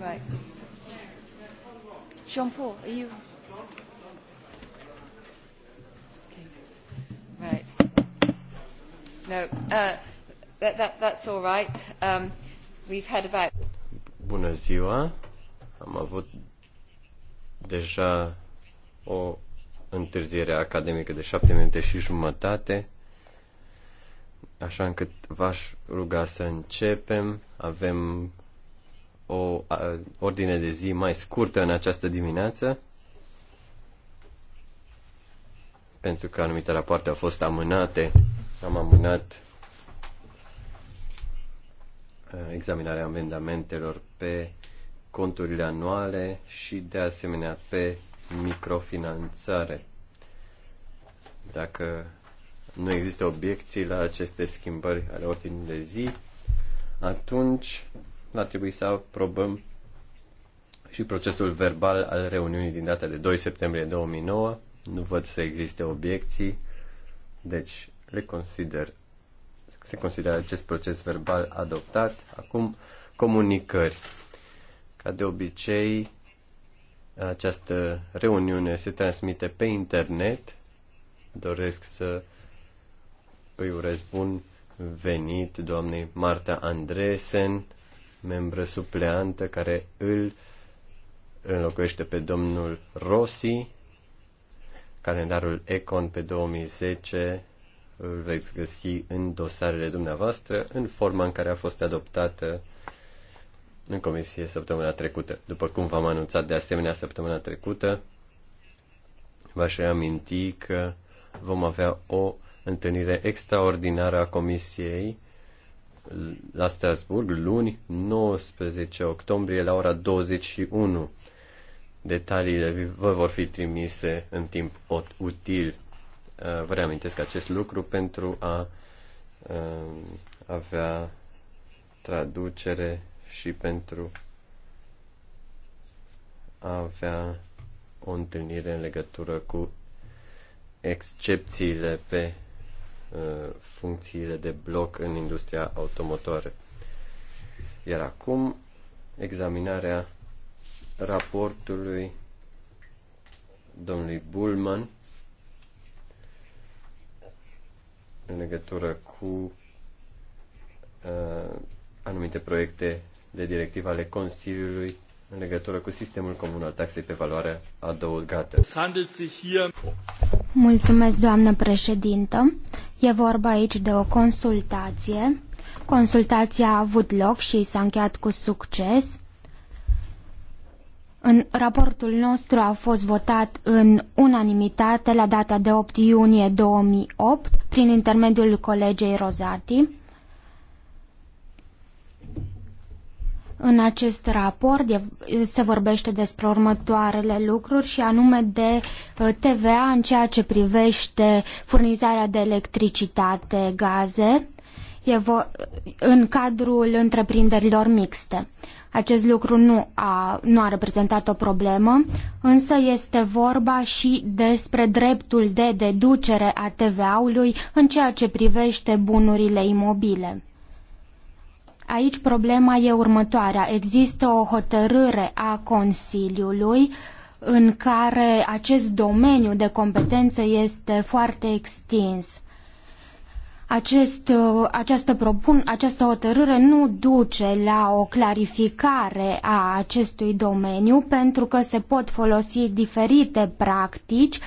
Right. Jean-Paul, are you? Okay. Right. No, uh, that, that, that's all right. Um, we've had about... Bună ziua. Am avut deja o întârziere academică de șapte minute și jumătate, așa încât v-aș ruga să începem. Avem o ordine de zi mai scurtă în această dimineață, pentru că anumite rapoarte au fost amânate. Am amânat examinarea amendamentelor pe conturile anuale și de asemenea pe microfinanțare. Dacă nu există obiecții la aceste schimbări ale ordinii de zi, atunci va trebui să aprobăm și procesul verbal al reuniunii din data de 2 septembrie 2009. Nu văd să existe obiecții, deci le consider, se consideră acest proces verbal adoptat. Acum, comunicări. Ca de obicei, această reuniune se transmite pe internet. Doresc să îi urez bun venit doamnei Marta Andresen, membră supleantă care îl înlocuiește pe domnul Rossi. Calendarul Econ pe 2010 îl veți găsi în dosarele dumneavoastră, în forma în care a fost adoptată în comisie săptămâna trecută. După cum v-am anunțat de asemenea săptămâna trecută, v-aș reaminti că vom avea o întâlnire extraordinară a comisiei la Strasburg, luni, 19 octombrie, la ora 21. Detaliile vă vor fi trimise în timp util. Uh, vă reamintesc acest lucru pentru a uh, avea traducere și pentru a avea o întâlnire în legătură cu excepțiile pe Uh, funcțiile de bloc în industria automotoare. Iar acum examinarea raportului domnului Bullman în legătură cu uh, anumite proiecte de directiv ale Consiliului în legătură cu sistemul comun al taxei pe valoare adăugată. Mulțumesc, doamnă președintă. E vorba aici de o consultație. Consultația a avut loc și s-a încheiat cu succes. În raportul nostru a fost votat în unanimitate la data de 8 iunie 2008 prin intermediul colegei Rozati. În acest raport se vorbește despre următoarele lucruri și anume de uh, TVA în ceea ce privește furnizarea de electricitate, gaze, în cadrul întreprinderilor mixte. Acest lucru nu a, nu a reprezentat o problemă, însă este vorba și despre dreptul de deducere a TVA-ului în ceea ce privește bunurile imobile. Aici problema e următoarea. Există o hotărâre a Consiliului în care acest domeniu de competență este foarte extins. Acest, această, propun, această hotărâre nu duce la o clarificare a acestui domeniu pentru că se pot folosi diferite practici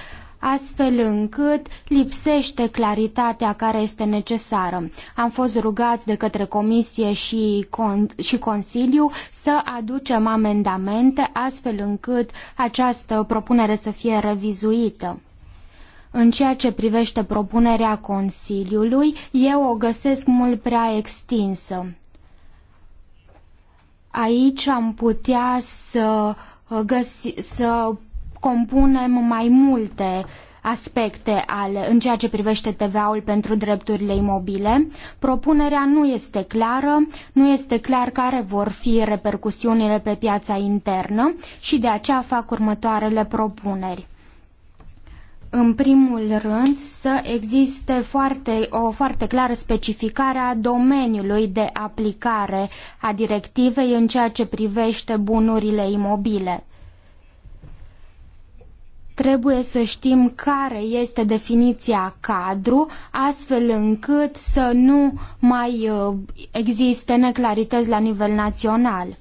astfel încât lipsește claritatea care este necesară. Am fost rugați de către Comisie și, Con- și Consiliu să aducem amendamente astfel încât această propunere să fie revizuită. În ceea ce privește propunerea Consiliului, eu o găsesc mult prea extinsă. Aici am putea să, găsi, să compunem mai multe aspecte ale, în ceea ce privește TVA-ul pentru drepturile imobile. Propunerea nu este clară, nu este clar care vor fi repercusiunile pe piața internă și de aceea fac următoarele propuneri în primul rând, să existe foarte, o foarte clară specificare a domeniului de aplicare a directivei în ceea ce privește bunurile imobile. Trebuie să știm care este definiția cadru, astfel încât să nu mai uh, existe neclarități la nivel național.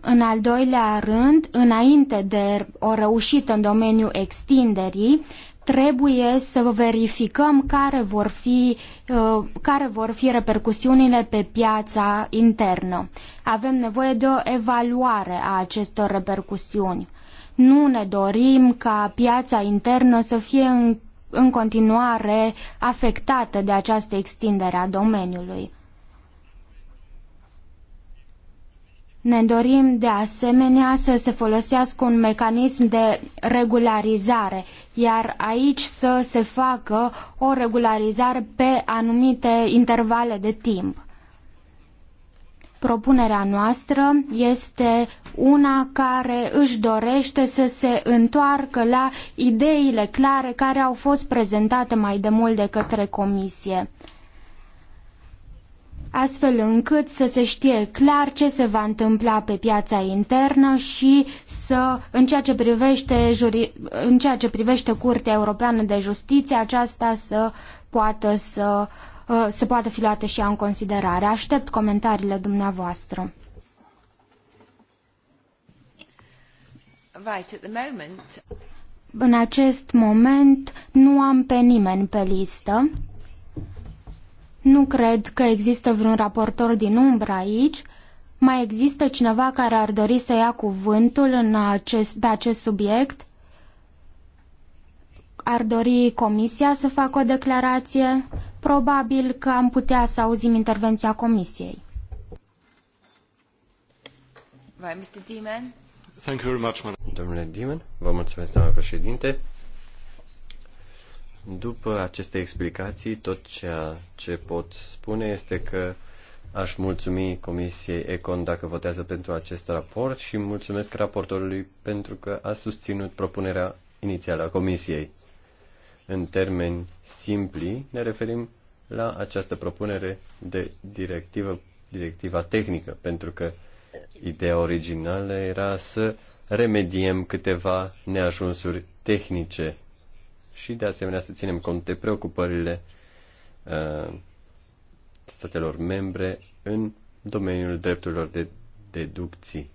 În al doilea rând, înainte de o reușită în domeniul extinderii, trebuie să verificăm care vor fi, uh, care vor fi repercusiunile pe piața internă. Avem nevoie de o evaluare a acestor repercusiuni nu ne dorim ca piața internă să fie în, în continuare afectată de această extindere a domeniului. Ne dorim de asemenea să se folosească un mecanism de regularizare, iar aici să se facă o regularizare pe anumite intervale de timp. Propunerea noastră este una care își dorește să se întoarcă la ideile clare care au fost prezentate mai de mult de către Comisie astfel încât să se știe clar ce se va întâmpla pe piața internă și să, în ceea ce privește, juri, în ceea ce privește Curtea Europeană de Justiție, aceasta să poată să uh, Uh, să poată fi luată și ea în considerare. Aștept comentariile dumneavoastră. Right, at the moment... În acest moment nu am pe nimeni pe listă. Nu cred că există vreun raportor din umbră aici. Mai există cineva care ar dori să ia cuvântul în acest, pe acest subiect? Ar dori comisia să facă o declarație? Probabil că am putea să auzim intervenția Comisiei. Right, Mr. Demon. Thank you very much, Domnule Dimen, vă mulțumesc, doamnă președinte. După aceste explicații, tot ceea ce pot spune este că aș mulțumi Comisiei Econ dacă votează pentru acest raport și mulțumesc raportorului pentru că a susținut propunerea inițială a Comisiei. În termeni simpli, ne referim la această propunere de directivă, directiva tehnică, pentru că ideea originală era să remediem câteva neajunsuri tehnice și de asemenea să ținem cont de preocupările uh, statelor membre în domeniul drepturilor de deducții.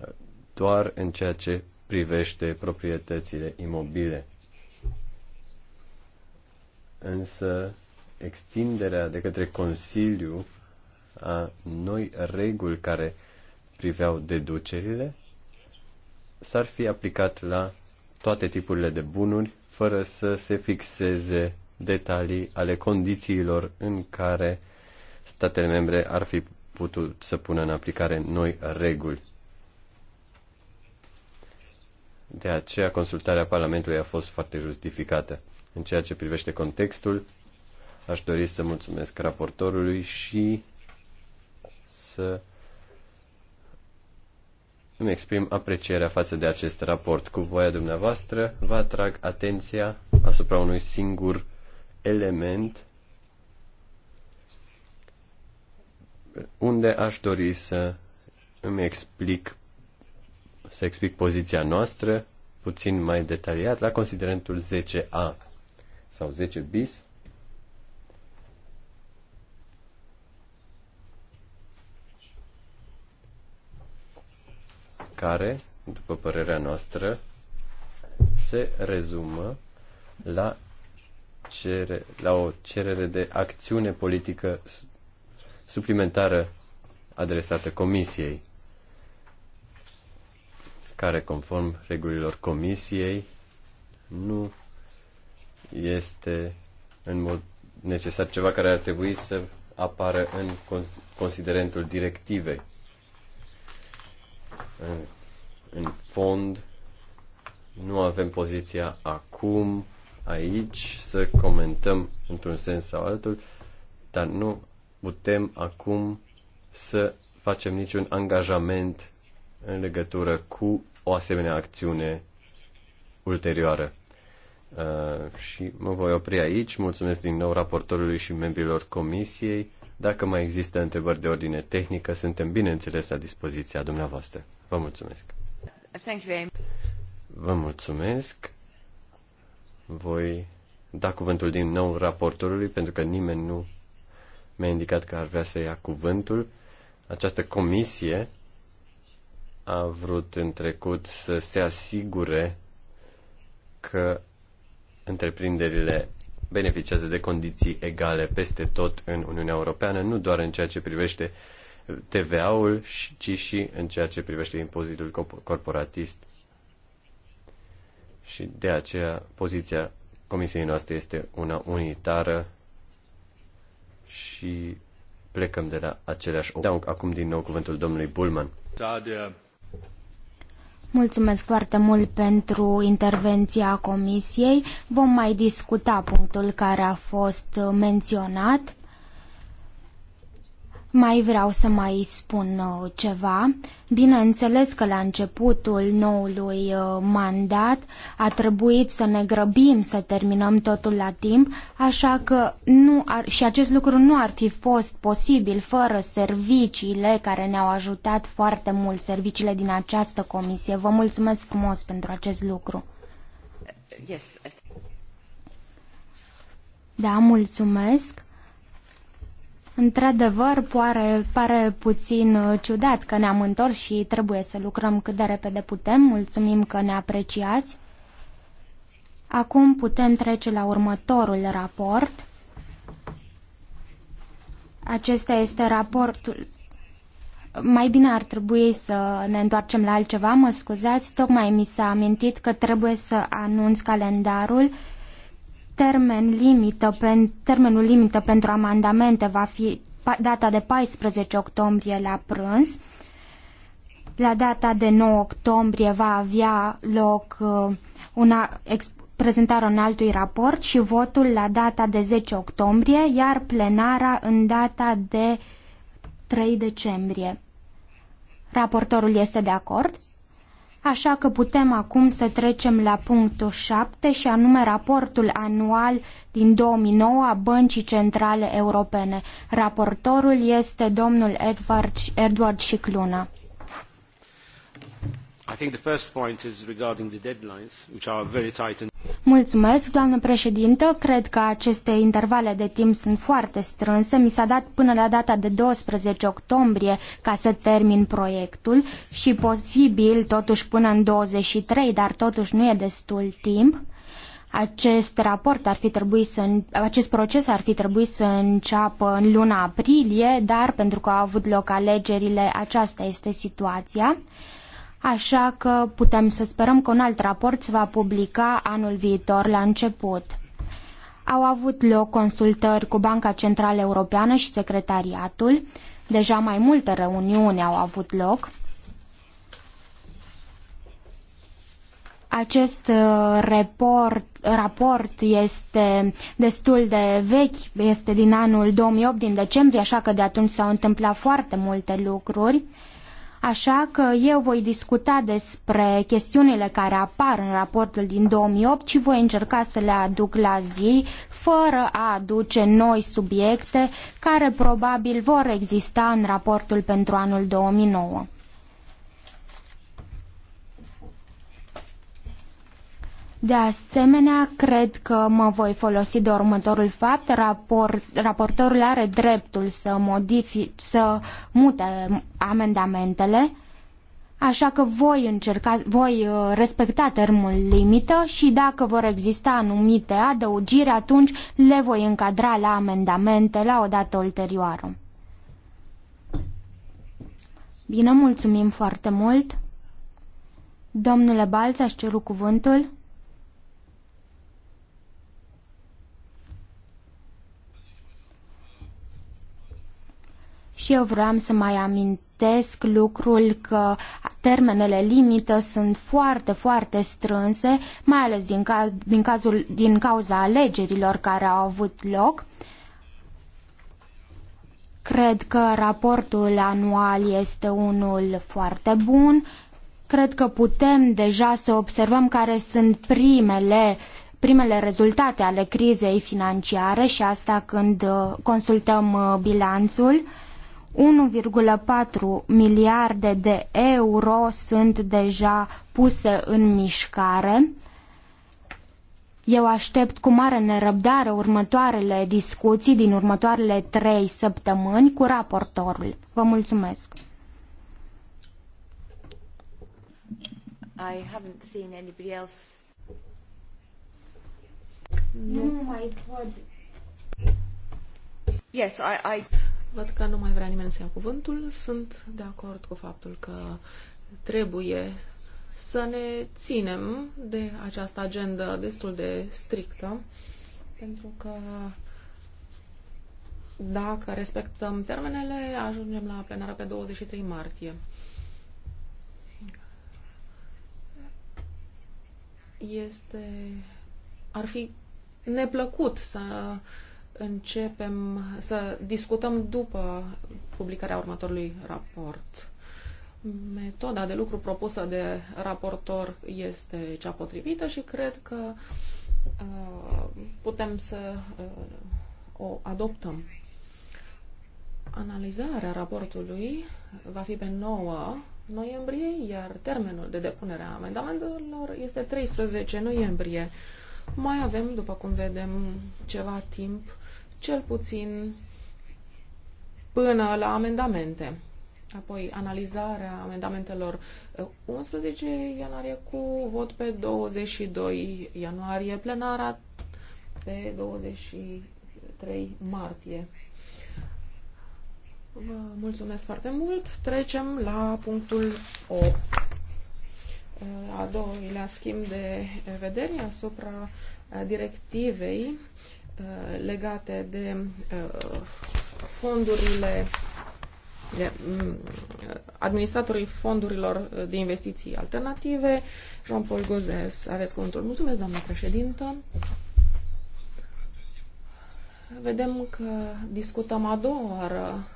Uh, doar în ceea ce privește proprietățile imobile însă extinderea de către Consiliu a noi reguli care priveau deducerile s-ar fi aplicat la toate tipurile de bunuri, fără să se fixeze detalii ale condițiilor în care statele membre ar fi putut să pună în aplicare noi reguli. De aceea, consultarea Parlamentului a fost foarte justificată. În ceea ce privește contextul, aș dori să mulțumesc raportorului și să îmi exprim aprecierea față de acest raport. Cu voia dumneavoastră, vă atrag atenția asupra unui singur element unde aș dori să îmi explic să explic poziția noastră puțin mai detaliat la considerentul 10a sau 10 bis. care, după părerea noastră, se rezumă la, cere, la o cerere de acțiune politică suplimentară adresată Comisiei, care, conform regulilor Comisiei, nu este în mod necesar ceva care ar trebui să apară în considerentul directivei. În, în fond, nu avem poziția acum, aici, să comentăm într-un sens sau altul, dar nu putem acum să facem niciun angajament în legătură cu o asemenea acțiune ulterioară. Uh, și mă voi opri aici. Mulțumesc din nou raportorului și membrilor comisiei. Dacă mai există întrebări de ordine tehnică, suntem bineînțeles la dispoziția dumneavoastră. Vă mulțumesc. Thank you very much. Vă mulțumesc. Voi da cuvântul din nou raportorului, pentru că nimeni nu mi-a indicat că ar vrea să ia cuvântul. Această comisie a vrut în trecut să se asigure că Întreprinderile beneficiază de condiții egale peste tot în Uniunea Europeană, nu doar în ceea ce privește TVA-ul, ci și în ceea ce privește impozitul corporatist. Și de aceea poziția comisiei noastre este una unitară și plecăm de la aceleași. Dau acum din nou cuvântul domnului Bulman. Da, de Mulțumesc foarte mult pentru intervenția Comisiei. Vom mai discuta punctul care a fost menționat. Mai vreau să mai spun uh, ceva. Bineînțeles că la începutul noului uh, mandat a trebuit să ne grăbim să terminăm totul la timp, așa că nu ar, și acest lucru nu ar fi fost posibil fără serviciile care ne-au ajutat foarte mult, serviciile din această comisie. Vă mulțumesc frumos pentru acest lucru. Yes. Da, mulțumesc. Într-adevăr, pare, pare puțin uh, ciudat că ne-am întors și trebuie să lucrăm cât de repede putem. Mulțumim că ne apreciați. Acum putem trece la următorul raport. Acesta este raportul mai bine ar trebui să ne întoarcem la altceva, mă scuzați, tocmai mi s-a amintit că trebuie să anunț calendarul Termen limită pen, termenul limită pentru amandamente va fi data de 14 octombrie la prânz. La data de 9 octombrie va avea loc uh, una, prezentarea în altui raport și votul la data de 10 octombrie, iar plenara în data de 3 decembrie. Raportorul este de acord? Așa că putem acum să trecem la punctul 7 și anume raportul anual din 2009 a Băncii Centrale Europene. Raportorul este domnul Edward, Edward Cicluna. Mulțumesc, doamnă președintă. Cred că aceste intervale de timp sunt foarte strânse. Mi s-a dat până la data de 12 octombrie ca să termin proiectul și posibil totuși până în 23, dar totuși nu e destul timp. Acest raport ar fi trebuit să, acest proces ar fi trebuit să înceapă în luna aprilie, dar pentru că au avut loc alegerile, aceasta este situația așa că putem să sperăm că un alt raport se va publica anul viitor la început. Au avut loc consultări cu Banca Centrală Europeană și Secretariatul. Deja mai multe reuniuni au avut loc. acest uh, report, raport este destul de vechi, este din anul 2008, din decembrie, așa că de atunci s-au întâmplat foarte multe lucruri. Așa că eu voi discuta despre chestiunile care apar în raportul din 2008 și voi încerca să le aduc la zi, fără a aduce noi subiecte care probabil vor exista în raportul pentru anul 2009. De asemenea, cred că mă voi folosi de următorul fapt. Raport, raportorul are dreptul să, modific, să mute amendamentele, așa că voi, încerca, voi uh, respecta termenul limită și dacă vor exista anumite adăugiri, atunci le voi încadra la amendamente la o dată ulterioară. Bine, mulțumim foarte mult. Domnule Balț, aș ceru cuvântul. Și eu vreau să mai amintesc lucrul că termenele limită sunt foarte, foarte strânse, mai ales din, ca, din, cazul, din cauza alegerilor care au avut loc. Cred că raportul anual este unul foarte bun. Cred că putem deja să observăm care sunt primele primele rezultate ale crizei financiare și asta când uh, consultăm uh, bilanțul. 1,4 miliarde de euro sunt deja puse în mișcare. Eu aștept cu mare nerăbdare următoarele discuții din următoarele trei săptămâni cu raportorul. Vă mulțumesc! I haven't seen anybody else. Nu mai văd. Yes, I, I... Văd că nu mai vrea nimeni să ia cuvântul. Sunt de acord cu faptul că trebuie să ne ținem de această agendă destul de strictă, pentru că dacă respectăm termenele, ajungem la plenară pe 23 martie. Este... ar fi neplăcut să uh, începem să discutăm după publicarea următorului raport. Metoda de lucru propusă de raportor este cea potrivită și cred că uh, putem să uh, o adoptăm. Analizarea raportului va fi pe 9 noiembrie, iar termenul de depunere a amendamentelor este 13 noiembrie. Mai avem, după cum vedem, ceva timp cel puțin până la amendamente. Apoi analizarea amendamentelor 11 uh, ianuarie cu vot pe 22 ianuarie, plenara pe 23 martie. Vă mulțumesc foarte mult. Trecem la punctul 8. Uh, a doilea schimb de vedere asupra uh, directivei Uh, legate de uh, fondurile de mm, administratorii fondurilor uh, de investiții alternative. Jean-Paul Gozes, aveți cuvântul. Mulțumesc, doamnă președintă. Vedem că discutăm a doua oară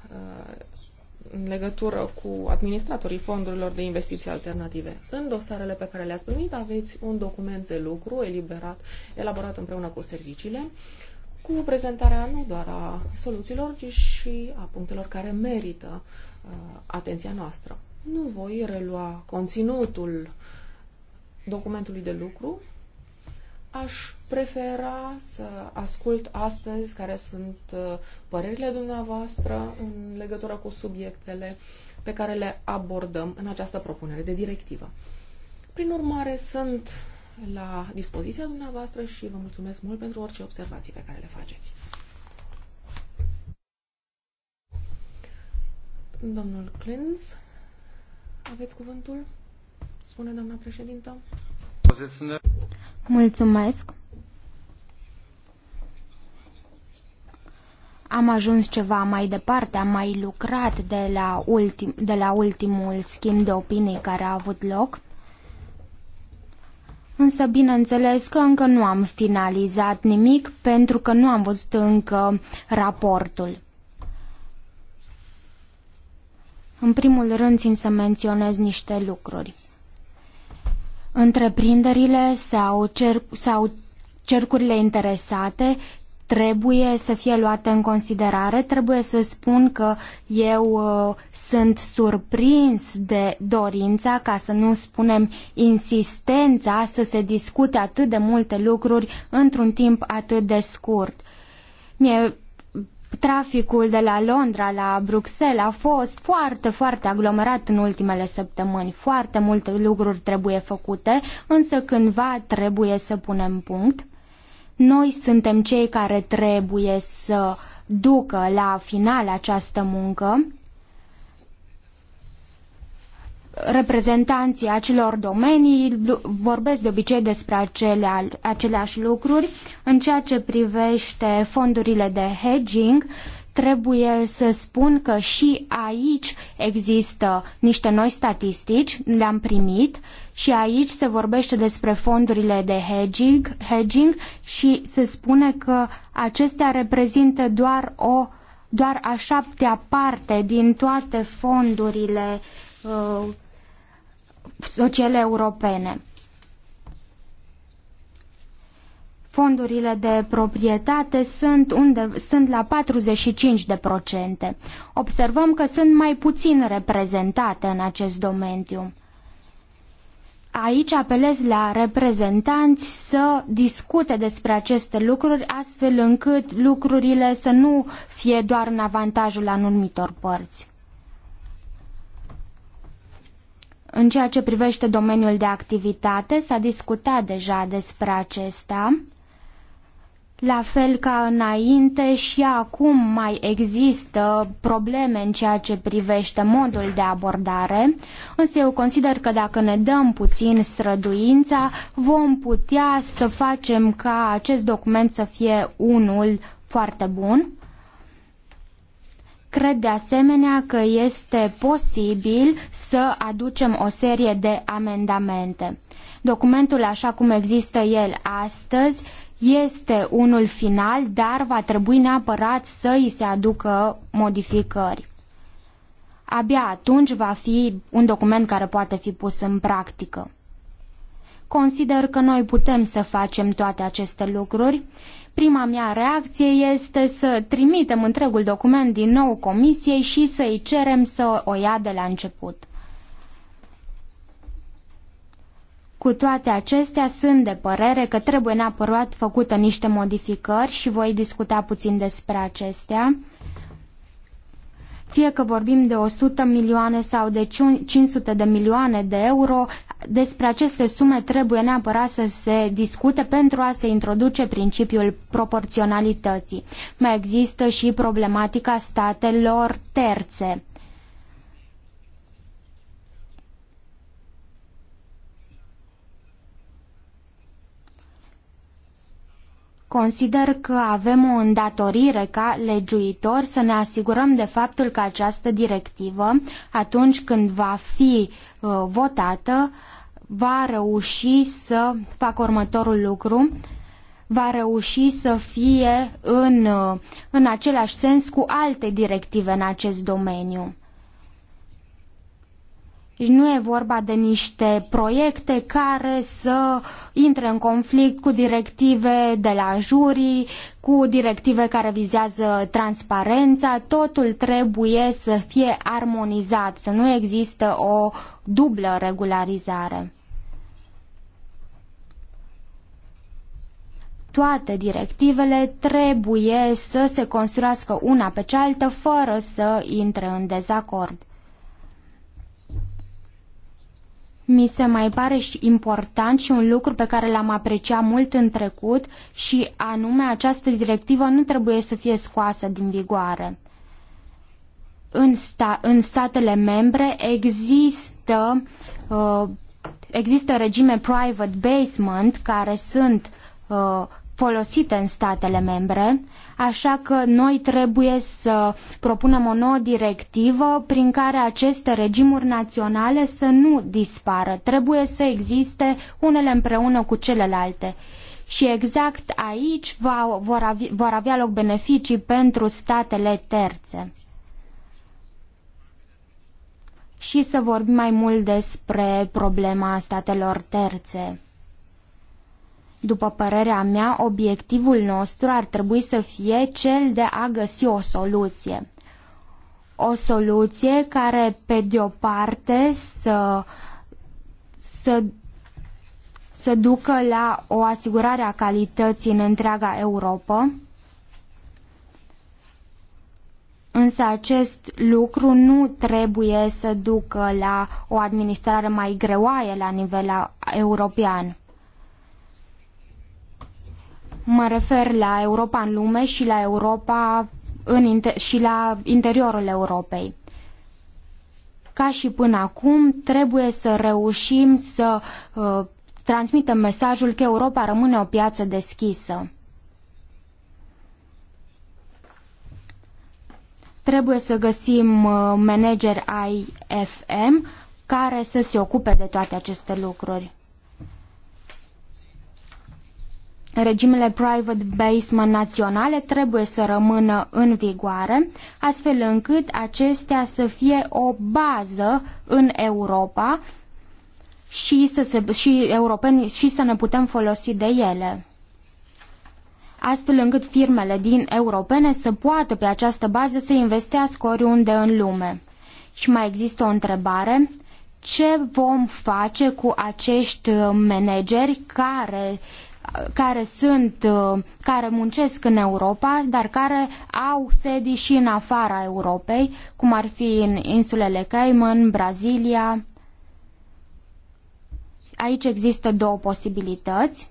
în legătură cu administratorii fondurilor de investiții alternative. În dosarele pe care le-ați primit aveți un document de lucru eliberat, elaborat împreună cu serviciile cu prezentarea nu doar a soluțiilor, ci și a punctelor care merită uh, atenția noastră. Nu voi relua conținutul documentului de lucru. Aș prefera să ascult astăzi care sunt uh, părerile dumneavoastră în legătură cu subiectele pe care le abordăm în această propunere de directivă. Prin urmare, sunt la dispoziția dumneavoastră și vă mulțumesc mult pentru orice observații pe care le faceți. Domnul Clins, aveți cuvântul? Spune doamna președintă. Mulțumesc. Am ajuns ceva mai departe, am mai lucrat de la, ultim, de la ultimul schimb de opinii care a avut loc. Însă, bineînțeles că încă nu am finalizat nimic pentru că nu am văzut încă raportul. În primul rând, țin să menționez niște lucruri. Întreprinderile sau, cer, sau cercurile interesate trebuie să fie luate în considerare. Trebuie să spun că eu uh, sunt surprins de dorința, ca să nu spunem insistența, să se discute atât de multe lucruri într-un timp atât de scurt. Mie traficul de la Londra la Bruxelles a fost foarte, foarte aglomerat în ultimele săptămâni. Foarte multe lucruri trebuie făcute, însă cândva trebuie să punem punct. Noi suntem cei care trebuie să ducă la final această muncă. Reprezentanții acelor domenii vorbesc de obicei despre acelea, aceleași lucruri. În ceea ce privește fondurile de hedging, trebuie să spun că și aici există niște noi statistici, le-am primit și aici se vorbește despre fondurile de hedging, hedging și se spune că acestea reprezintă doar o doar a șaptea parte din toate fondurile uh, sociale europene. fondurile de proprietate sunt, unde, sunt la 45%. Observăm că sunt mai puțin reprezentate în acest domeniu. Aici apelez la reprezentanți să discute despre aceste lucruri astfel încât lucrurile să nu fie doar în avantajul anumitor părți. În ceea ce privește domeniul de activitate, s-a discutat deja despre acesta. La fel ca înainte și acum mai există probleme în ceea ce privește modul de abordare, însă eu consider că dacă ne dăm puțin străduința, vom putea să facem ca acest document să fie unul foarte bun. Cred de asemenea că este posibil să aducem o serie de amendamente. Documentul așa cum există el astăzi este unul final, dar va trebui neapărat să îi se aducă modificări. Abia atunci va fi un document care poate fi pus în practică. Consider că noi putem să facem toate aceste lucruri. Prima mea reacție este să trimitem întregul document din nou comisiei și să-i cerem să o ia de la început. Cu toate acestea, sunt de părere că trebuie neapărat făcută niște modificări și voi discuta puțin despre acestea. Fie că vorbim de 100 milioane sau de 500 de milioane de euro, despre aceste sume trebuie neapărat să se discute pentru a se introduce principiul proporționalității. Mai există și problematica statelor terțe Consider că avem o îndatorire ca legiuitor să ne asigurăm de faptul că această directivă, atunci când va fi uh, votată, va reuși să facă următorul lucru, va reuși să fie în, uh, în același sens cu alte directive în acest domeniu. Deci nu e vorba de niște proiecte care să intre în conflict cu directive de la juri, cu directive care vizează transparența. Totul trebuie să fie armonizat, să nu există o dublă regularizare. toate directivele trebuie să se construiască una pe cealaltă fără să intre în dezacord. Mi se mai pare și important și un lucru pe care l-am apreciat mult în trecut și anume această directivă nu trebuie să fie scoasă din vigoare. În, sta, în statele membre există, uh, există regime private basement care sunt uh, folosite în statele membre Așa că noi trebuie să propunem o nouă directivă prin care aceste regimuri naționale să nu dispară. Trebuie să existe unele împreună cu celelalte. Și exact aici va, vor, avea, vor avea loc beneficii pentru statele terțe. Și să vorbim mai mult despre problema statelor terțe. După părerea mea, obiectivul nostru ar trebui să fie cel de a găsi o soluție. O soluție care, pe de o parte, să, să, să ducă la o asigurare a calității în întreaga Europa, însă acest lucru nu trebuie să ducă la o administrare mai greoaie la nivel european. Mă refer la Europa în lume și la Europa în inter- și la interiorul Europei. Ca și până acum, trebuie să reușim să uh, transmitem mesajul că Europa rămâne o piață deschisă. Trebuie să găsim uh, manageri ai FM care să se ocupe de toate aceste lucruri. regimele private basement naționale trebuie să rămână în vigoare, astfel încât acestea să fie o bază în Europa și să, se, și și să ne putem folosi de ele astfel încât firmele din europene să poată pe această bază să investească oriunde în lume. Și mai există o întrebare. Ce vom face cu acești manageri care uh, care sunt, uh, care muncesc în Europa, dar care au sedii și în afara Europei, cum ar fi în insulele Cayman, Brazilia. Aici există două posibilități.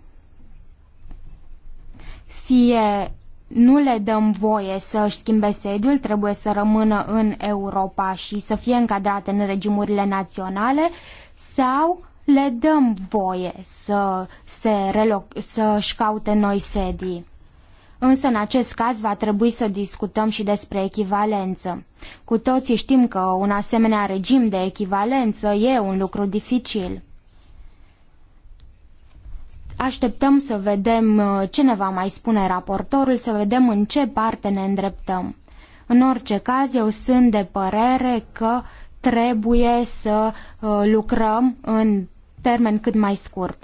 Fie nu le dăm voie să-și schimbe sediul, trebuie să rămână în Europa și să fie încadrate în regimurile naționale, sau le dăm voie să se reloc- să-și caute noi sedii. Însă în acest caz va trebui să discutăm și despre echivalență. Cu toții știm că un asemenea regim de echivalență e un lucru dificil. Așteptăm să vedem uh, ce ne va mai spune raportorul, să vedem în ce parte ne îndreptăm. În orice caz, eu sunt de părere că trebuie să uh, lucrăm în termen cât mai scurt.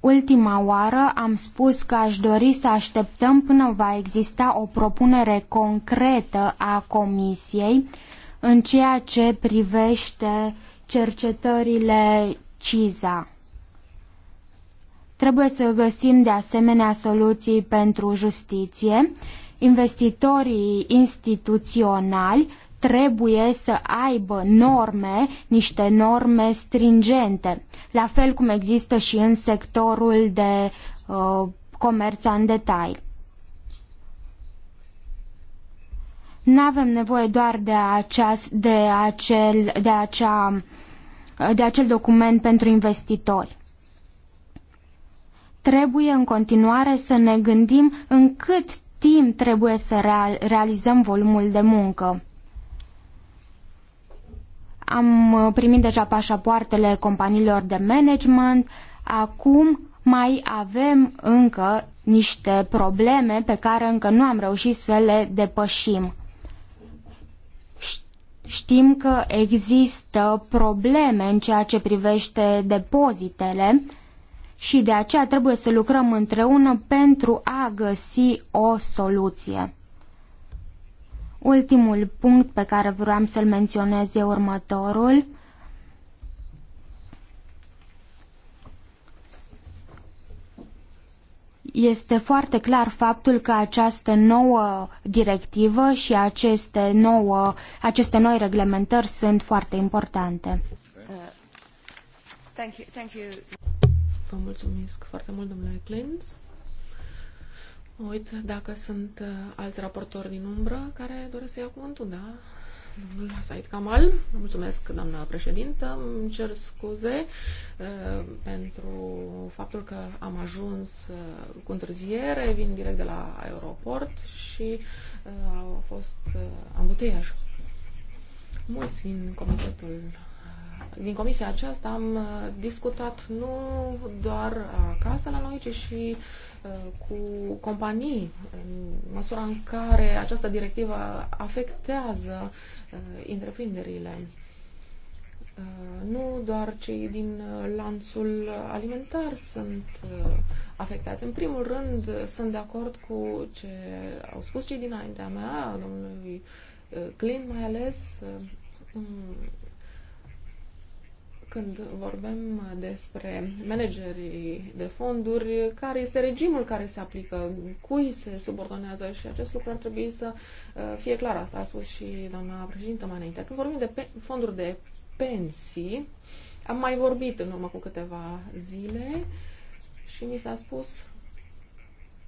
Ultima oară am spus că aș dori să așteptăm până va exista o propunere concretă a Comisiei în ceea ce privește cercetările CIZA. Trebuie să găsim de asemenea soluții pentru justiție, investitorii instituționali trebuie să aibă norme, niște norme stringente, la fel cum există și în sectorul de uh, comerț în detail. Nu avem nevoie doar de, aceas, de, acel, de, acea, de acel document pentru investitori trebuie în continuare să ne gândim în cât timp trebuie să realizăm volumul de muncă am uh, primit deja pașapoartele companiilor de management, acum mai avem încă niște probleme pe care încă nu am reușit să le depășim. Știm că există probleme în ceea ce privește depozitele și de aceea trebuie să lucrăm împreună pentru a găsi o soluție. Ultimul punct pe care vreau să-l menționez e următorul. Este foarte clar faptul că această nouă directivă și aceste, nouă, aceste noi reglementări sunt foarte importante. Uh, Vă mulțumesc foarte mult, domnule Clins uit dacă sunt uh, alți raportori din umbră care doresc să ia cuvântul, da? Domnul Said Kamal, mulțumesc, doamna președintă. Îmi cer scuze uh, pentru faptul că am ajuns uh, cu întârziere, vin direct de la aeroport și uh, au fost uh, ambuteiaj. Mulți din comitetul uh, din comisia aceasta am uh, discutat nu doar acasă la noi, ci și uh, Uh, cu companii, în măsura în care această directivă afectează uh, întreprinderile. Uh, nu doar cei din lanțul alimentar sunt afectați. În primul rând, sunt de acord cu ce au spus cei dinaintea mea, domnului Clint mai ales, când vorbim despre managerii de fonduri, care este regimul care se aplică, cui se subordonează și acest lucru ar trebui să uh, fie clar. Asta a spus și doamna președintă mai înainte. Când vorbim de fonduri de pensii, am mai vorbit în urmă cu câteva zile și mi s-a spus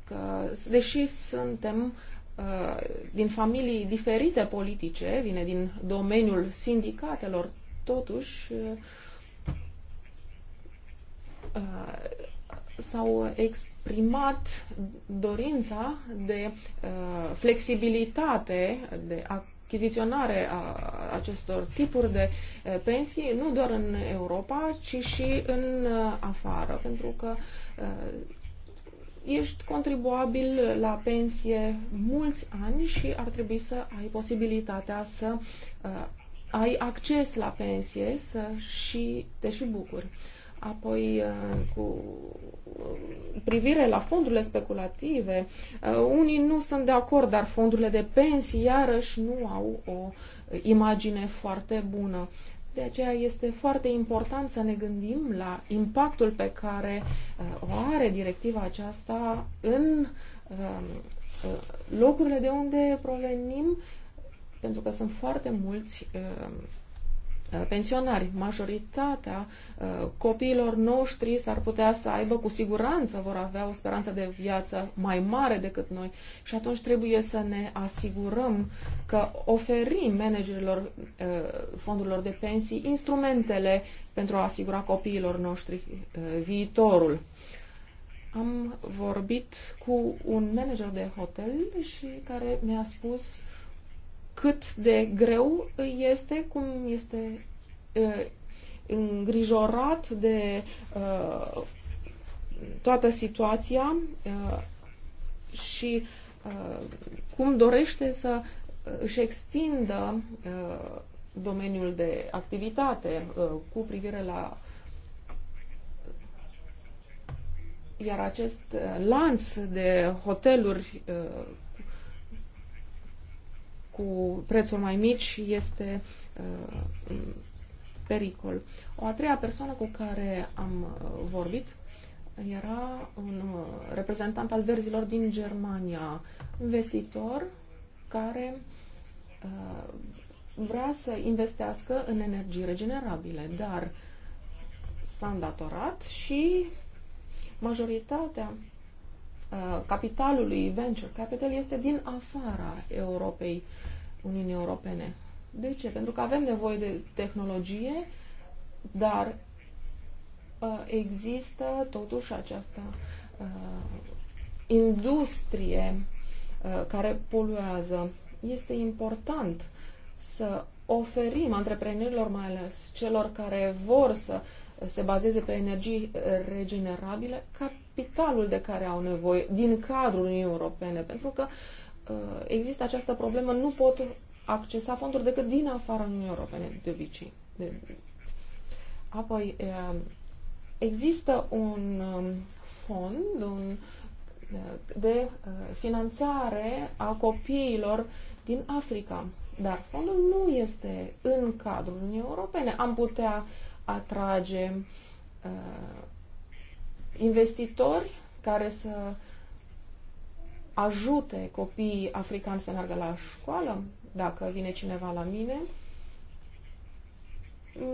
că, deși suntem uh, din familii diferite politice, vine din domeniul sindicatelor, totuși uh, Uh, s-au exprimat dorința de uh, flexibilitate, de achiziționare a acestor tipuri de uh, pensii, nu doar în Europa, ci și în afară, pentru că ești contribuabil la pensie mulți ani și ar trebui să ai posibilitatea să ai acces la pensie să și te și bucuri. Apoi, uh, cu uh, privire la fondurile speculative, uh, unii nu sunt de acord, dar fondurile de pensii, iarăși, nu au o imagine foarte bună. De aceea este foarte important să ne gândim la impactul pe care o are directiva aceasta în um, locurile de unde provenim, pentru că sunt foarte mulți um, Uh, pensionari. Majoritatea uh, copiilor noștri s-ar putea să aibă cu siguranță, vor avea o speranță de viață mai mare decât noi și atunci trebuie să ne asigurăm că oferim managerilor uh, fondurilor de pensii instrumentele pentru a asigura copiilor noștri viitorul. Am vorbit cu un manager de hotel și care mi-a spus uh, cât de greu este, cum este îngrijorat de uh, toată situația uh, și uh, cum dorește să își extindă domeniul de activitate cu privire la iar acest lanț de hoteluri cu prețuri mai mici este uh, pericol. O a treia persoană cu care am uh, vorbit era un uh, reprezentant al verzilor din Germania, investitor care vrea să investească în energii regenerabile, dar s-a îndatorat și majoritatea Uh, capitalului venture capital este din afara Europei, Uniunii Europene. De ce? Pentru că avem nevoie de tehnologie, dar uh, există totuși această uh, industrie care poluează. Este important să oferim antreprenorilor, mai ales celor care vor să uh, se bazeze pe energii regenerabile, capitalul de care au nevoie din cadrul Uniunii Europene, pentru că uh, există această problemă, nu pot accesa fonduri decât din afara Uniunii Europene, de obicei. Apoi, uh, există un um, fond un, uh, de finanțare a copiilor din Africa, dar fondul nu este în cadrul Uniunii Europene. Am putea atrage uh, investitori care să ajute copiii africani să meargă la școală, dacă vine cineva la mine,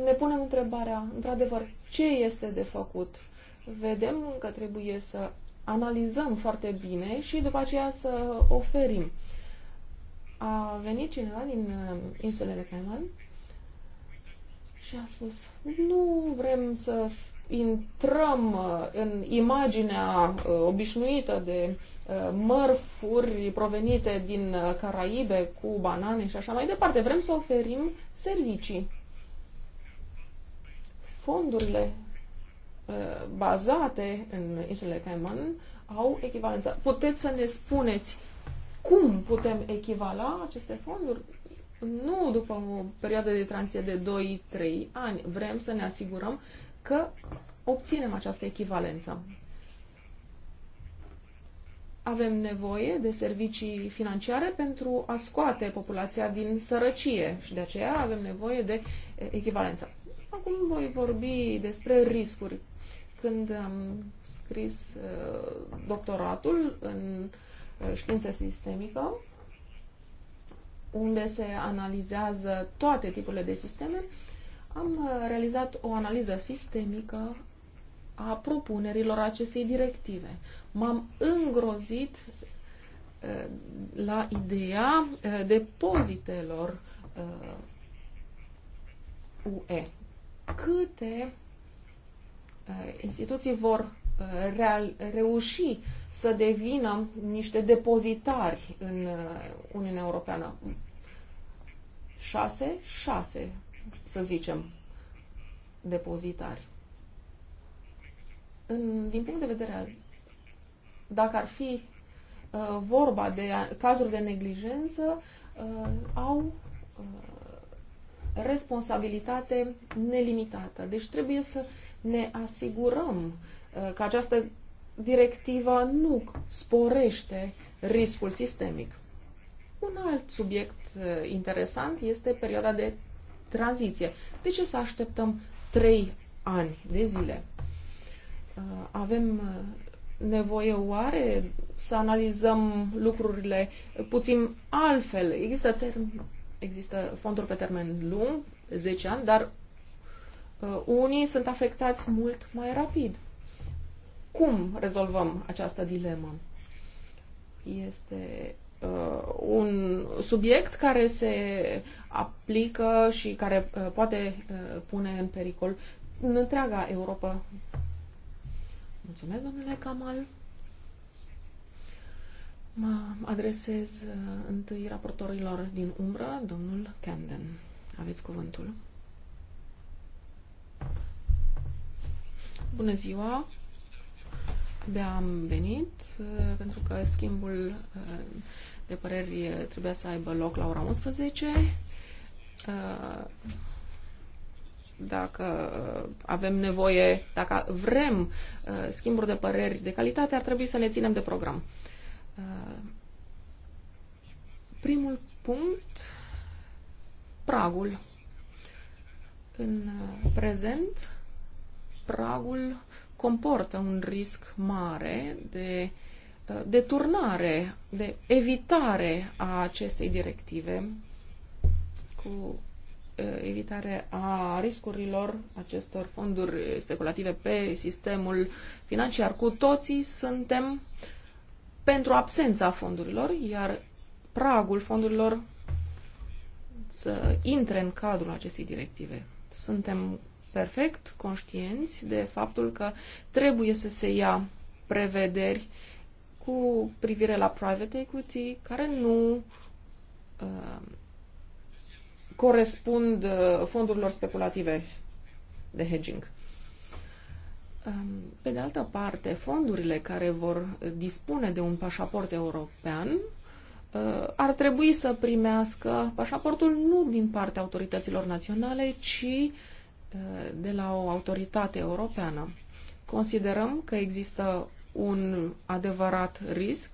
ne punem întrebarea, într-adevăr, ce este de făcut? Vedem că trebuie să analizăm foarte bine și după aceea să oferim. A venit cineva din uh, insulele Cayman și a spus, nu vrem să intrăm uh, în imaginea uh, obișnuită de uh, mărfuri provenite din Caraibe cu banane și așa mai departe. Vrem să oferim servicii. Fondurile bazate în insulele Cayman au echivalența. Puteți să ne spuneți cum putem echivala aceste fonduri? nu după o perioadă de tranziție de 2-3 ani. Vrem să ne asigurăm că obținem această echivalență. Avem nevoie de servicii financiare pentru a scoate populația din sărăcie și de aceea avem nevoie de echivalență. Acum voi vorbi despre riscuri. Când am scris uh, doctoratul în uh, știință sistemică, unde se analizează toate tipurile de sisteme, am uh, realizat o analiză sistemică a propunerilor acestei directive. M-am îngrozit uh, la ideea uh, depozitelor UE. Câte instituții vor real, reuși să devină niște depozitari în uh, Uniunea Europeană. 6, 6, să zicem, depozitari. În, din punct de vedere al, dacă ar fi uh, vorba de a, cazuri de neglijență, uh, au uh, responsabilitate nelimitată. Deci trebuie să ne asigurăm uh, Uh, că această directivă nu sporește riscul sistemic. Un alt subiect uh, interesant este perioada de tranziție. De ce să așteptăm trei ani de zile? Uh, avem nevoie oare să analizăm lucrurile puțin altfel? Există, term, există fonduri pe termen lung, 10 ani, dar unii sunt afectați mult mai rapid cum rezolvăm această dilemă? Este uh, un subiect care se aplică și care uh, poate uh, pune în pericol în întreaga Europa. Mulțumesc, domnule Kamal. Mă adresez uh, întâi raportorilor din umbră, domnul Camden. Aveți cuvântul. Bună ziua! abia am venit, uh, pentru că schimbul uh, de păreri uh, trebuia să aibă loc la ora 11. Dacă avem nevoie, dacă vrem schimburi de păreri de calitate, ar trebui să ne ținem de program. Primul punct, pragul. În prezent, pragul comportă un risc mare de uh, deturnare, de evitare a acestei directive cu uh, evitare a riscurilor acestor fonduri speculative pe sistemul financiar. Cu toții suntem pentru absența fondurilor, iar pragul fondurilor să intre în cadrul acestei directive. Suntem perfect conștienți de faptul că trebuie să se ia prevederi cu privire la private equity care nu uh, corespund uh, fondurilor speculative de hedging. Um, pe de altă parte, fondurile care vor dispune de un pașaport european uh, ar trebui să primească pașaportul nu din partea autorităților naționale, ci de la o autoritate europeană. Considerăm că există un adevărat risc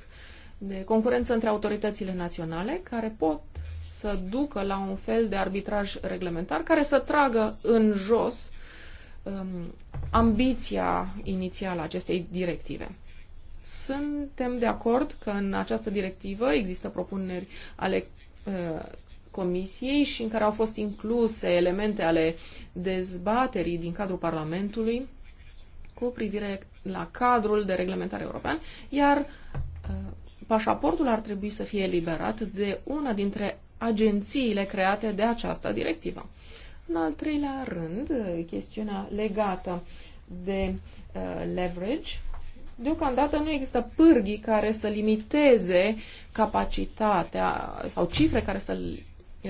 de concurență între autoritățile naționale care pot să ducă la un fel de arbitraj reglementar care să tragă în jos um, ambiția inițială a acestei directive. Suntem de acord că în această directivă există propuneri ale uh, Comisiei și în care au fost incluse elemente ale dezbaterii din cadrul Parlamentului cu privire la cadrul de reglementare european, iar uh, pașaportul ar trebui să fie eliberat de una dintre agențiile create de această directivă. În al treilea rând, uh, chestiunea legată de uh, leverage. Deocamdată nu există pârghii care să limiteze capacitatea sau cifre care să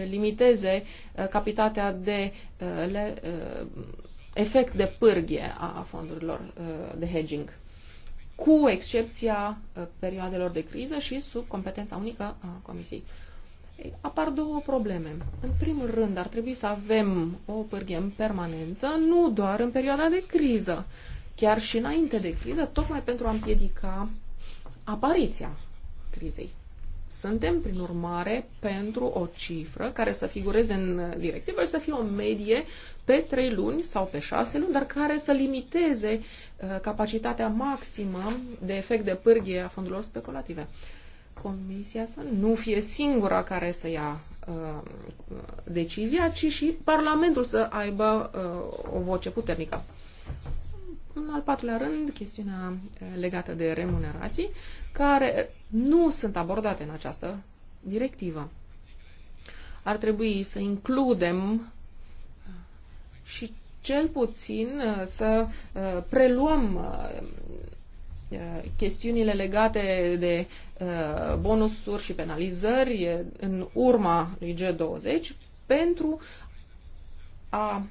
limiteze uh, capitatea de uh, le, uh, efect de pârghie a fondurilor de hedging, cu excepția perioadelor de criză și sub competența unică a Comisiei. Apar două probleme. În primul rând, ar trebui să avem o pârghie în permanență, nu doar în perioada de criză, chiar și înainte de criză, tocmai pentru a împiedica apariția crizei. Suntem, prin urmare, pentru o cifră care să figureze în directivă și să fie o medie pe 3 luni sau pe 6 luni, dar care să limiteze uh, capacitatea maximă de efect de pârghie a fondurilor speculative. Comisia să nu fie singura care să ia uh, decizia, ci și Parlamentul să aibă uh, o voce puternică. În al patrulea rând, chestiunea legată de remunerații, care nu sunt abordate în această directivă. Ar trebui să includem și cel puțin să preluăm chestiunile legate de bonusuri și penalizări în urma lui G20 pentru a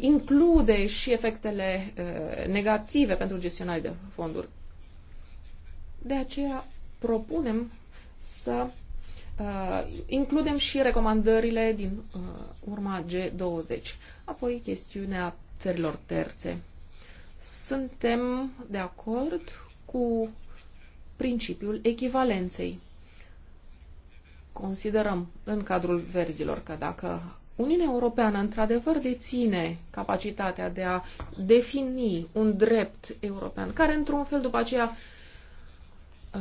include și efectele negative pentru gestionarii de fonduri. De aceea propunem să uh, includem și recomandările din uh, urma G20. Apoi chestiunea țărilor terțe. Suntem de acord cu principiul echivalenței. Considerăm în cadrul verzilor că dacă Uniunea Europeană într-adevăr deține capacitatea de a defini un drept european, care într-un fel după aceea uh,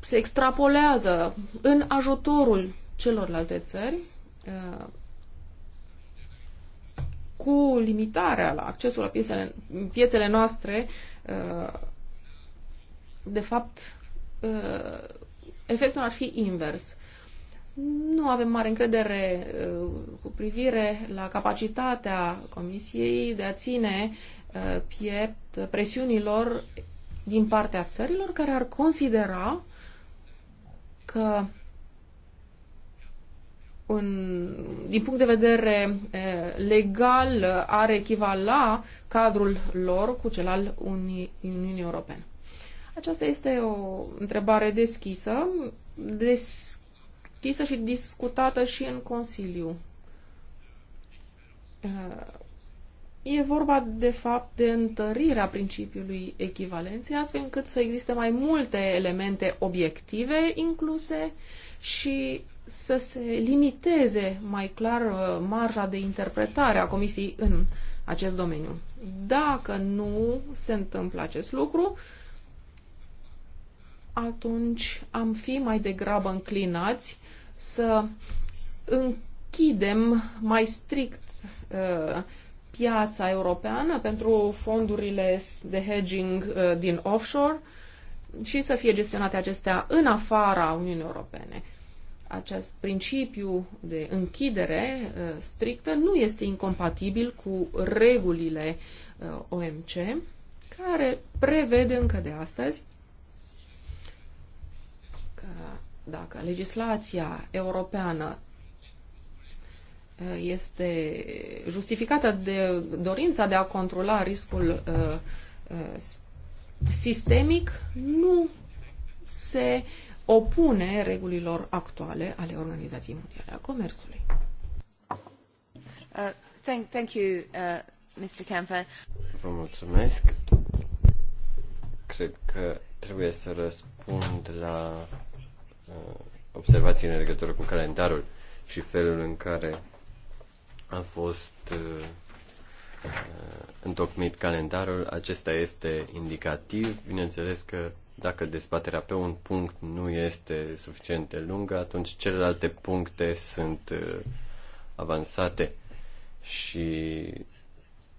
se extrapolează în ajutorul celorlalte țări, uh, cu limitarea la accesul la piețele, piețele noastre, uh, de fapt, efectul ar fi invers nu avem mare încredere uh, cu privire la capacitatea Comisiei de a ține uh, piept presiunilor din partea țărilor care ar considera că un, din punct de vedere uh, legal ar echivala cadrul lor cu cel al Uniunii Europene. Aceasta este o întrebare deschisă, des, deschisă și discutată și în Consiliu. Uh, e vorba, de fapt, de întărirea principiului echivalenței, astfel încât să existe mai multe elemente obiective incluse și să se limiteze mai clar uh, marja de interpretare a Comisiei în acest domeniu. Dacă nu se întâmplă acest lucru, atunci am fi mai degrabă înclinați să închidem mai strict uh, piața europeană pentru fondurile de hedging uh, din offshore și să fie gestionate acestea în afara Uniunii Europene. Acest principiu de închidere uh, strictă nu este incompatibil cu regulile uh, OMC, care prevede încă de astăzi Dacă legislația europeană uh, este justificată de dorința de a controla riscul uh, uh, sistemic, nu se opune regulilor actuale ale Organizației Mondiale a Comerțului. Uh, thank, thank you, uh, Mr. Camper. Vă mulțumesc. Cred că trebuie să răspund la Uh, observații în legătură cu calendarul și felul în care a fost uh, uh, întocmit calendarul. Acesta este indicativ. Bineînțeles că dacă dezbaterea pe un punct nu este suficient de lungă, atunci celelalte puncte sunt avansate și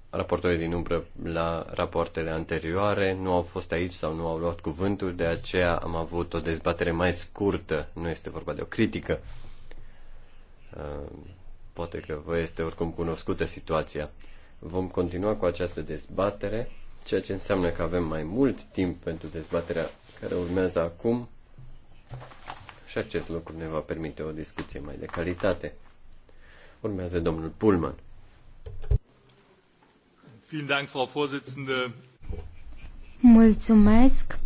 raportorii din umbră la rapoartele anterioare nu au fost aici sau nu au luat cuvântul, de aceea am avut o dezbatere mai scurtă, nu este vorba de o critică. Uh, poate că vă este oricum cunoscută situația. Vom continua cu această dezbatere, ceea ce înseamnă că avem mai mult timp pentru dezbaterea care urmează acum și acest lucru ne va permite o discuție mai de calitate. Urmează domnul Pullman. Vielen Dank, Frau Vorsitzende. Mulțumesc.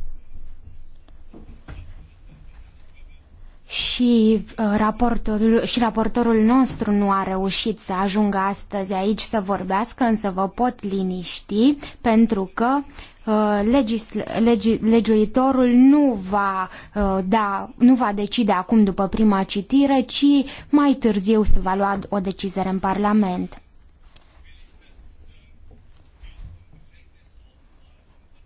Și uh, raportorul, și raportorul nostru nu a reușit să ajungă astăzi aici să vorbească, însă vă pot liniști pentru că uh, legi, legiuitorul nu va, uh, da, nu va decide acum după prima citire, ci mai târziu se va lua o decizie în Parlament.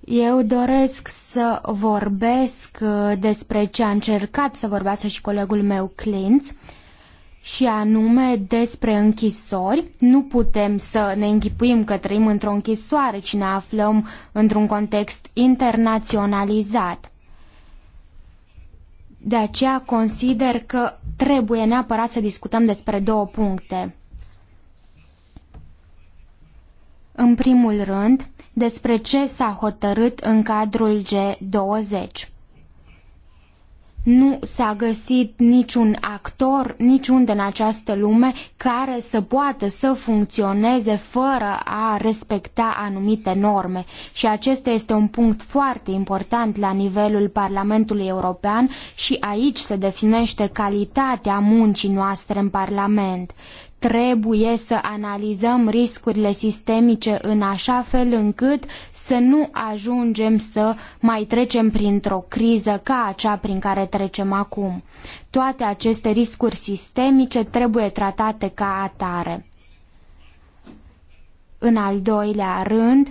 Eu doresc să vorbesc uh, despre ce a încercat să vorbească și colegul meu Clint și anume despre închisori. Nu putem să ne închipuim că trăim într-o închisoare, ci ne aflăm într-un context internaționalizat. De aceea consider că trebuie neapărat să discutăm despre două puncte. În primul rând, despre ce s-a hotărât în cadrul G20. Nu s-a găsit niciun actor, niciunde în această lume, care să poată să funcționeze fără a respecta anumite norme. Și acesta este un punct foarte important la nivelul Parlamentului European și aici se definește calitatea muncii noastre în Parlament trebuie să analizăm riscurile sistemice în așa fel încât să nu ajungem să mai trecem printr-o criză ca acea prin care trecem acum. Toate aceste riscuri sistemice trebuie tratate ca atare. În al doilea rând,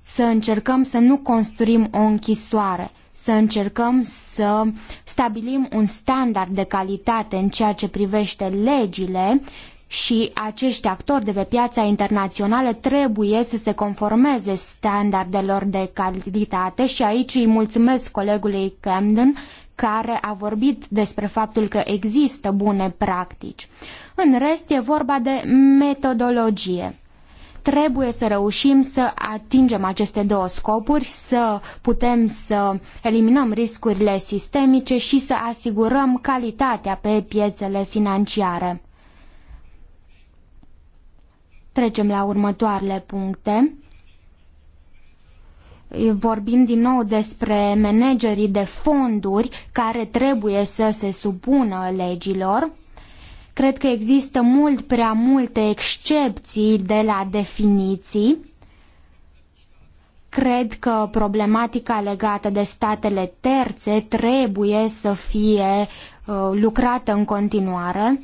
să încercăm să nu construim o închisoare, să încercăm să stabilim un standard de calitate în ceea ce privește legile și acești actori de pe piața internațională trebuie să se conformeze standardelor de calitate și aici îi mulțumesc colegului Camden care a vorbit despre faptul că există bune practici. În rest, e vorba de metodologie. Trebuie să reușim să atingem aceste două scopuri, să putem să eliminăm riscurile sistemice și să asigurăm calitatea pe piețele financiare. Trecem la următoarele puncte. Vorbim din nou despre managerii de fonduri care trebuie să se supună legilor. Cred că există mult prea multe excepții de la definiții cred că problematica legată de statele terțe trebuie să fie uh, lucrată în continuare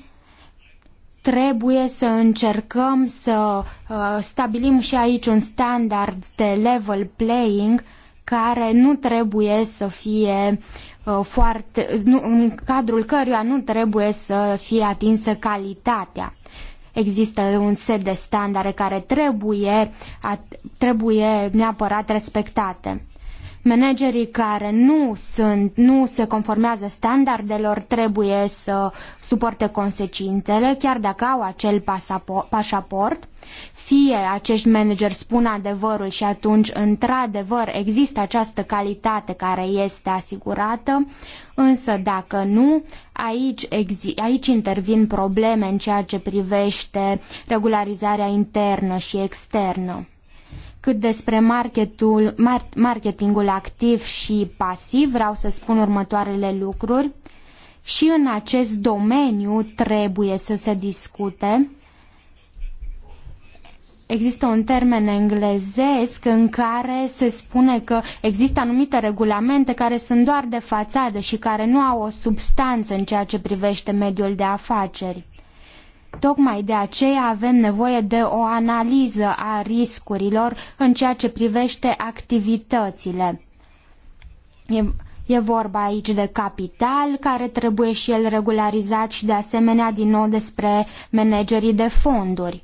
trebuie să încercăm să uh, stabilim și aici un standard de level playing care nu trebuie să fie uh, foarte, nu, în cadrul căruia nu trebuie să fie atinsă calitatea. Există un set de standarde care trebuie, trebuie neapărat respectate. Managerii care nu, sunt, nu se conformează standardelor trebuie să suporte consecințele, chiar dacă au acel pașaport. Fie acești manageri spun adevărul și atunci, într-adevăr, există această calitate care este asigurată, însă dacă nu, aici, aici intervin probleme în ceea ce privește regularizarea internă și externă. Cât despre marketul, marketingul activ și pasiv, vreau să spun următoarele lucruri. Și în acest domeniu trebuie să se discute. Există un termen englezesc în care se spune că există anumite regulamente care sunt doar de fațadă și care nu au o substanță în ceea ce privește mediul de afaceri. Tocmai de aceea avem nevoie de o analiză a riscurilor în ceea ce privește activitățile. E, e vorba aici de capital, care trebuie și el regularizat și de asemenea din nou despre managerii de fonduri.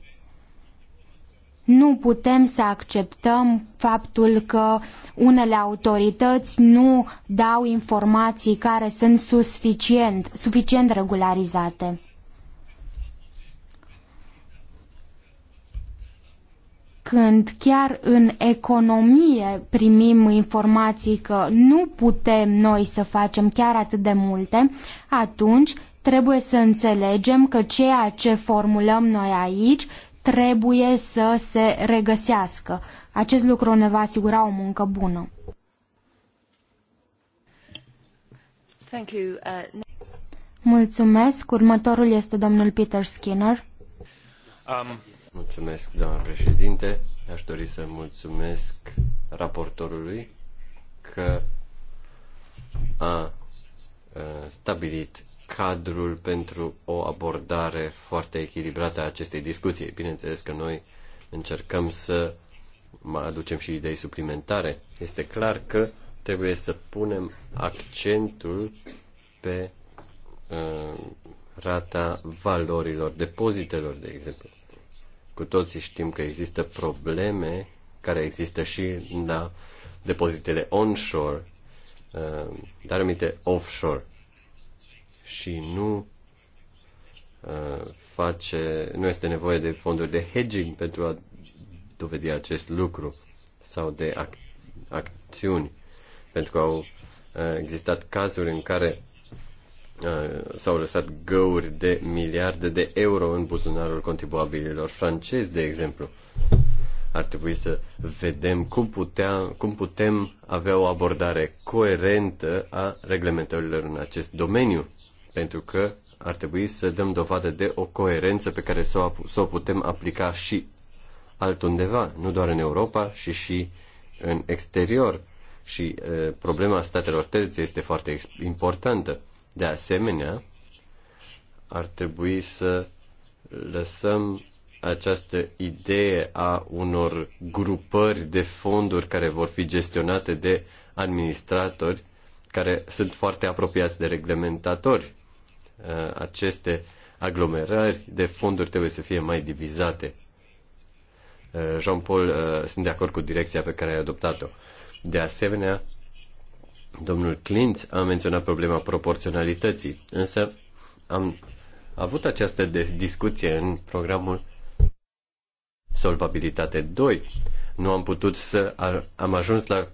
Nu putem să acceptăm faptul că unele autorități nu dau informații care sunt suficient, suficient regularizate. când chiar în economie primim informații că nu putem noi să facem chiar atât de multe, atunci trebuie să înțelegem că ceea ce formulăm noi aici trebuie să se regăsească. Acest lucru ne va asigura o muncă bună. Uh, Mulțumesc. Următorul este domnul Peter Skinner. Um. Mulțumesc, doamna președinte. Aș dori să mulțumesc raportorului că a stabilit cadrul pentru o abordare foarte echilibrată a acestei discuții. Bineînțeles că noi încercăm să mai aducem și idei suplimentare. Este clar că trebuie să punem accentul pe uh, rata valorilor depozitelor, de exemplu. Cu toții știm că există probleme care există și la depozitele onshore, dar uh, aminte offshore. Și nu uh, face, nu este nevoie de fonduri de hedging pentru a dovedi acest lucru sau de ac- acțiuni, pentru că au uh, existat cazuri în care Uh, s-au lăsat găuri de miliarde de euro în buzunarul contribuabililor francezi, de exemplu. Ar trebui să vedem cum, putea, cum putem avea o abordare coerentă a reglementărilor în acest domeniu, pentru că ar trebui să dăm dovadă de o coerență pe care să o, să o putem aplica și altundeva, nu doar în Europa, și și în exterior. Și e, uh, problema statelor terțe este foarte importantă de asemenea, ar trebui să lăsăm această idee a unor grupări de fonduri care vor fi gestionate de administratori care sunt foarte apropiați de reglementatori. Uh, aceste aglomerări de fonduri trebuie să fie mai divizate. Uh, Jean-Paul, uh, sunt de acord cu direcția pe care ai adoptat-o. De asemenea, Domnul Clint a menționat problema proporționalității, însă am avut această de- discuție în programul Solvabilitate 2. Nu am putut să am ajuns la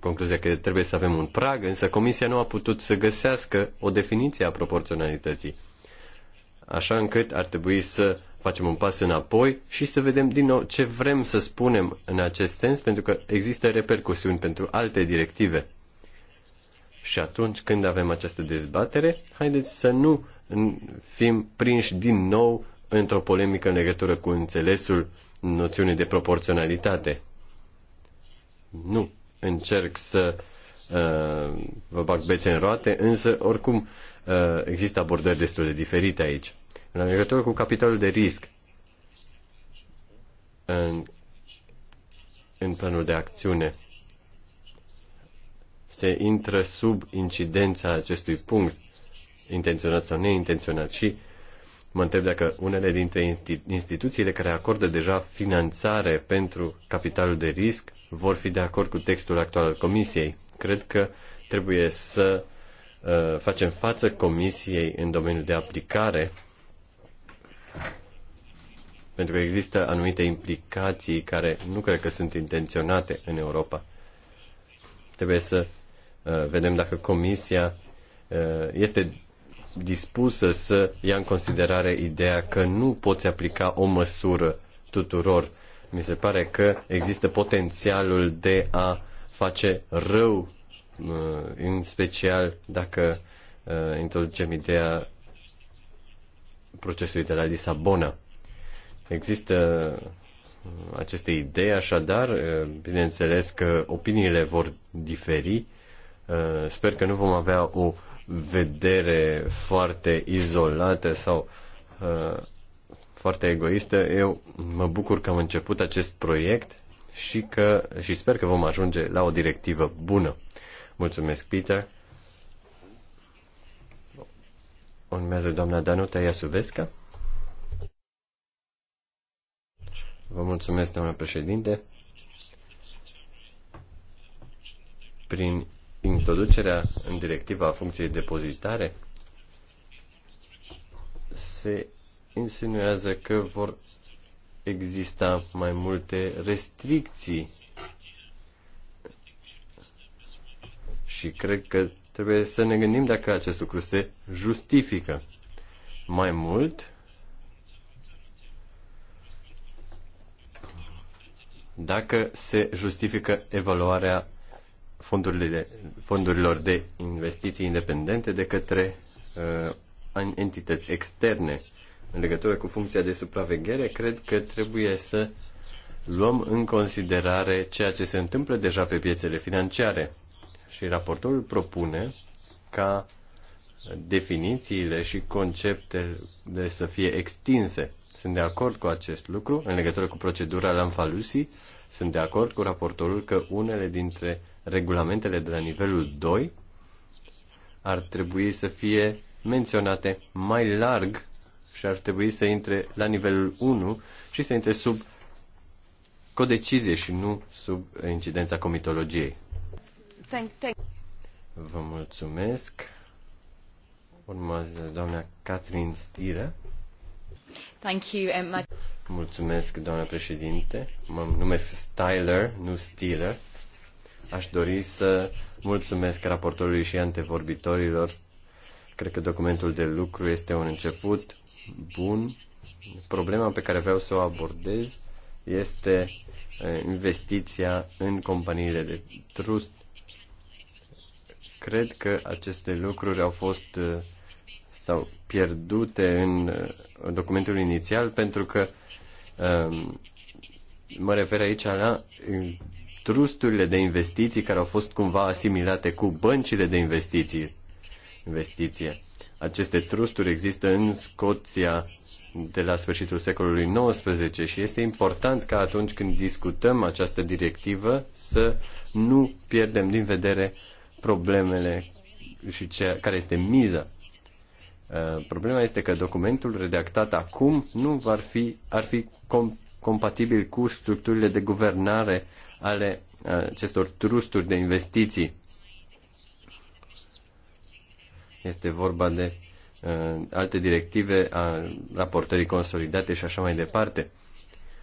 concluzia că trebuie să avem un prag, însă comisia nu a putut să găsească o definiție a proporționalității. Așa încât ar trebui să facem un pas înapoi și să vedem din nou ce vrem să spunem în acest sens, pentru că există repercusiuni pentru alte directive. Și atunci când avem această dezbatere, haideți să nu fim prinși din nou într-o polemică în legătură cu înțelesul noțiunii de proporționalitate. Nu încerc să uh, vă bag bețe în roate, însă oricum uh, există abordări destul de diferite aici. În legătură cu capitalul de risc, în, în planul de acțiune, se intră sub incidența acestui punct, intenționat sau neintenționat, și mă întreb dacă unele dintre instituțiile care acordă deja finanțare pentru capitalul de risc vor fi de acord cu textul actual al Comisiei. Cred că trebuie să uh, facem față Comisiei în domeniul de aplicare pentru că există anumite implicații care nu cred că sunt intenționate în Europa. Trebuie să Uh, vedem dacă Comisia uh, este dispusă să ia în considerare ideea că nu poți aplica o măsură tuturor. Mi se pare că există potențialul de a face rău, uh, în special dacă introducem ideea procesului de la Lisabona. Există aceste idei, așadar, bineînțeles că opiniile vor diferi, Uh, sper că nu vom avea o vedere foarte izolată sau uh, foarte egoistă. Eu mă bucur că am început acest proiect și, că, și sper că vom ajunge la o directivă bună. Mulțumesc, Peter. Urmează doamna Danuta Iasuvesca. Vă mulțumesc, doamna președinte. Prin introducerea în directiva a funcției depozitare se insinuează că vor exista mai multe restricții și cred că trebuie să ne gândim dacă acest lucru se justifică. Mai mult, dacă se justifică evaluarea fondurile, fondurilor de investiții independente de către uh, entități externe. În legătură cu funcția de supraveghere, cred că trebuie să luăm în considerare ceea ce se întâmplă deja pe piețele financiare. Și raportul propune ca definițiile și conceptele să fie extinse. Sunt de acord cu acest lucru. În legătură cu procedura Lamfalusi, sunt de acord cu raportorul că unele dintre regulamentele de la nivelul 2 ar trebui să fie menționate mai larg și ar trebui să intre la nivelul 1 și să intre sub codecizie și nu sub incidența comitologiei. Thank, thank. Vă mulțumesc. Urmează doamna Catherine Stira. Thank you, Emma. Mulțumesc, doamna președinte. Mă numesc Styler, nu Steeler. Aș dori să mulțumesc raportorului și antevorbitorilor. Cred că documentul de lucru este un început bun. Problema pe care vreau să o abordez este eh, investiția în companiile de trust. Cred că aceste lucruri au fost eh, sau pierdute în eh, documentul inițial pentru că ehm, mă refer aici la trusturile de investiții care au fost cumva asimilate cu băncile de investiții. investiție. Aceste trusturi există în Scoția de la sfârșitul secolului XIX și este important ca atunci când discutăm această directivă să nu pierdem din vedere problemele și ceea care este miza. Uh, problema este că documentul redactat acum nu ar fi, ar fi com, compatibil cu structurile de guvernare ale acestor trusturi de investiții. Este vorba de alte directive a raportării consolidate și așa mai departe.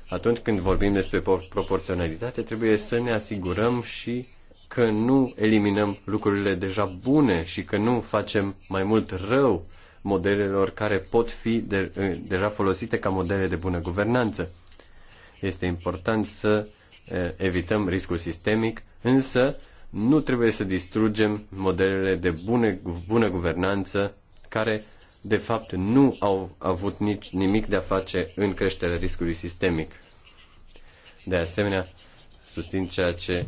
Atunci când vorbim despre proporționalitate, trebuie să ne asigurăm și că nu eliminăm lucrurile deja bune și că nu facem mai mult rău modelelor care pot fi de, deja folosite ca modele de bună guvernanță. Este important să Eh, evităm riscul sistemic, însă nu trebuie să distrugem modelele de bune, bună guvernanță care de fapt nu au avut nici nimic de a face în creșterea riscului sistemic. De asemenea, susțin ceea ce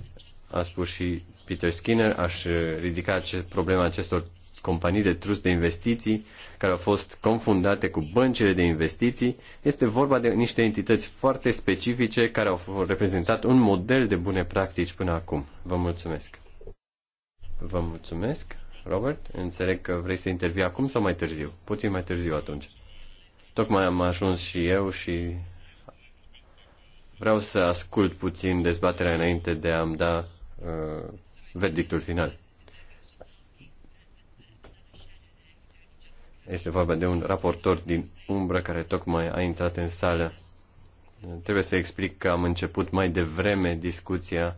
a spus și Peter Skinner, aș ridica problema acestor companii de trust de investiții care au fost confundate cu băncile de investiții. Este vorba de niște entități foarte specifice care au reprezentat un model de bune practici până acum. Vă mulțumesc. Vă mulțumesc, Robert. Înțeleg că vrei să intervii acum sau mai târziu? Puțin mai târziu atunci. Tocmai am ajuns și eu și vreau să ascult puțin dezbaterea înainte de a-mi da uh, verdictul final. Este vorba de un raportor din umbră care tocmai a intrat în sală. Trebuie să explic că am început mai devreme discuția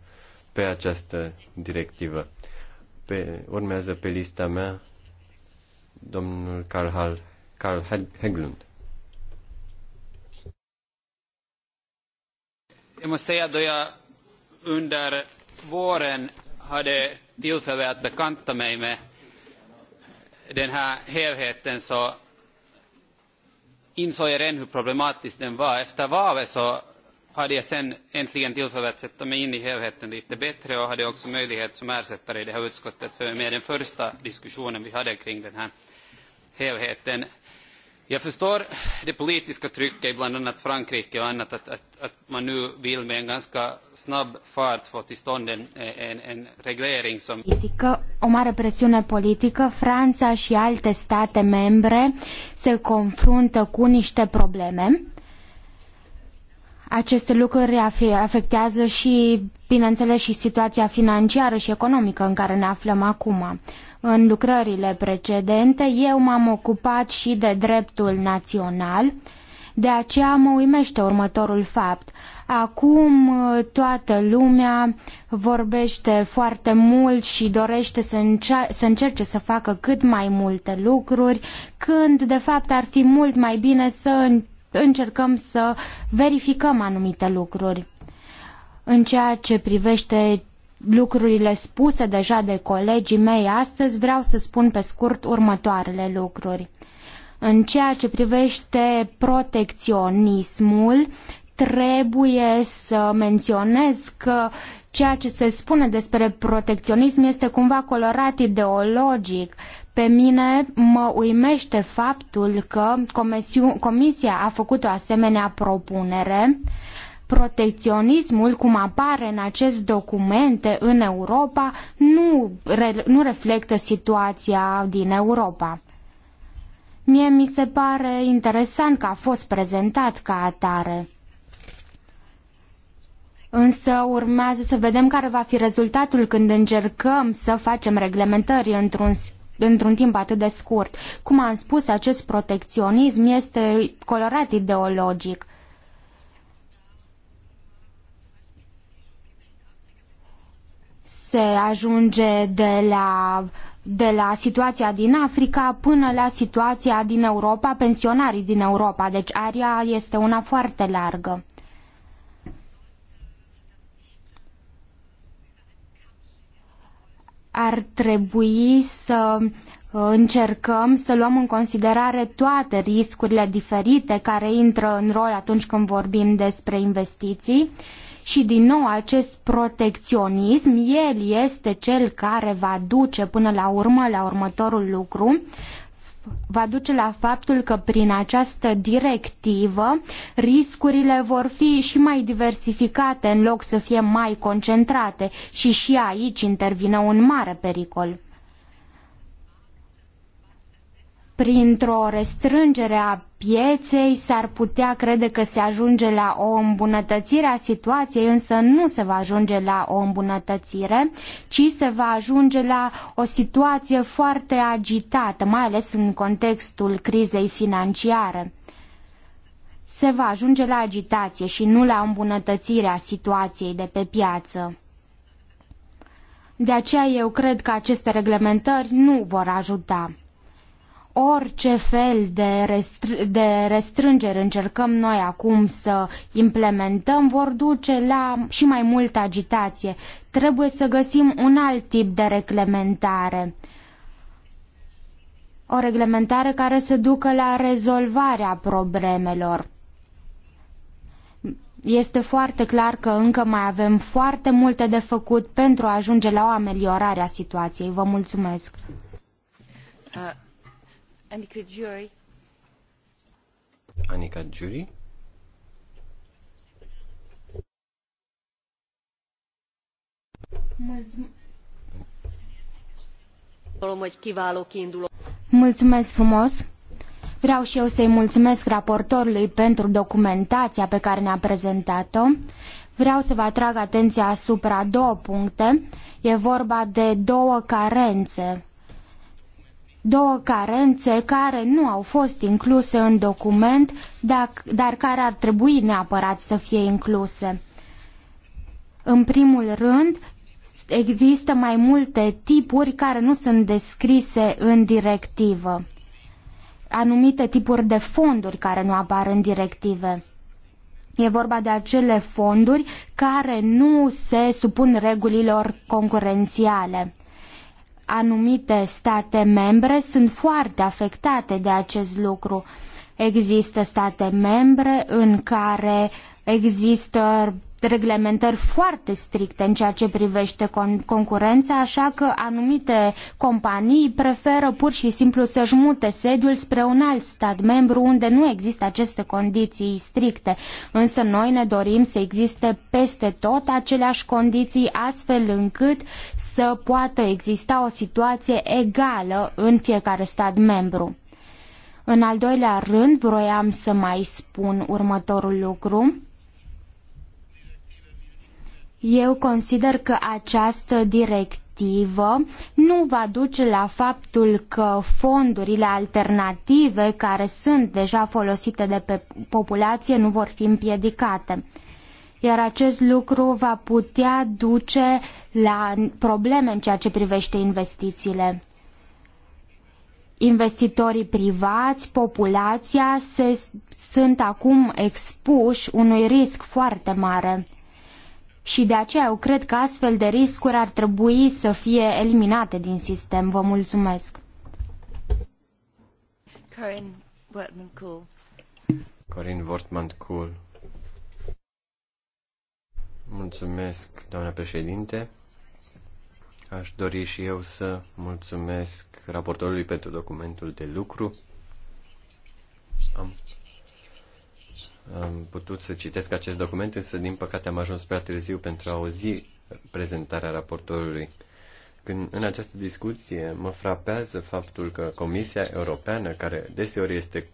pe această directivă. Pe, urmează pe lista mea domnul karl Hall, Karl Heglund. Jag måste säga då jag under våren hade tillfälle att bekanta mig med den här helheten så insåg jag redan hur problematisk den var. Efter valet så hade jag sen äntligen tillfälle att sätta mig in i helheten lite bättre och hade också möjlighet som ersättare i det här utskottet för med den första diskussionen vi hade kring den här helheten. Jag förstår det politiska trycket i bland annat Frankrike och annat att, att, att man nu vill med en ganska snabb fart få till stånd en, en, en reglering som... Politică, o mare presiune politică, Franța și alte state membre se confruntă cu niște probleme. Aceste lucruri afectează și, bineînțeles, și situația financiară și economică în care ne aflăm acum. În lucrările precedente eu m-am ocupat și de dreptul național, de aceea mă uimește următorul fapt. Acum uh, toată lumea vorbește foarte mult și dorește să, să încerce să facă cât mai multe lucruri, când de fapt ar fi mult mai bine să încercăm să verificăm anumite lucruri. În ceea ce privește lucrurile spuse deja de colegii mei astăzi, vreau să spun pe scurt următoarele lucruri. În ceea ce privește protecționismul, trebuie să menționez că ceea ce se spune despre protecționism este cumva colorat ideologic. Pe mine mă uimește faptul că Comisia a făcut o asemenea propunere Protecționismul, cum apare în acest documente în Europa, nu, re, nu reflectă situația din Europa. Mie mi se pare interesant că a fost prezentat ca atare. Însă urmează să vedem care va fi rezultatul când încercăm să facem reglementări într-un într-un timp atât de scurt. Cum am spus, acest protecționism este colorat ideologic. se ajunge de la, de la situația din Africa până la situația din Europa, pensionarii din Europa. Deci aria este una foarte largă. Ar trebui să uh, încercăm să luăm în considerare toate riscurile diferite care intră în rol atunci când vorbim despre investiții. Uh, și din nou acest protecționism, el este cel care va duce până la urmă la următorul lucru, va duce la faptul că prin această directivă riscurile vor fi și mai diversificate în loc să fie mai concentrate și și aici intervine un mare pericol. printr-o restrângere a pieței s-ar putea crede că se ajunge la o îmbunătățire a situației, însă nu se va ajunge la o îmbunătățire, ci se va ajunge la o situație foarte agitată, mai ales în contextul crizei financiare. Se va ajunge la agitație și nu la îmbunătățirea situației de pe piață. De aceea eu cred că aceste reglementări nu vor ajuta orice fel de, restr- de restrângeri încercăm noi acum să implementăm vor duce la și mai multă agitație. Trebuie să găsim un alt tip de reglementare. O reglementare care să ducă la rezolvarea problemelor. Este foarte clar că încă mai avem foarte multe de făcut pentru a ajunge la o ameliorare a situației. Vă mulțumesc! Uh. Annika Jury. Annika Jury. Mulțumesc frumos! Vreau și eu să-i mulțumesc raportorului pentru documentația pe care ne-a prezentat-o. Vreau să vă atrag atenția asupra două puncte. E vorba de două carențe două carențe care nu au fost incluse în document, dar care ar trebui neapărat să fie incluse. În primul rând, există mai multe tipuri care nu sunt descrise în directivă. Anumite tipuri de fonduri care nu apar în directive. E vorba de acele fonduri care nu se supun regulilor concurențiale anumite state membre sunt foarte afectate de acest lucru. Există state membre în care există reglementări foarte stricte în ceea ce privește con- concurența, așa că anumite companii preferă pur și simplu să-și mute sediul spre un alt stat membru unde nu există aceste condiții stricte. Însă noi ne dorim să existe peste tot aceleași condiții astfel încât să poată exista o situație egală în fiecare stat membru. În al doilea rând, vroiam să mai spun următorul lucru. Eu consider că această directivă nu va duce la faptul că fondurile alternative care sunt deja folosite de pe populație nu vor fi împiedicate. Iar acest lucru va putea duce la probleme în ceea ce privește investițiile investitorii privați, populația se, sunt acum expuși unui risc foarte mare și de aceea eu cred că astfel de riscuri ar trebui să fie eliminate din sistem. Vă mulțumesc. Corin Wortman Cool. Corin Wortman Cool. Mulțumesc, doamna președinte. Aș dori și eu să mulțumesc raportorului pentru documentul de lucru. Am am putut să citesc acest document, însă din păcate am ajuns prea târziu pentru a auzi prezentarea raportorului. Când în această discuție mă frapează faptul că Comisia Europeană, care deseori este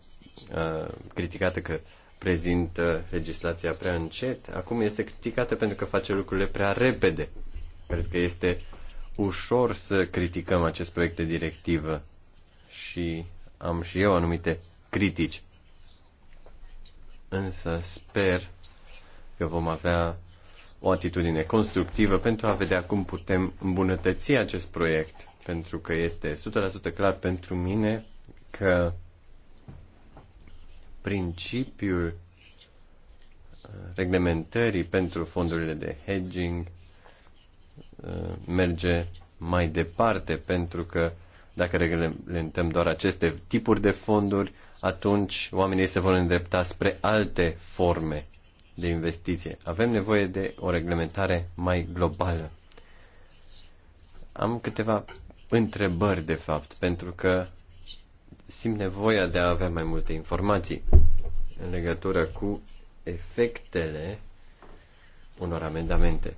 uh, criticată că prezintă legislația prea încet, acum este criticată pentru că face lucrurile prea repede. Cred că este ușor să criticăm acest proiect de directivă și am și eu anumite critici însă sper că vom avea o atitudine constructivă pentru a vedea cum putem îmbunătăți acest proiect, pentru că este 100% clar pentru mine că principiul uh, reglementării pentru fondurile de hedging uh, merge mai departe, pentru că dacă reglementăm doar aceste tipuri de fonduri, atunci oamenii se vor îndrepta spre alte forme de investiție. Avem nevoie de o reglementare mai globală. Am câteva întrebări, de fapt, pentru că simt nevoia de a avea mai multe informații în legătură cu efectele unor amendamente.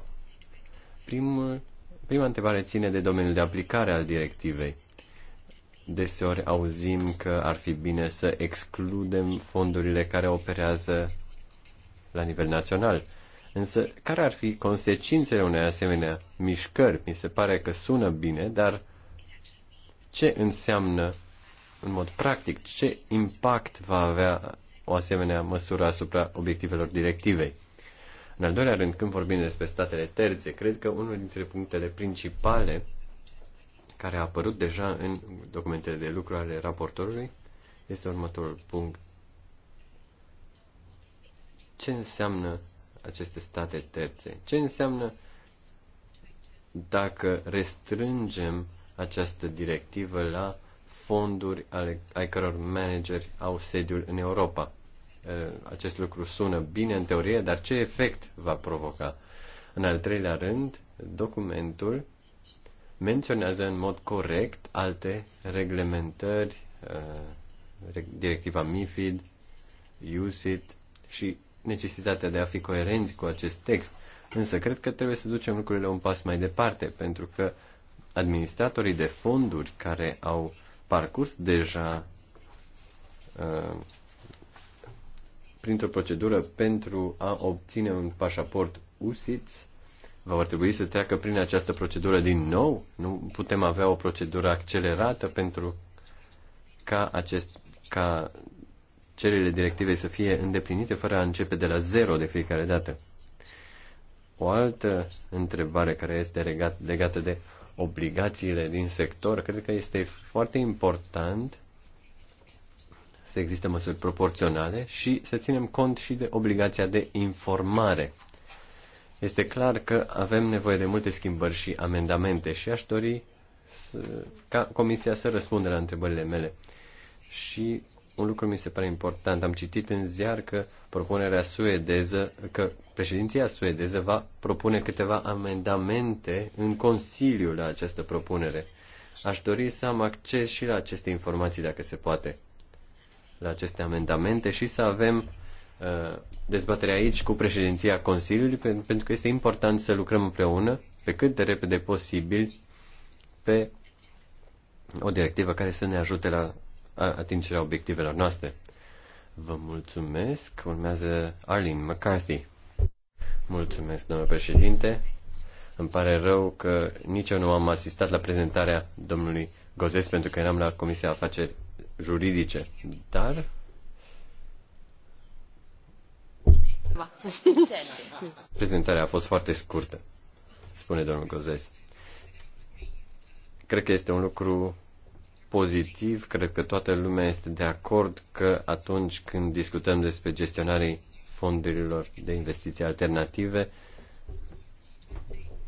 Primul, prima întrebare ține de domeniul de aplicare al directivei deseori auzim că ar fi bine să excludem fondurile care operează la nivel național. Însă, care ar fi consecințele unei asemenea mișcări? Mi se pare că sună bine, dar ce înseamnă în mod practic? Ce impact va avea o asemenea măsură asupra obiectivelor directivei? În al doilea rând, când vorbim despre statele terțe, cred că unul dintre punctele principale care a apărut deja în documentele de lucru ale raportorului, este următorul punct. Ce înseamnă aceste state terțe? Ce înseamnă dacă restrângem această directivă la fonduri ale, ai căror manageri au sediul în Europa? Acest lucru sună bine în teorie, dar ce efect va provoca? În al treilea rând, documentul menționează în mod corect alte reglementări, uh, directiva MIFID, USIT și necesitatea de a fi coerenți cu acest text. Însă cred că trebuie să ducem lucrurile un pas mai departe, pentru că administratorii de fonduri care au parcurs deja uh, printr-o procedură pentru a obține un pașaport USITS vor trebui să treacă prin această procedură din nou? Nu putem avea o procedură accelerată pentru ca, acest, ca cererile directive să fie îndeplinite fără a începe de la zero de fiecare dată? O altă întrebare care este legat, legată de obligațiile din sector, cred că este foarte important să există măsuri proporționale și să ținem cont și de obligația de informare este clar că avem nevoie de multe schimbări și amendamente și aș dori să, ca Comisia să răspundă la întrebările mele. Și un lucru mi se pare important. Am citit în ziar că propunerea suedeză, că președinția suedeză va propune câteva amendamente în Consiliu la această propunere. Aș dori să am acces și la aceste informații, dacă se poate, la aceste amendamente și să avem Uh, dezbaterea aici cu președinția Consiliului, pentru că este important să lucrăm împreună pe cât de repede posibil pe o directivă care să ne ajute la atingerea obiectivelor noastre. Vă mulțumesc. Urmează Arlene McCarthy. Mulțumesc, domnule președinte. Îmi pare rău că nici eu nu am asistat la prezentarea domnului Gozes pentru că eram la Comisia Afaceri Juridice. Dar Prezentarea a fost foarte scurtă, spune domnul Gozes. Cred că este un lucru pozitiv, cred că toată lumea este de acord că atunci când discutăm despre gestionarea fondurilor de investiții alternative,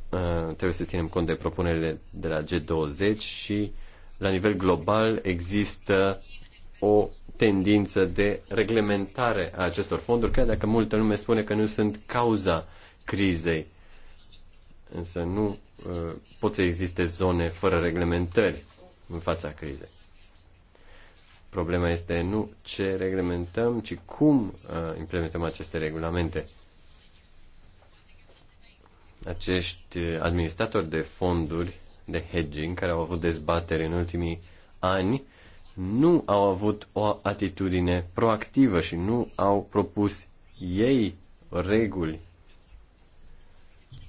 uh, trebuie să ținem cont de propunerile de la G20 și la nivel global există o tendință de reglementare a acestor fonduri, chiar dacă multă lume spune că nu sunt cauza crizei. Însă nu uh, pot să existe zone fără reglementări în fața crizei. Problema este nu ce reglementăm, ci cum uh, implementăm aceste regulamente. Acești uh, administratori de fonduri de hedging care au avut dezbateri în ultimii ani nu au avut o atitudine proactivă și nu au propus ei reguli.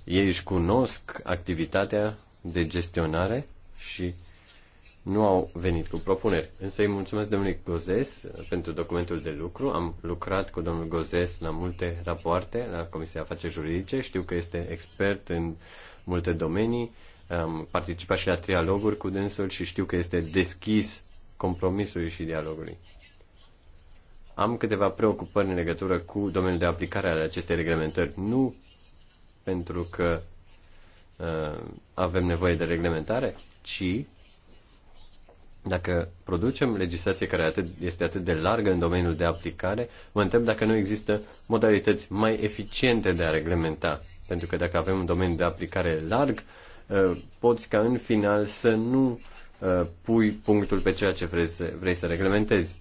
Ei își cunosc activitatea de gestionare și nu au venit cu propuneri. Însă îi mulțumesc domnului Gozes pentru documentul de lucru. Am lucrat cu domnul Gozes la multe rapoarte la Comisia Afaceri Juridice. Știu că este expert în multe domenii. Am participat și la trialoguri cu dânsul și știu că este deschis compromisului și dialogului. Am câteva preocupări în legătură cu domeniul de aplicare al acestei reglementări, nu pentru că uh, avem nevoie de reglementare, ci dacă producem legislație care atât, este atât de largă în domeniul de aplicare, mă întreb dacă nu există modalități mai eficiente de a reglementa. Pentru că dacă avem un domeniu de aplicare larg, uh, poți ca în final să nu Uh, pui punctul pe ceea ce vrei să, vrei să reglementezi.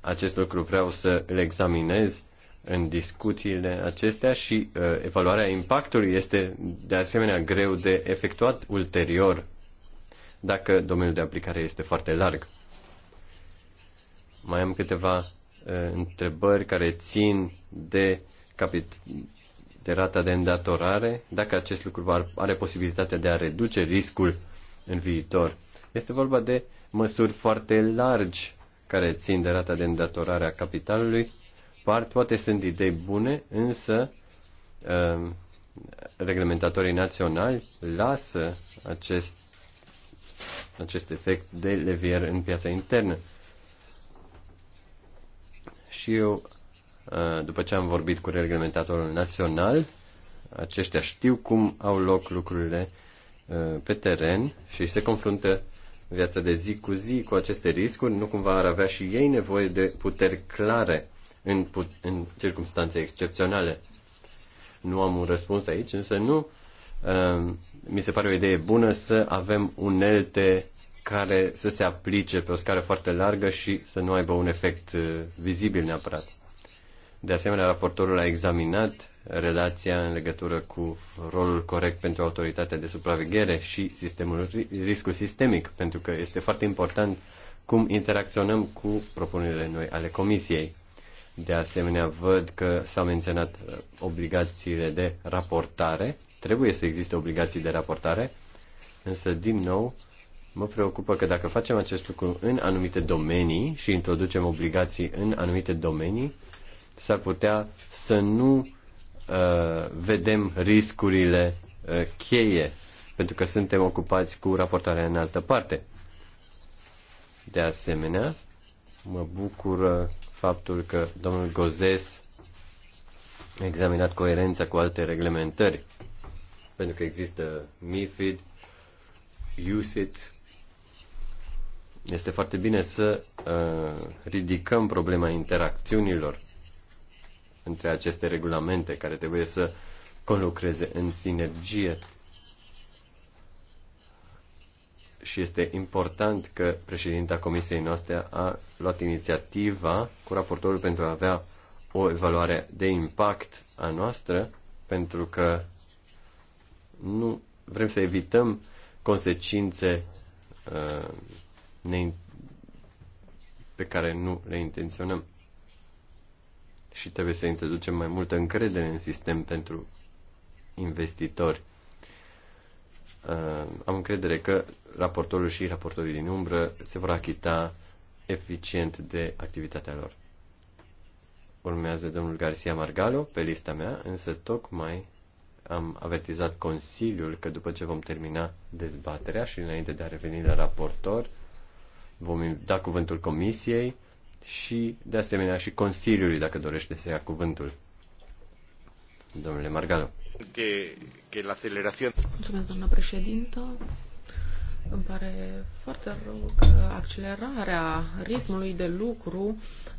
Acest lucru vreau să îl examinez în discuțiile acestea și uh, evaluarea impactului este de asemenea greu de efectuat ulterior dacă domeniul de aplicare este foarte larg. Mai am câteva uh, întrebări care țin de capit- de rata de îndatorare, dacă acest lucru are posibilitatea de a reduce riscul în viitor. Este vorba de măsuri foarte largi care țin de rata de îndatorare a capitalului. Par, toate sunt idei bune, însă uh, reglementatorii naționali lasă acest, acest efect de levier în piața internă. Și eu Uh, după ce am vorbit cu reglementatorul național, aceștia știu cum au loc lucrurile uh, pe teren și se confruntă viața de zi cu zi cu aceste riscuri, nu cumva ar avea și ei nevoie de puteri clare în, put- în circunstanțe excepționale. Nu am un răspuns aici, însă nu. Uh, mi se pare o idee bună să avem unelte care să se aplice pe o scară foarte largă și să nu aibă un efect vizibil neapărat. De asemenea, raportorul a examinat relația în legătură cu rolul corect pentru autoritatea de supraveghere și sistemul, riscul sistemic, pentru că este foarte important cum interacționăm cu propunerile noi ale Comisiei. De asemenea, văd că s-au menționat uh, obligațiile de raportare. Trebuie să existe obligații de raportare, însă, din nou, mă preocupă că dacă facem acest lucru în anumite domenii și introducem obligații în anumite domenii, s-ar putea să nu uh, vedem riscurile uh, cheie, pentru că suntem ocupați cu raportarea în altă parte. De asemenea, mă bucură faptul că domnul Gozes a examinat coerența cu alte reglementări, pentru că există MIFID, USIT. Este foarte bine să uh, ridicăm problema interacțiunilor între aceste regulamente care trebuie să conlucreze în sinergie. Și este important că președinta comisiei noastre a luat inițiativa cu raportorul pentru a avea o evaluare de impact a noastră, pentru că nu vrem să evităm consecințe uh, pe care nu le intenționăm și trebuie să introducem mai multă încredere în sistem pentru investitori. Uh, am încredere că raportorul și raportorii din umbră se vor achita eficient de activitatea lor. Urmează domnul Garcia Margalo pe lista mea, însă tocmai am avertizat Consiliul că după ce vom termina dezbaterea și înainte de a reveni la raportor, vom da cuvântul Comisiei și, de asemenea, și Consiliului, dacă dorește să ia cuvântul. Domnule Margalo. Mulțumesc, doamna președintă. Îmi pare foarte rău că accelerarea ritmului de lucru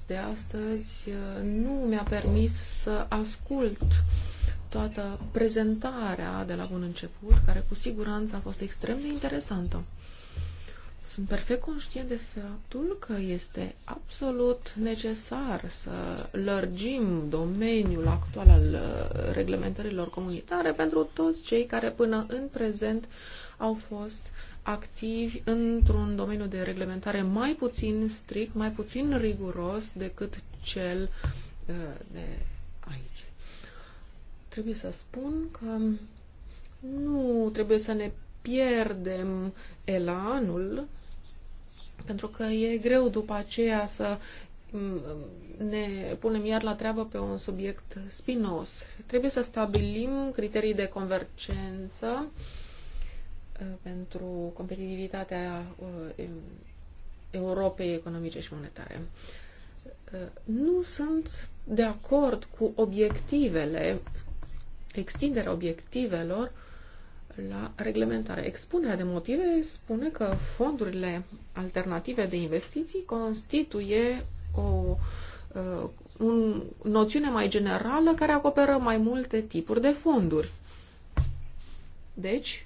de astăzi uh, nu mi-a permis să ascult toată prezentarea de la bun început, care cu siguranță a fost extrem de interesantă. Sunt perfect conștient de faptul că este absolut necesar să lărgim domeniul actual al uh, reglementărilor comunitare pentru toți cei care până în prezent au fost activi într-un domeniu de reglementare mai puțin strict, mai puțin riguros decât cel uh, de aici. Trebuie să spun că nu trebuie să ne pierdem elanul, pentru că e greu după aceea să mm, ne punem iar la treabă pe un subiect spinos. Trebuie să stabilim criterii de convergență uh, pentru competitivitatea uh, Europei economice și monetare. Uh, nu sunt de acord cu obiectivele, extinderea obiectivelor la reglementare. Expunerea de motive spune că fondurile alternative de investiții constituie o uh, un, noțiune mai generală care acoperă mai multe tipuri de fonduri. Deci,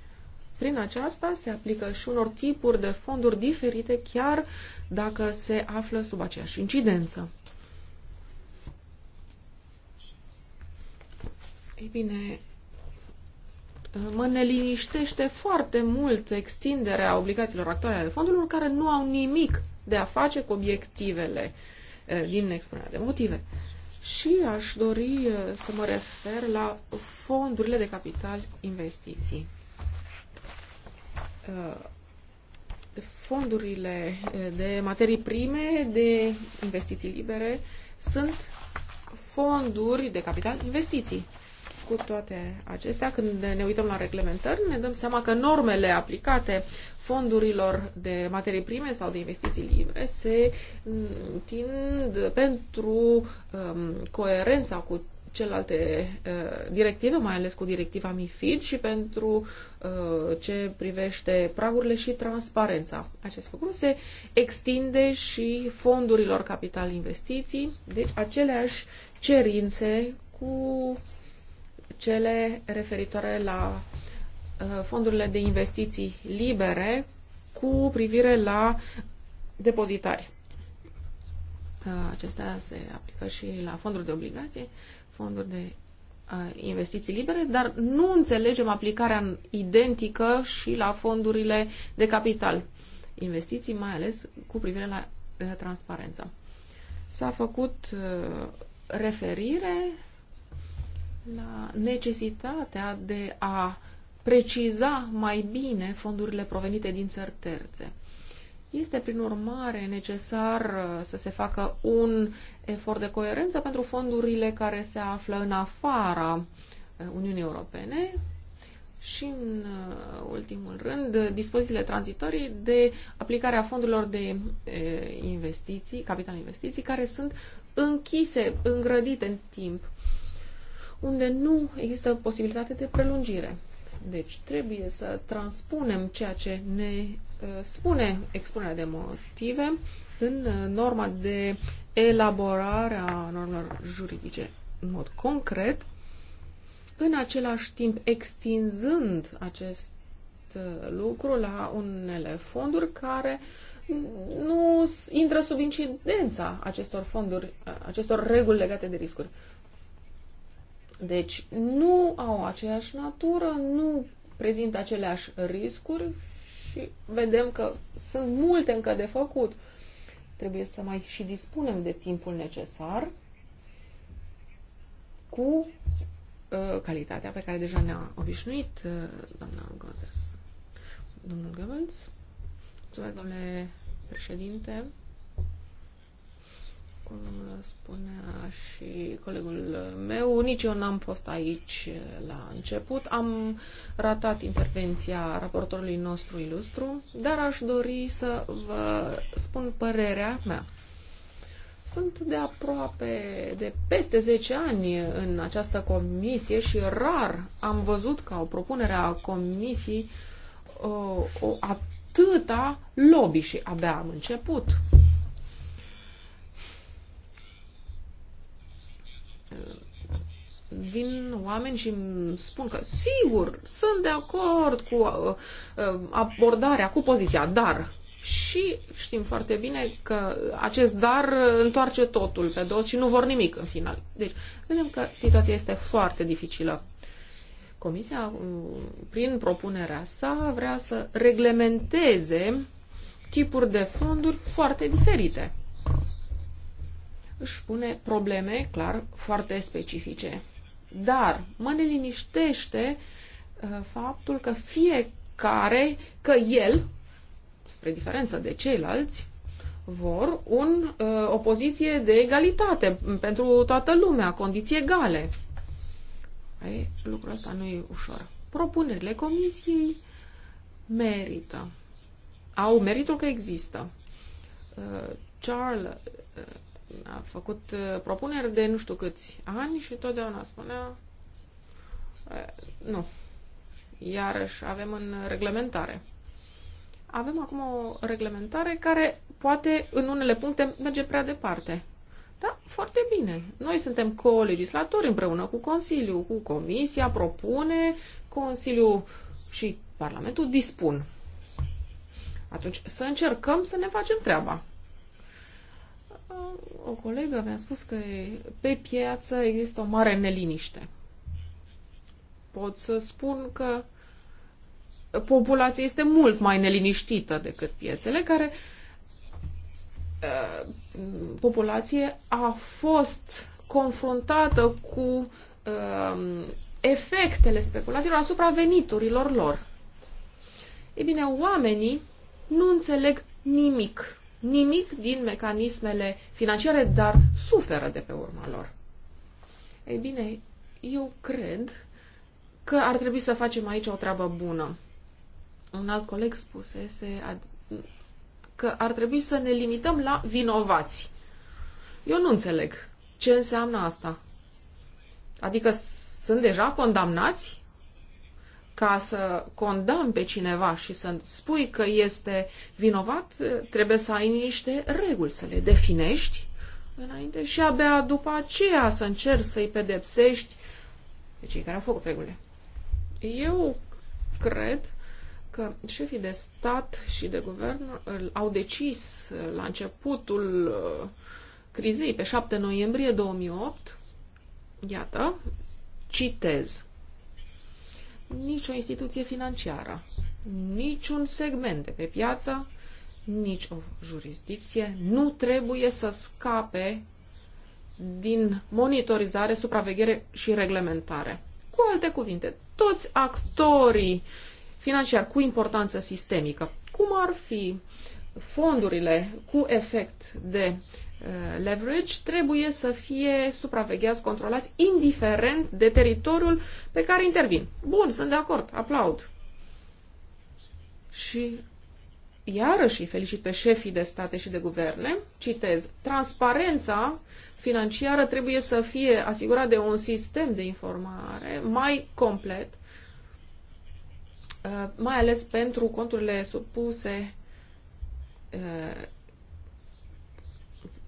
prin aceasta se aplică și unor tipuri de fonduri diferite, chiar dacă se află sub aceeași incidență. Ei bine, mă neliniștește foarte mult extinderea obligațiilor actuale ale fondurilor care nu au nimic de a face cu obiectivele din expunerea de motive. Și aș dori să mă refer la fondurile de capital investiții. Fondurile de materii prime, de investiții libere, sunt fonduri de capital investiții cu toate acestea, când ne uităm la reglementări, ne dăm seama că normele aplicate fondurilor de materii prime sau de investiții libere se tind pentru um, coerența cu celelalte uh, directive, mai ales cu directiva MIFID și pentru uh, ce privește pragurile și transparența. Acest lucru se extinde și fondurilor capital investiții, deci aceleași cerințe cu cele referitoare la uh, fondurile de investiții libere cu privire la depozitari. Uh, acestea se aplică și la fonduri de obligație, fonduri de uh, investiții libere, dar nu înțelegem aplicarea identică și la fondurile de capital. Investiții, mai ales cu privire la transparență. S-a făcut referire la necesitatea de a preciza mai bine fondurile provenite din țări terțe. Este, prin urmare, necesar uh, să se facă un efort de coerență pentru fondurile care se află în afara uh, Uniunii Europene și, în uh, ultimul rând, dispozițiile tranzitorii de aplicare a fondurilor de investiții, capital investiții, care sunt închise, îngrădite în timp unde nu există posibilitate de prelungire. Deci trebuie să transpunem ceea ce ne uh, spune expunerea de motive în uh, norma de elaborare a normelor juridice în mod concret, în același timp extinzând acest uh, lucru la unele fonduri care nu intră sub incidența acestor fonduri, acestor reguli legate de riscuri. Deci nu au aceeași natură, nu prezintă aceleași riscuri și vedem că sunt multe încă de făcut. Trebuie să mai și dispunem de timpul necesar cu uh, calitatea pe care deja ne-a obișnuit uh, doamna Gozes. Domnul Goebbels, mulțumesc, domnule președinte cum spunea și colegul meu, nici eu n-am fost aici la început. Am ratat intervenția raportorului nostru ilustru, dar aș dori să vă spun părerea mea. Sunt de aproape de peste 10 ani în această comisie și rar am văzut ca o propunere a comisiei o, uh, o atâta lobby și abia am început. vin oameni și îmi spun că sigur, sunt de acord cu uh, uh, abordarea, cu poziția, dar și știm foarte bine că acest dar întoarce totul pe dos și nu vor nimic în final. Deci, vedem că situația este foarte dificilă. Comisia, uh, prin propunerea sa, vrea să reglementeze tipuri de fonduri foarte diferite. Își pune probleme, clar, foarte specifice dar mă neliniștește uh, faptul că fiecare, că el, spre diferență de ceilalți, vor un, uh, o poziție de egalitate pentru toată lumea, condiții egale. Ei, lucrul ăsta nu e ușor. Propunerile comisiei merită. Au meritul că există. Uh, Charles a făcut uh, propuneri de nu știu câți ani și totdeauna spunea uh, nu. Iarăși avem în reglementare. Avem acum o reglementare care poate în unele puncte merge prea departe. Da, foarte bine. Noi suntem co-legislatori împreună cu Consiliul, cu Comisia, propune, Consiliul și Parlamentul dispun. Atunci să încercăm să ne facem treaba o colegă mi-a spus că pe piață există o mare neliniște. Pot să spun că populația este mult mai neliniștită decât piețele, care uh, populație a fost confruntată cu um, efectele speculațiilor asupra veniturilor lor. Ei bine, oamenii nu înțeleg nimic nimic din mecanismele financiare, dar suferă de pe urma lor. Ei bine, eu cred că ar trebui să facem aici o treabă bună. Un alt coleg spusese că ar trebui să ne limităm la vinovați. Eu nu înțeleg ce înseamnă asta. Adică sunt deja condamnați? ca să condamn pe cineva și să spui că este vinovat, trebuie să ai niște reguli, să le definești înainte și abia după aceea să încerci să-i pedepsești pe cei care au făcut regulile. Eu cred că șefii de stat și de guvern au decis la începutul uh, crizei, pe 7 noiembrie 2008, iată, citez, nicio instituție financiară, niciun segment de pe piață, nici o jurisdicție nu trebuie să scape din monitorizare, supraveghere și reglementare. Cu alte cuvinte, toți actorii financiari cu importanță sistemică, cum ar fi uh, fondurile cu efect de uh, leverage trebuie să fie supravegheați, controlați, indiferent de teritoriul pe care intervin. Bun, sunt de acord, aplaud. Și iarăși îi felicit pe șefii de state și de guverne, citez, transparența financiară trebuie să fie asigurată de un sistem de informare mai complet, uh, mai ales pentru conturile supuse Uh,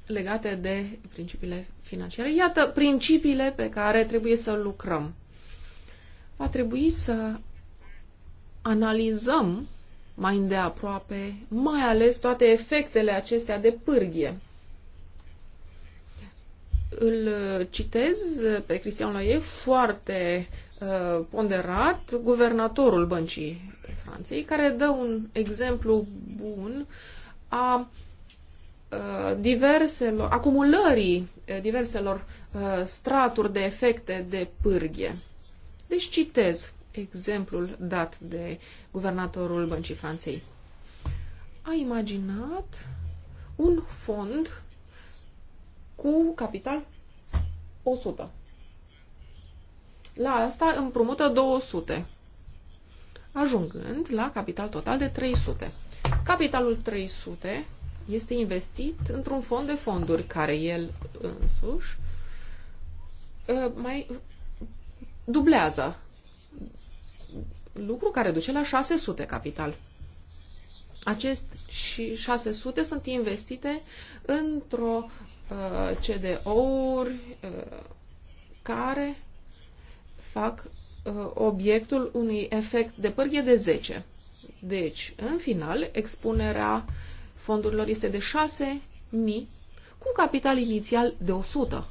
legate de principiile financiare. Iată principiile pe care trebuie să lucrăm. Va trebui să analizăm mai îndeaproape, mai ales toate efectele acestea de pârghie. Îl uh, citez pe Cristian Loie foarte uh, ponderat, guvernatorul Băncii Franței, care dă un exemplu bun uh, a diverselor, acumulării diverselor straturi de efecte de pârghie. Deci citez exemplul dat de guvernatorul Băncii Franței. A imaginat un fond cu capital 100. La asta împrumută 200, ajungând la capital total de 300. Capitalul 300 este investit într-un fond de fonduri care el însuși ă, mai dublează. Lucru care duce la 600 capital. Acest și 600 sunt investite într-o uh, ă, CDO-uri uh, ă, care fac uh, obiectul unui efect de pârghie de 10. Deci, în final, expunerea fondurilor este de 6.000 cu capital inițial de 100.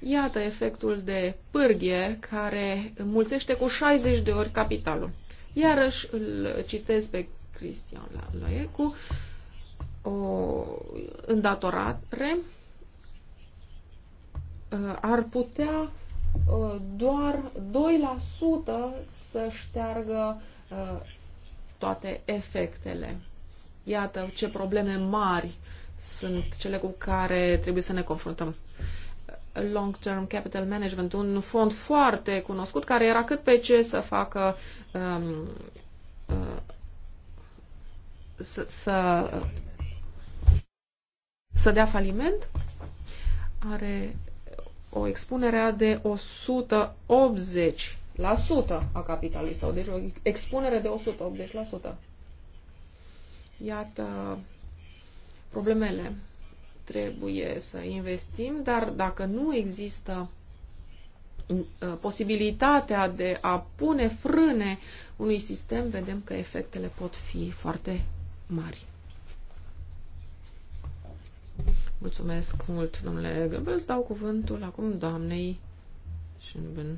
Iată efectul de pârghie care mulțește cu 60 de ori capitalul. Iarăși îl citesc pe Cristian Laloie cu o îndatorare ar putea Uh, doar 2% să șteargă uh, toate efectele. Iată ce probleme mari sunt cele cu care trebuie să ne confruntăm. Long Term Capital Management, un fond foarte cunoscut care era cât pe ce să facă um, uh, să, să, să dea faliment, are o expunere de 180 a capitalului sau deci o expunere de 180%. Iată problemele. Trebuie să investim, dar dacă nu există uh, posibilitatea de a pune frâne unui sistem, vedem că efectele pot fi foarte mari. Mulțumesc mult, domnule Goebbels. Dau cuvântul acum doamnei Schönbân.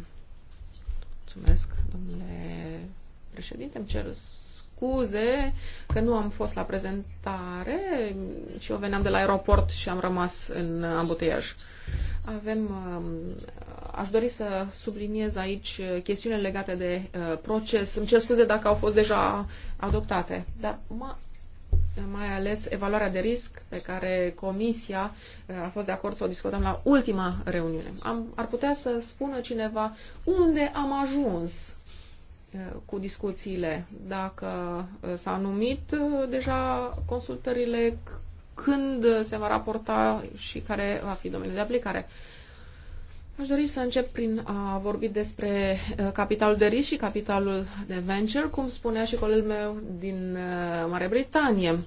Mulțumesc, domnule președinte. Îmi cer scuze că nu am fost la prezentare și eu veneam de la aeroport și am rămas în ambuteiaj. Avem, um, aș dori să subliniez aici chestiunile legate de uh, proces. Îmi cer scuze dacă au fost deja adoptate, dar mă mai ales evaluarea de risc pe care Comisia uh, a fost de acord să o discutăm la ultima reuniune. Am, ar putea să spună cineva unde am ajuns uh, cu discuțiile, dacă uh, s-a numit deja consultările, când se va raporta și care va fi domeniul de aplicare. Aș dori să încep prin a vorbi despre uh, capitalul de risc și capitalul de venture, cum spunea și colegul meu din uh, Marea Britanie.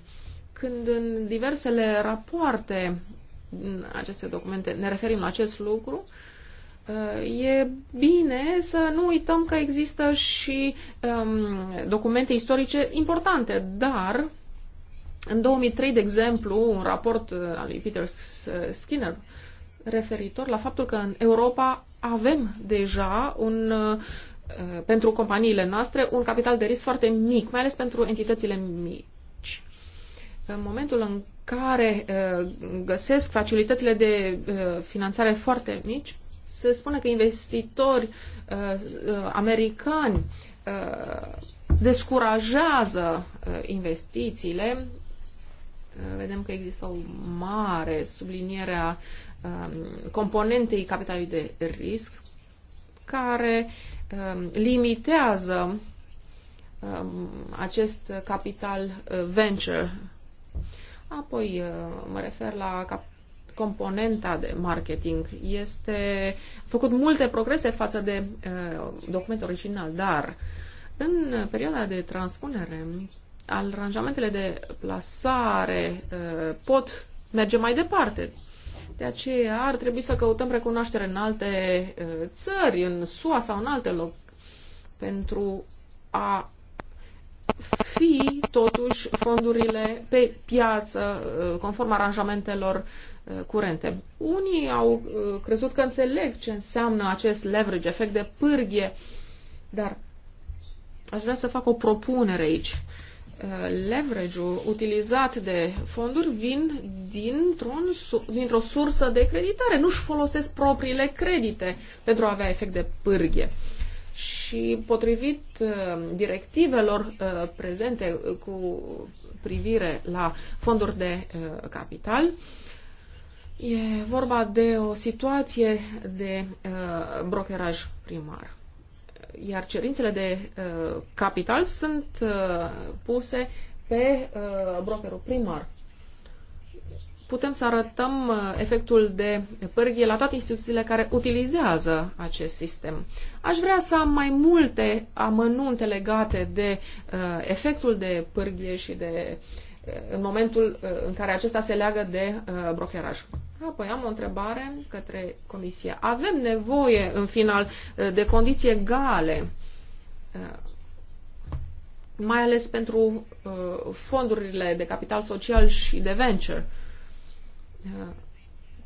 Când în diversele rapoarte, în aceste documente, ne referim la acest lucru, uh, E bine să nu uităm că există și um, documente istorice importante, dar în 2003, de exemplu, un raport al lui Peter Skinner referitor la faptul că în Europa avem deja un, uh, pentru companiile noastre un capital de risc foarte mic, mai ales pentru entitățile mici. În momentul în care uh, găsesc facilitățile de uh, finanțare foarte mici, se spune că investitori americani descurajează investițiile vedem că există o mare subliniere a Um, componentei capitalului de risc care um, limitează um, acest capital uh, venture. Apoi uh, mă refer la componenta de marketing. Este făcut multe progrese față de uh, documentul original, dar în perioada de transpunere, aranjamentele de plasare pot merge mai departe. De aceea ar trebui să căutăm recunoaștere în alte eh, țări, în SUA sau în alte loc, pentru a fi totuși fondurile pe piață, eh, conform aranjamentelor eh, curente. Unii au crezut că înțeleg ce înseamnă acest leverage, efect de pârghie, dar aș vrea să fac o propunere aici leverage-ul utilizat de fonduri vin dintr-un, dintr-o sursă de creditare. Nu-și folosesc propriile credite pentru a avea efect de pârghie. Și potrivit uh, directivelor uh, prezente uh, cu privire la fonduri de capital, e vorba de o situație de brokeraj primar iar cerințele de uh, capital sunt uh, puse pe uh, brokerul primar. Putem să arătăm uh, efectul de pârghie la toate instituțiile care utilizează acest sistem. Aș vrea să am mai multe amănunte legate de uh, efectul de pârghie și de uh, în momentul uh, în care acesta se leagă de uh, brokeraj. Apoi am o întrebare către Comisie. Avem nevoie, în final, uh, de condiții egale, mai ales pentru fondurile de capital social și de venture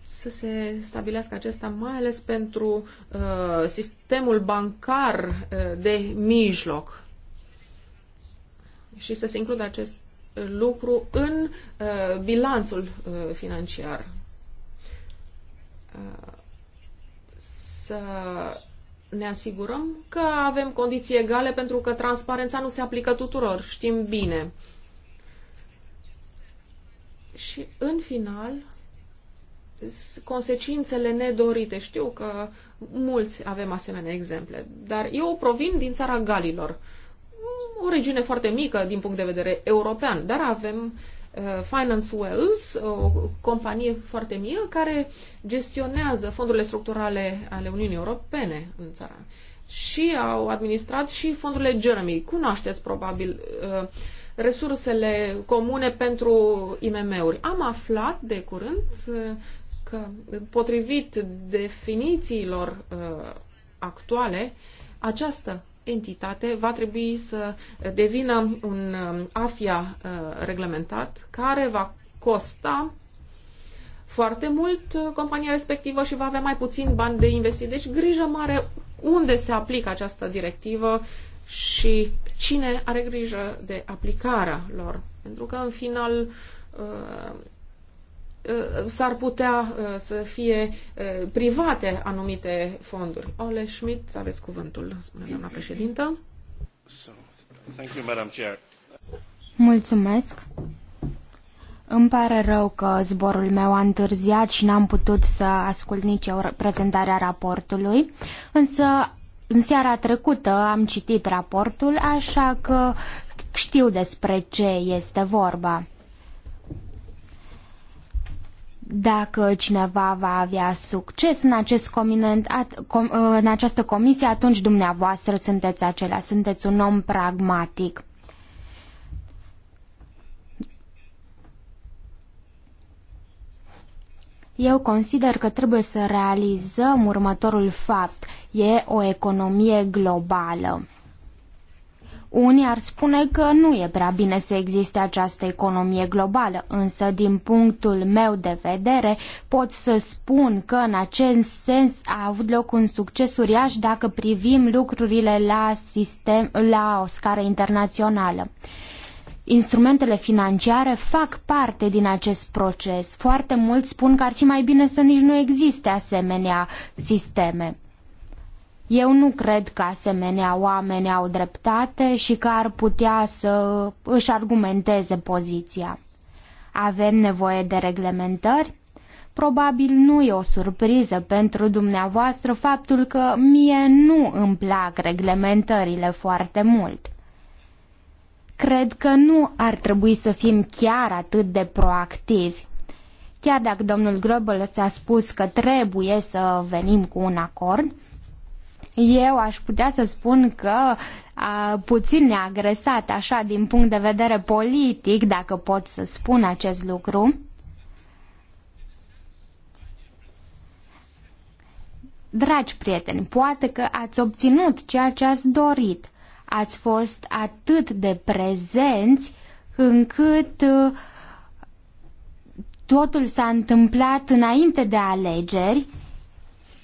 să se stabilească acesta, mai ales pentru sistemul bancar de mijloc. Și să se includă acest lucru în uh, bilanțul uh, financiar. Uh, să ne asigurăm că avem condiții egale pentru că transparența nu se aplică tuturor, știm bine. Și în final, consecințele nedorite. Știu că mulți avem asemenea exemple, dar eu provin din țara Galilor o regiune foarte mică din punct de vedere european, dar avem uh, Finance Wells, o companie foarte mică care gestionează fondurile structurale ale Uniunii Europene în țara. Și au administrat și fondurile Jeremy. Cunoașteți probabil uh, resursele comune pentru IMM-uri. Am aflat de curând uh, că, potrivit definițiilor uh, actuale, această entitate va trebui să devină un um, AFIA uh, reglementat care va costa foarte mult uh, compania respectivă și va avea mai puțin bani de investit. Deci grijă mare unde se aplică această directivă și cine are grijă de aplicarea lor. Pentru că, în final, uh, Uh, s-ar putea uh, să fie uh, private anumite fonduri. Ole Schmidt, aveți cuvântul, spune doamna președintă. Mulțumesc. Îmi pare rău că zborul meu a întârziat și n-am putut să ascult nici eu prezentarea raportului, însă în seara trecută am citit raportul, așa că știu despre ce este vorba dacă cineva va avea succes în, acest cominent, at, com, în această comisie, atunci dumneavoastră sunteți acela, sunteți un om pragmatic. Eu consider că trebuie să realizăm următorul fapt. E o economie globală. Unii ar spune că nu e prea bine să existe această economie globală, însă din punctul meu de vedere pot să spun că în acest sens a avut loc un succes uriaș dacă privim lucrurile la, sistem, la o scară internațională. Instrumentele financiare fac parte din acest proces. Foarte mulți spun că ar fi mai bine să nici nu existe asemenea sisteme. Eu nu cred că asemenea oameni au dreptate și că ar putea să își argumenteze poziția. Avem nevoie de reglementări? Probabil nu e o surpriză pentru dumneavoastră faptul că mie nu îmi plac reglementările foarte mult. Cred că nu ar trebui să fim chiar atât de proactivi. Chiar dacă domnul Gröbel s-a spus că trebuie să venim cu un acord, eu aș putea să spun că a, puțin ne-a agresat așa din punct de vedere politic, dacă pot să spun acest lucru. Dragi prieteni, poate că ați obținut ceea ce ați dorit. Ați fost atât de prezenți încât uh, totul s-a întâmplat înainte de alegeri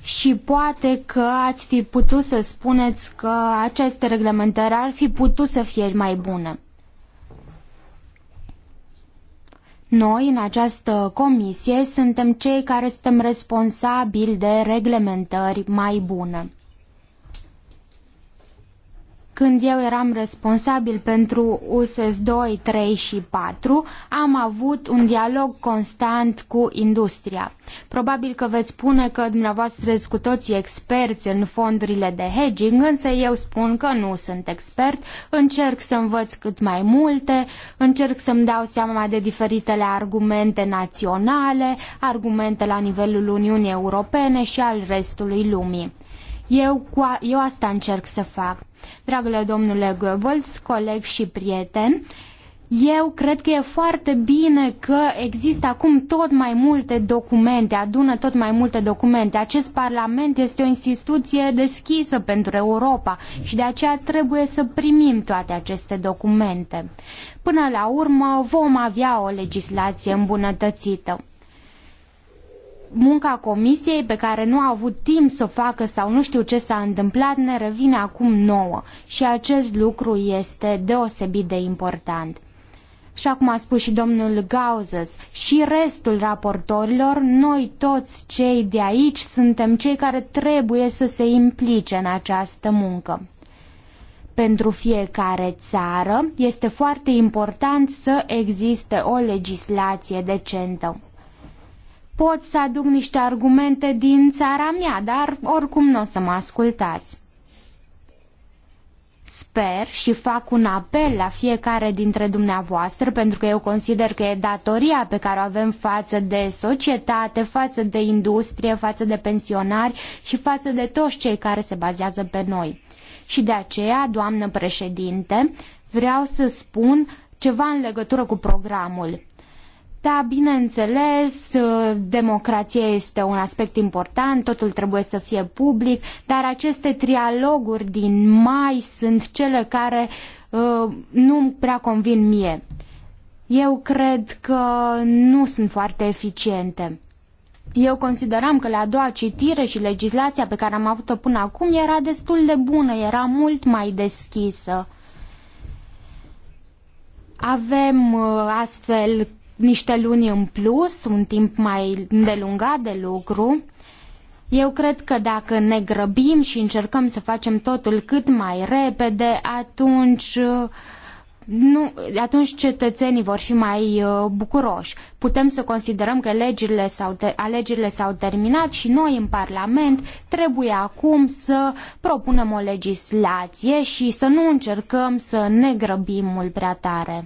și poate că ați fi putut să spuneți că aceste reglementări ar fi putut să fie mai bune. Noi, în această comisie, suntem cei care suntem responsabili de reglementări mai bune. Când eu eram responsabil pentru USS 2, 3 și 4, am avut un dialog constant cu industria. Probabil că veți spune că dumneavoastră sunteți cu toții experți în fondurile de hedging, însă eu spun că nu sunt expert, încerc să învăț cât mai multe, încerc să-mi dau seama de diferitele argumente naționale, argumente la nivelul Uniunii Europene și al restului lumii. Eu, cu eu asta încerc să fac. Dragule domnule Goebbels, coleg și prieten, eu cred că e foarte bine că există acum tot mai multe documente, adună tot mai multe documente. Acest Parlament este o instituție deschisă pentru Europa și de aceea trebuie să primim toate aceste documente. Până la urmă vom avea o legislație îmbunătățită munca comisiei pe care nu a avut timp să o facă sau nu știu ce s-a întâmplat ne revine acum nouă și acest lucru este deosebit de important. Și acum a spus și domnul Gauzes și restul raportorilor, noi toți cei de aici suntem cei care trebuie să se implice în această muncă. Pentru fiecare țară este foarte important să existe o legislație decentă pot să aduc niște argumente din țara mea, dar oricum nu o să mă ascultați. Sper și fac un apel la fiecare dintre dumneavoastră, pentru că eu consider că e datoria pe care o avem față de societate, față de industrie, față de pensionari și față de toți cei care se bazează pe noi. Și de aceea, doamnă președinte, vreau să spun ceva în legătură cu programul. Da, bineînțeles, uh, democrația este un aspect important, totul trebuie să fie public, dar aceste trialoguri din mai sunt cele care uh, nu prea convin mie. Eu cred că nu sunt foarte eficiente. Eu consideram că la a doua citire și legislația pe care am avut-o până acum era destul de bună, era mult mai deschisă. Avem uh, astfel niște luni în plus, un timp mai îndelungat de lucru. Eu cred că dacă ne grăbim și încercăm să facem totul cât mai repede, atunci uh, nu, atunci cetățenii vor fi mai uh, bucuroși. Putem să considerăm că legile sau te, alegerile s-au terminat și noi în Parlament trebuie acum să propunem o legislație și să nu încercăm să ne grăbim mult prea tare.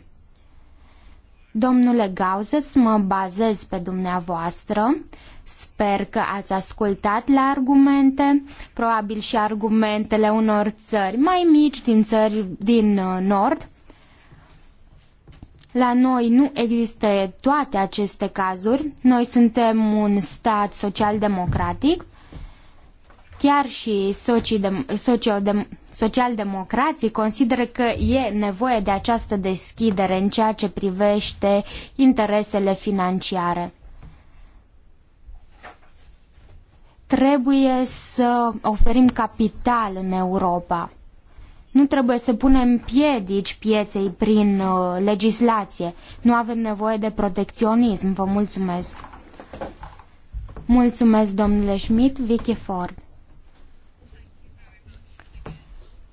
Domnule Gauzes, mă bazez pe dumneavoastră. Sper că ați ascultat la argumente, probabil și argumentele unor țări mai mici din țări din uh, nord. La noi nu există toate aceste cazuri. Noi suntem un stat social-democratic Chiar și socialdemocrații consideră că e nevoie de această deschidere în ceea ce privește interesele financiare. Trebuie să oferim capital în Europa. Nu trebuie să punem piedici pieței prin uh, legislație. Nu avem nevoie de protecționism. Vă mulțumesc. Mulțumesc, domnule Schmidt, Vicky Ford.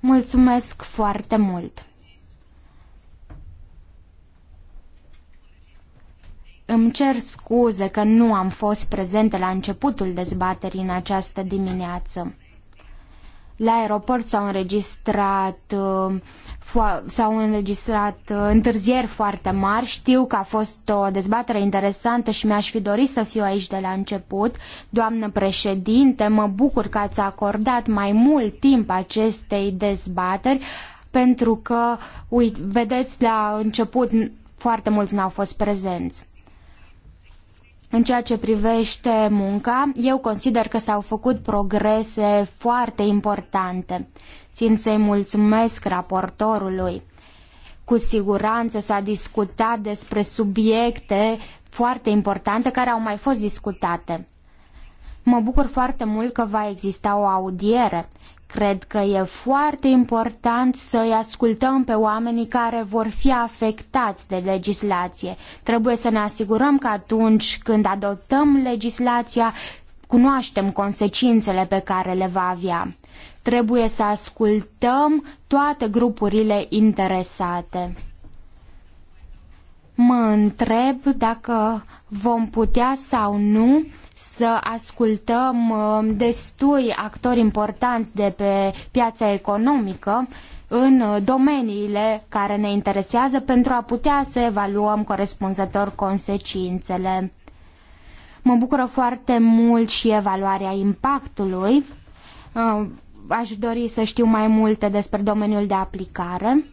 Mulțumesc foarte mult! Îmi cer scuze că nu am fost prezente la începutul dezbaterii în această dimineață la aeroport s-au înregistrat, uh, s-au înregistrat uh, întârzieri foarte mari. Știu că a fost o dezbatere interesantă și mi-aș fi dorit să fiu aici de la început. Doamnă președinte, mă bucur că ați acordat mai mult timp acestei dezbateri pentru că, uite, vedeți, la început foarte mulți n-au fost prezenți. În ceea ce privește munca, eu consider că s-au făcut progrese foarte importante. Țin să-i mulțumesc raportorului. Cu siguranță s-a discutat despre subiecte foarte importante care au mai fost discutate. Mă bucur foarte mult că va exista o audiere Cred că e foarte important să îi ascultăm pe oamenii care vor fi afectați de legislație. Trebuie să ne asigurăm că atunci când adoptăm legislația, cunoaștem consecințele pe care le va avea. Trebuie să ascultăm toate grupurile interesate. Mă întreb dacă vom putea sau nu să ascultăm um, destui actori importanți de pe piața economică în uh, domeniile care ne interesează pentru a putea să evaluăm corespunzător consecințele. Mă bucură foarte mult și evaluarea impactului. Uh, aș dori să știu mai multe despre domeniul de aplicare.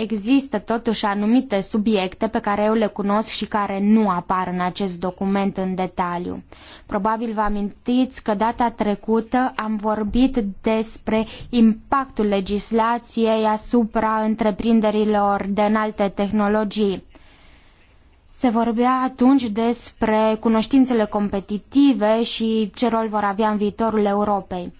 există totuși anumite subiecte pe care eu le cunosc și care nu apar în acest document în detaliu. Probabil vă amintiți că data trecută am vorbit despre impactul legislației asupra întreprinderilor de înalte tehnologii. Se vorbea atunci despre cunoștințele competitive și ce rol vor avea în viitorul Europei.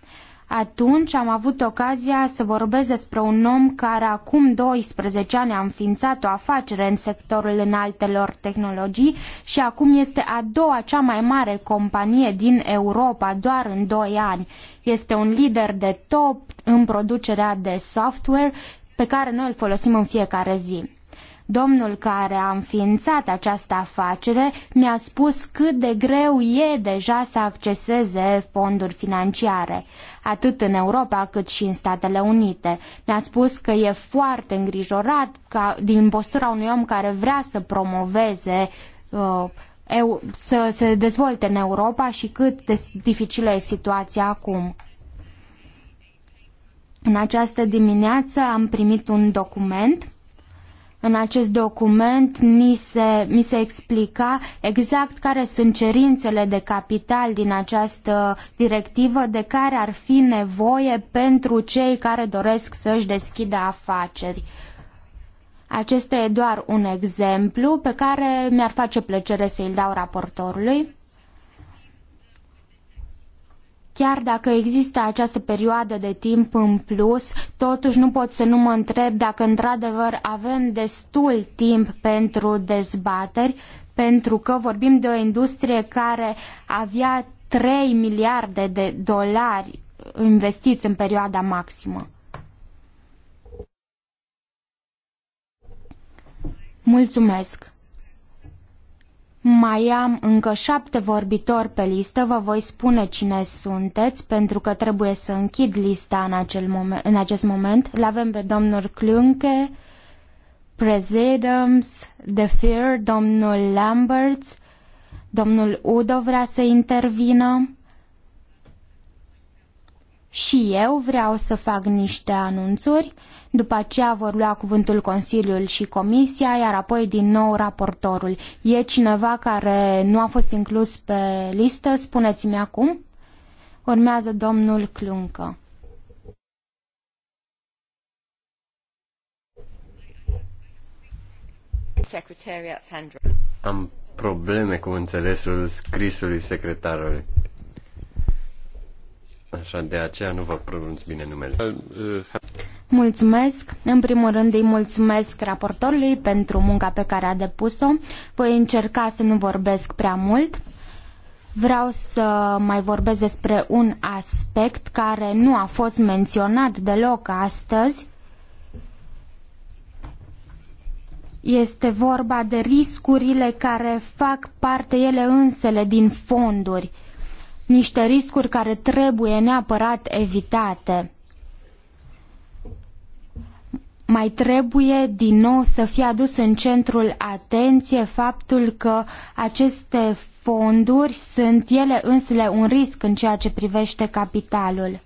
Atunci am avut ocazia să vorbesc despre un om care acum 12 ani a înființat o afacere în sectorul înaltelor tehnologii și acum este a doua cea mai mare companie din Europa doar în 2 ani. Este un lider de top în producerea de software pe care noi îl folosim în fiecare zi. Domnul care a înființat această afacere mi-a spus cât de greu e deja să acceseze fonduri financiare, atât în Europa cât și în Statele Unite. Mi-a spus că e foarte îngrijorat ca, din postura unui om care vrea să promoveze uh, eu, să se dezvolte în Europa și cât de dificilă e situația acum. În această dimineață am primit un document în acest document ni se, mi se explica exact care sunt cerințele de capital din această directivă, de care ar fi nevoie pentru cei care doresc să-și deschidă afaceri. Acesta e doar un exemplu pe care mi-ar face plăcere să îl dau raportorului. Chiar dacă există această perioadă de timp în plus, totuși nu pot să nu mă întreb dacă într-adevăr avem destul timp pentru dezbateri, pentru că vorbim de o industrie care avea 3 miliarde de dolari investiți în perioada maximă. Mulțumesc! Mai am încă șapte vorbitori pe listă, vă voi spune cine sunteți, pentru că trebuie să închid lista în, acel momen, în acest moment. L-avem pe domnul Clunke, Presidums, De Fear, domnul Lamberts, domnul Udo vrea să intervină și eu vreau să fac niște anunțuri după aceea vor lua cuvântul Consiliul și Comisia, iar apoi din nou raportorul. E cineva care nu a fost inclus pe listă? Spuneți-mi acum. Urmează domnul Cluncă. Am probleme cu înțelesul scrisului secretarului. Așa, de aceea nu vă pronunț bine numele. Uh, uh, Mulțumesc. În primul rând îi mulțumesc raportorului pentru munca pe care a depus-o. Voi încerca să nu vorbesc prea mult. Vreau să mai vorbesc despre un aspect care nu a fost menționat deloc astăzi. Este vorba de riscurile care fac parte ele însele din fonduri. Niște riscuri care trebuie neapărat evitate mai trebuie din nou să fie adus în centrul atenție faptul că aceste fonduri sunt ele însele un risc în ceea ce privește capitalul.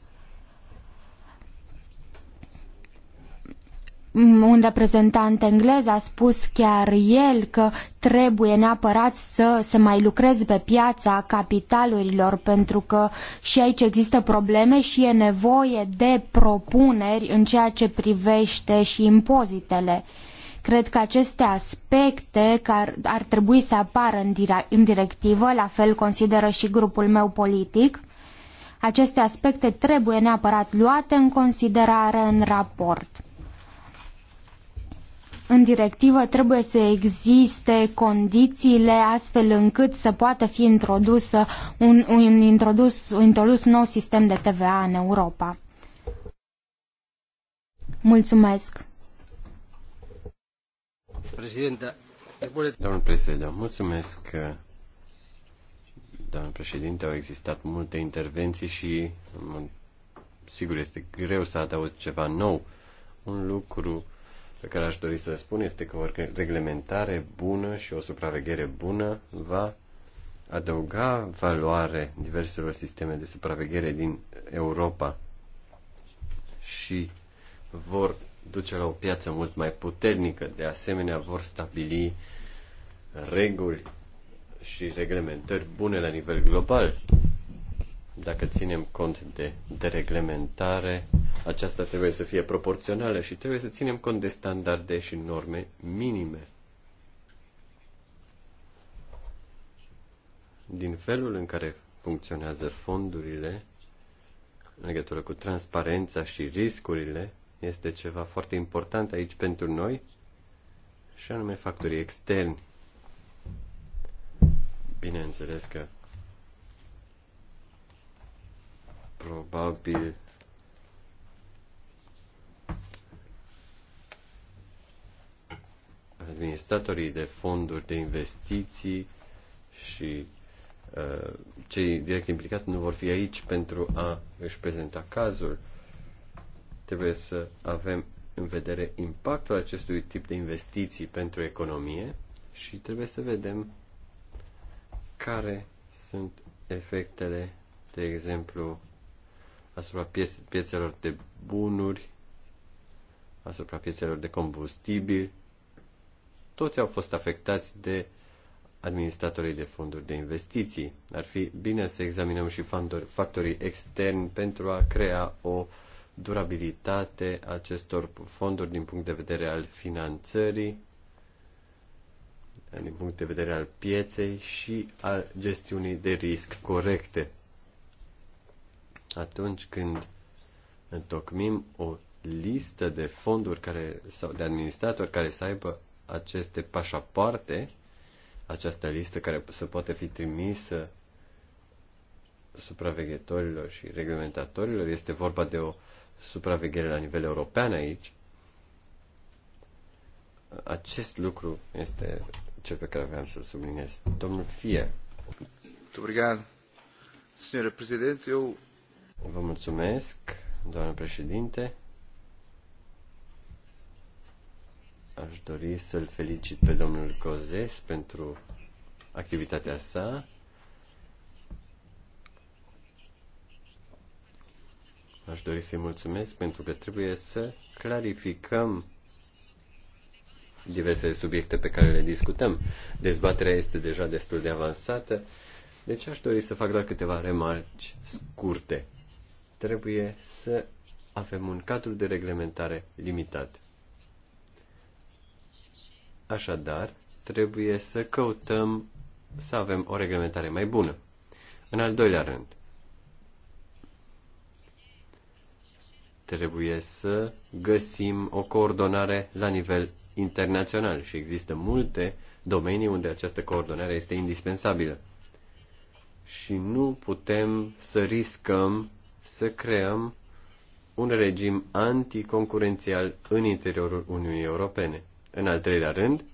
un reprezentant englez a spus chiar el că trebuie neapărat să se mai lucreze pe piața capitalurilor pentru că și aici există probleme și e nevoie de propuneri în ceea ce privește și impozitele. Cred că aceste aspecte care ar trebui să apară în directivă, la fel consideră și grupul meu politic, aceste aspecte trebuie neapărat luate în considerare în raport. În directivă trebuie să existe condițiile astfel încât să poată fi introdusă un, un, introdus, un introdus nou sistem de TVA în Europa. Mulțumesc. Domnul președinte, mulțumesc doamnă președinte, au existat multe intervenții și sigur este greu să adaug ceva nou. Un lucru pe care aș dori să le spun este că o reglementare bună și o supraveghere bună va adăuga valoare diverselor sisteme de supraveghere din Europa și vor duce la o piață mult mai puternică. De asemenea, vor stabili reguli și reglementări bune la nivel global dacă ținem cont de dereglementare, aceasta trebuie să fie proporțională și trebuie să ținem cont de standarde și norme minime. Din felul în care funcționează fondurile, în legătură cu transparența și riscurile, este ceva foarte important aici pentru noi, și anume factorii externi. Bineînțeles că probabil administratorii de fonduri de investiții și uh, cei direct implicați nu vor fi aici pentru a își prezenta cazul. Trebuie să avem în vedere impactul acestui tip de investiții pentru economie și trebuie să vedem care sunt efectele, de exemplu, asupra piețelor de bunuri, asupra piețelor de combustibil. Toți au fost afectați de administratorii de fonduri de investiții. Ar fi bine să examinăm și factorii externi pentru a crea o durabilitate acestor fonduri din punct de vedere al finanțării, din punct de vedere al pieței și al gestiunii de risc corecte atunci când întocmim o listă de fonduri care, sau de administratori care să aibă aceste pașapoarte, această listă care să poate fi trimisă supraveghetorilor și reglementatorilor, este vorba de o supraveghere la nivel european aici, acest lucru este cel pe care vreau să-l subliniez. Domnul Fie. Obrigado, Sra. Presidente. Eu Vă mulțumesc, doamnă președinte. Aș dori să-l felicit pe domnul Cozes pentru activitatea sa. Aș dori să-i mulțumesc pentru că trebuie să clarificăm diverse subiecte pe care le discutăm. Dezbaterea este deja destul de avansată, deci aș dori să fac doar câteva remarci scurte trebuie să avem un cadru de reglementare limitat. Așadar, trebuie să căutăm să avem o reglementare mai bună. În al doilea rând, trebuie să găsim o coordonare la nivel internațional și există multe domenii unde această coordonare este indispensabilă. Și nu putem să riscăm să creăm un regim anticoncurențial în interiorul Uniunii Europene. În al treilea rând,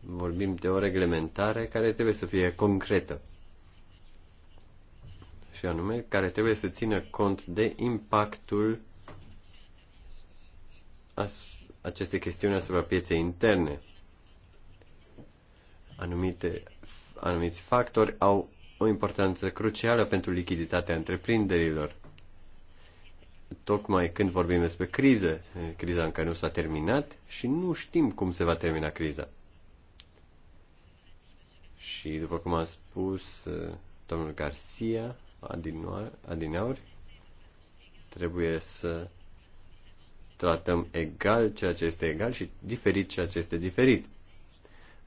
vorbim de o reglementare care trebuie să fie concretă și anume care trebuie să țină cont de impactul acestei chestiuni asupra pieței interne. Anumite, anumiți factori au o importanță crucială pentru lichiditatea întreprinderilor. Tocmai când vorbim despre criză, criza încă nu s-a terminat și nu știm cum se va termina criza. Și după cum a spus domnul Garcia, adineauri, trebuie să tratăm egal ceea ce este egal și diferit ceea ce este diferit.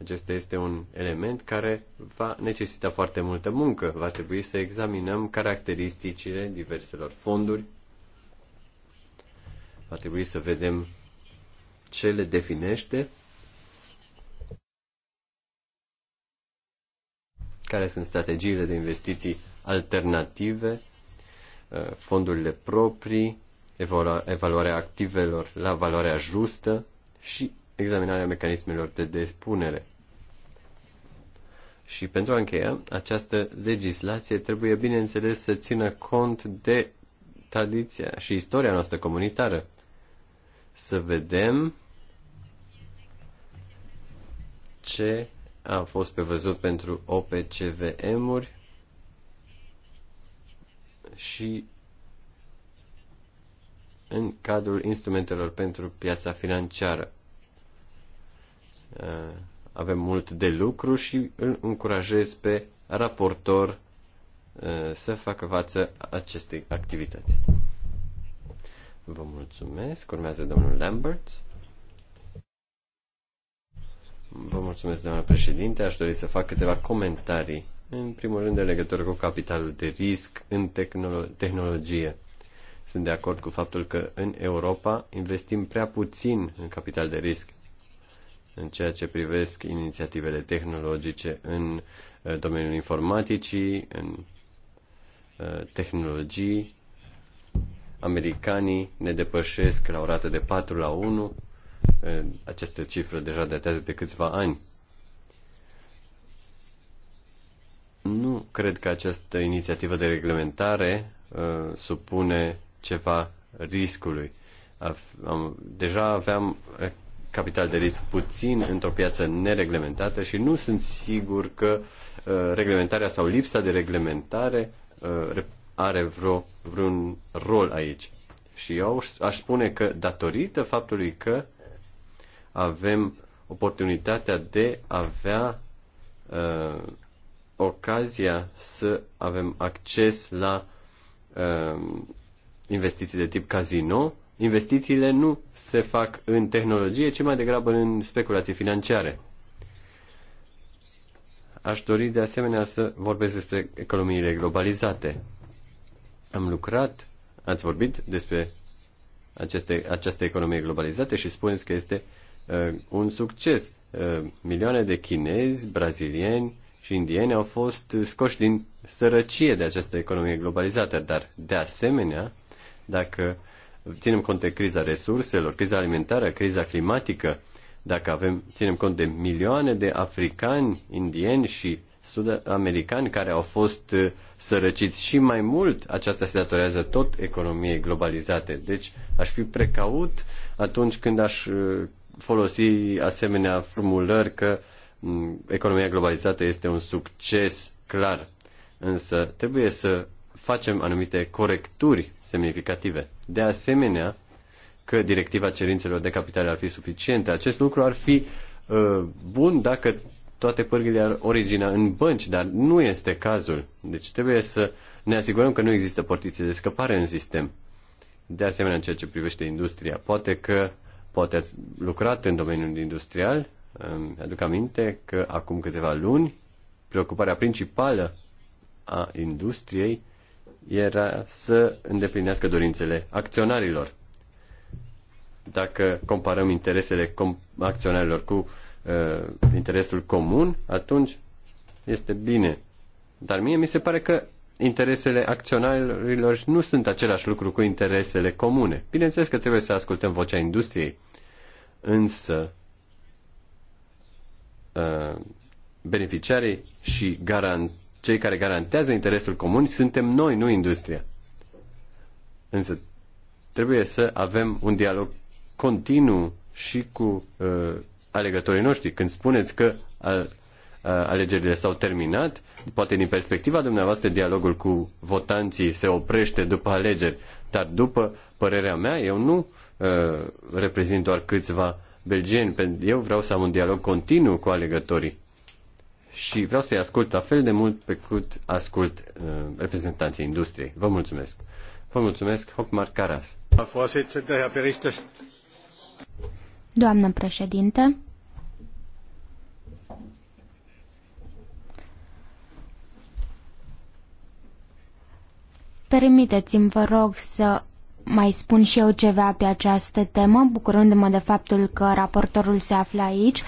Acesta este un element care va necesita foarte multă muncă. Va trebui să examinăm caracteristicile diverselor fonduri. Va trebui să vedem ce le definește, care sunt strategiile de investiții alternative, uh, fondurile proprii, evaluarea activelor la valoarea justă și examinarea mecanismelor de depunere. Și pentru a încheia, această legislație trebuie, bineînțeles, să țină cont de tradiția și istoria noastră comunitară. Să vedem ce a fost prevăzut pentru OPCVM-uri și în cadrul instrumentelor pentru piața financiară uh, avem mult de lucru și îl încurajez pe raportor uh, să facă față acestei activități. Vă mulțumesc. Urmează domnul Lambert. Vă mulțumesc, doamna președinte. Aș dori să fac câteva comentarii. În primul rând, de legătură cu capitalul de risc în tehnolo- tehnologie. Sunt de acord cu faptul că în Europa investim prea puțin în capital de risc în ceea ce privesc inițiativele tehnologice în uh, domeniul informaticii, în uh, tehnologii. Americanii ne depășesc la o rată de 4 la 1. Uh, această cifră deja datează de câțiva ani. Nu cred că această inițiativă de reglementare uh, supune ceva riscului. Af- am, deja aveam capital de risc puțin într-o piață nereglementată și nu sunt sigur că uh, reglementarea sau lipsa de reglementare uh, are vreo, vreun rol aici. Și eu aș spune că datorită faptului că avem oportunitatea de a avea uh, ocazia să avem acces la uh, investiții de tip casino, investițiile nu se fac în tehnologie, ci mai degrabă în speculații financiare. Aș dori de asemenea să vorbesc despre economiile globalizate. Am lucrat, ați vorbit despre aceste, această economie globalizată și spuneți că este uh, un succes. Uh, milioane de chinezi, brazilieni și indieni au fost scoși din sărăcie de această economie globalizată, dar de asemenea, dacă uh, ținem cont de criza resurselor, criza alimentară, criza climatică, dacă avem, ținem cont de milioane de africani, indieni și sud-americani care au fost uh, sărăciți și mai mult, aceasta se datorează tot economiei globalizate. Deci aș fi precaut atunci când aș uh, folosi asemenea formulări că mm, economia globalizată este un succes clar, însă trebuie să facem anumite corecturi semnificative de asemenea că directiva cerințelor de capital ar fi suficientă. Acest lucru ar fi uh, bun dacă toate pârghile ar origina în bănci, dar nu este cazul. Deci trebuie să ne asigurăm că nu există portițe de scăpare în sistem. De asemenea, în ceea ce privește industria, poate că poate ați lucrat în domeniul industrial, îmi aduc aminte că acum câteva luni preocuparea principală a industriei era să îndeplinească dorințele acționarilor. Dacă comparăm interesele com- acționarilor cu uh, interesul comun, atunci este bine. Dar mie mi se pare că interesele acționarilor nu sunt același lucru cu interesele comune. Bineînțeles că trebuie să ascultăm vocea industriei, însă uh, beneficiarii și garant cei care garantează interesul comun suntem noi, nu industria. Însă trebuie să avem un dialog continuu și cu uh, alegătorii noștri. Când spuneți că al, uh, uh, alegerile s-au terminat, poate din perspectiva dumneavoastră dialogul cu votanții se oprește după alegeri, dar după părerea mea, eu nu uh, reprezint doar câțiva belgeni, eu vreau să am un dialog continuu cu alegătorii și vreau să-i ascult la fel de mult pe cât ascult uh, reprezentanții industriei. Vă mulțumesc. Vă mulțumesc, Hocmar Caras. Doamnă președinte, Permiteți-mi, vă rog, să mai spun și eu ceva pe această temă, bucurându-mă de faptul că raportorul se află aici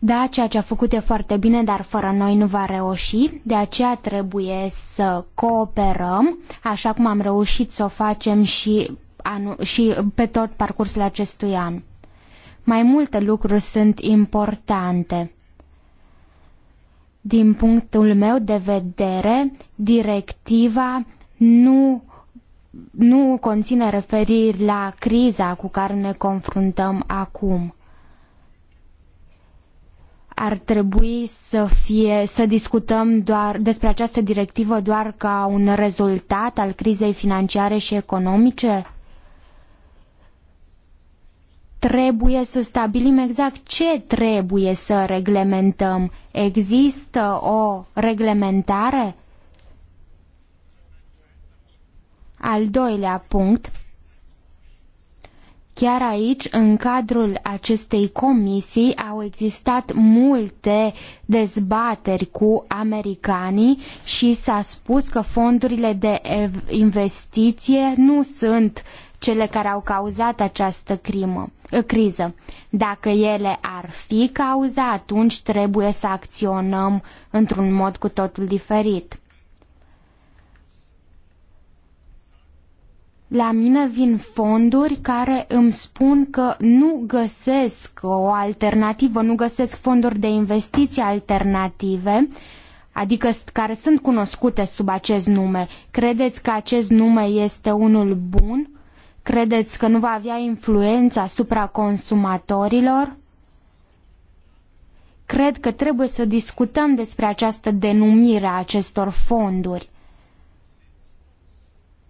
da, ceea ce a făcut e foarte bine, dar fără noi nu va reuși, de aceea trebuie să cooperăm, așa cum am reușit să o facem și, anu- și pe tot parcursul acestui an. Mai multe lucruri sunt importante. Din punctul meu de vedere, directiva nu nu conține referiri la criza cu care ne confruntăm acum ar trebui să fie să discutăm doar despre această directivă doar ca un rezultat al crizei financiare și economice? Trebuie să stabilim exact ce trebuie să reglementăm. Există o reglementare? Al doilea punct Chiar aici, în cadrul acestei comisii, au existat multe dezbateri cu americanii și s-a spus că fondurile de investiție nu sunt cele care au cauzat această crimă, eh, criză. Dacă ele ar fi cauza, atunci trebuie să acționăm într-un mod cu totul diferit. la mine vin fonduri care îmi spun că nu găsesc o alternativă, nu găsesc fonduri de investiții alternative, adică care sunt cunoscute sub acest nume. Credeți că acest nume este unul bun? Credeți că nu va avea influență asupra consumatorilor? Cred că trebuie să discutăm despre această denumire a acestor fonduri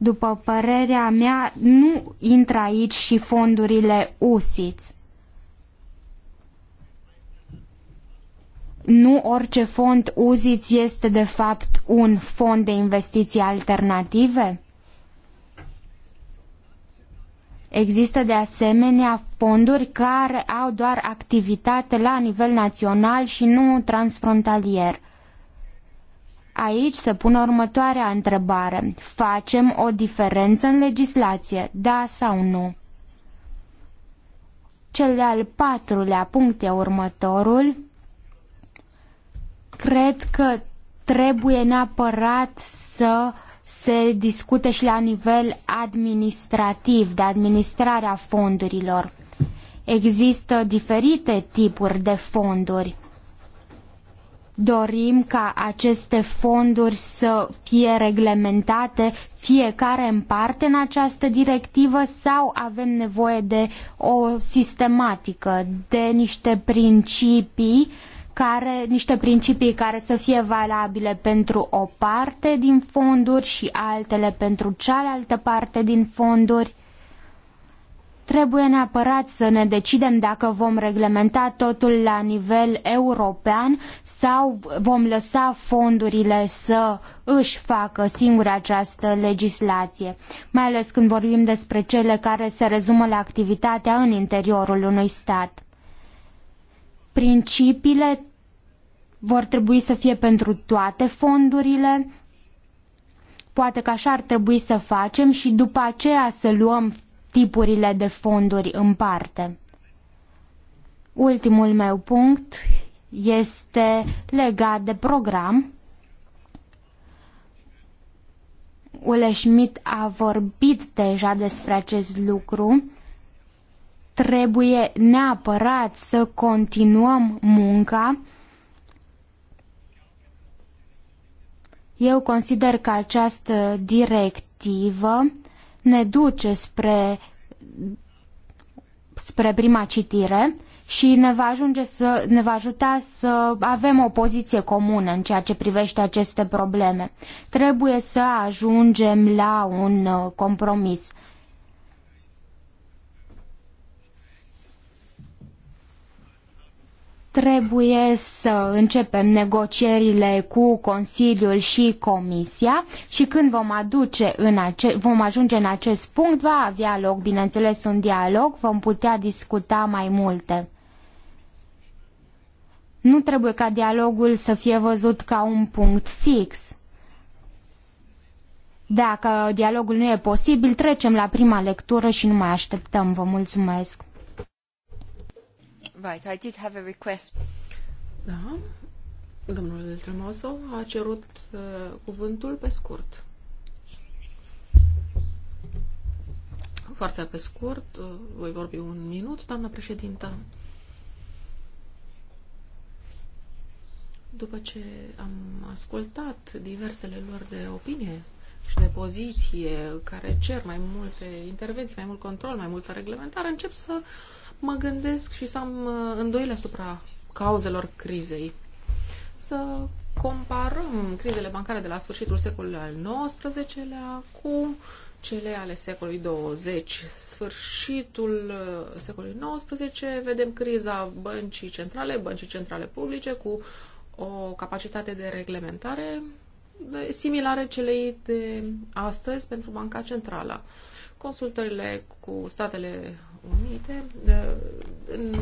după părerea mea, nu intră aici și fondurile USITS. nu orice fond UZIT este de fapt un fond de investiții alternative? Există de asemenea fonduri care au doar activitate la nivel național și nu transfrontalier. Aici se pune următoarea întrebare. Facem o diferență în legislație, da sau nu? Cel de-al patrulea punct e următorul. Cred că trebuie neapărat să se discute și la nivel administrativ, de administrarea fondurilor. Există diferite tipuri de fonduri dorim ca aceste fonduri să fie reglementate fiecare în parte în această directivă sau avem nevoie de o sistematică, de niște principii care, niște principii care să fie valabile pentru o parte din fonduri și altele pentru cealaltă parte din fonduri? Trebuie neapărat să ne decidem dacă vom reglementa totul la nivel european sau vom lăsa fondurile să își facă singure această legislație, mai ales când vorbim despre cele care se rezumă la activitatea în interiorul unui stat. Principiile vor trebui să fie pentru toate fondurile, poate că așa ar trebui să facem și după aceea să luăm tipurile de fonduri în parte. Ultimul meu punct este legat de program. Ule Schmidt a vorbit deja despre acest lucru. Trebuie neapărat să continuăm munca. Eu consider că această directivă ne duce spre, spre prima citire și ne va, ajunge să, ne va ajuta să avem o poziție comună în ceea ce privește aceste probleme. Trebuie să ajungem la un uh, compromis. trebuie să începem negocierile cu Consiliul și Comisia și când vom, aduce în ace- vom ajunge în acest punct va avea loc, bineînțeles, un dialog, vom putea discuta mai multe. Nu trebuie ca dialogul să fie văzut ca un punct fix. Dacă dialogul nu e posibil, trecem la prima lectură și nu mai așteptăm. Vă mulțumesc! Right, I did have a request. Da. Domnul Tremoso a cerut uh, cuvântul pe scurt. Foarte pe scurt, uh, voi vorbi un minut, doamnă președintă. După ce am ascultat diversele lor de opinie și de poziție care cer mai multe intervenții, mai mult control, mai multă reglementare, încep să uh, mă gândesc și să am uh, îndoile asupra cauzelor crizei. Să comparăm crizele bancare de la sfârșitul secolului al XIX-lea cu cele ale secolului 20. Sfârșitul uh, secolului 19 vedem criza băncii centrale, băncii centrale publice cu o capacitate de reglementare similare celei de astăzi pentru banca centrală. Consultările cu statele Unite,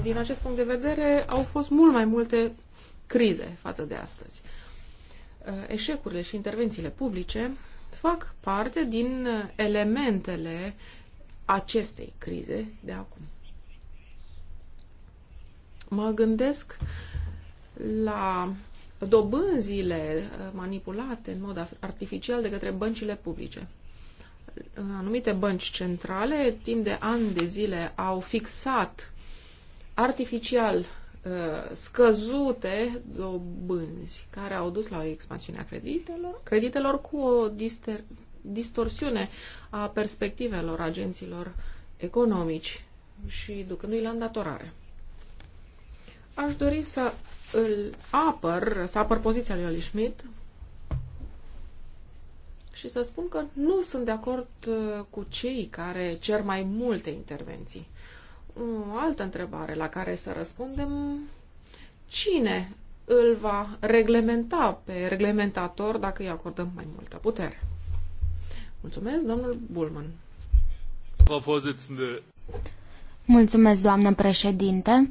din acest punct de vedere, au fost mult mai multe crize față de astăzi. Uh, eșecurile și intervențiile publice fac parte din uh, elementele acestei crize de acum. Mă gândesc la dobânzile uh, manipulate în mod artificial de către băncile publice anumite bănci centrale timp de ani de zile au fixat artificial uh, scăzute dobânzi care au dus la o expansiune a creditelor, creditelor cu o distorsiune a perspectivelor agenților economici și ducându-i la îndatorare. Aș dori să îl apăr, să apăr poziția lui Ali Schmidt și să spun că nu sunt de acord uh, cu cei care cer mai multe intervenții. O altă întrebare la care să răspundem, cine îl va reglementa pe reglementator dacă îi acordăm mai multă putere? Mulțumesc, domnul Bulman. Mulțumesc, doamnă președinte.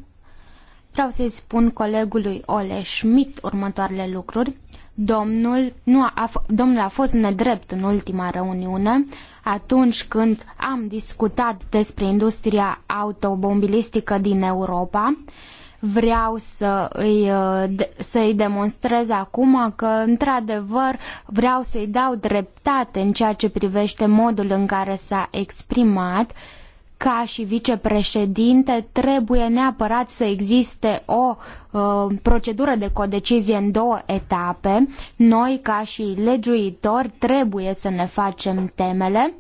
Vreau să-i spun colegului Ole Schmidt următoarele lucruri. Domnul, nu a, domnul a fost nedrept în ultima reuniune atunci când am discutat despre industria automobilistică din Europa. Vreau să îi, uh, să îi demonstrez acum că, într-adevăr, vreau să-i dau dreptate în ceea ce privește modul în care s-a exprimat uh, ca și vicepreședinte, trebuie neapărat să existe o uh, procedură de codecizie în două etape. Noi, ca și legiuitori, trebuie să ne facem temele.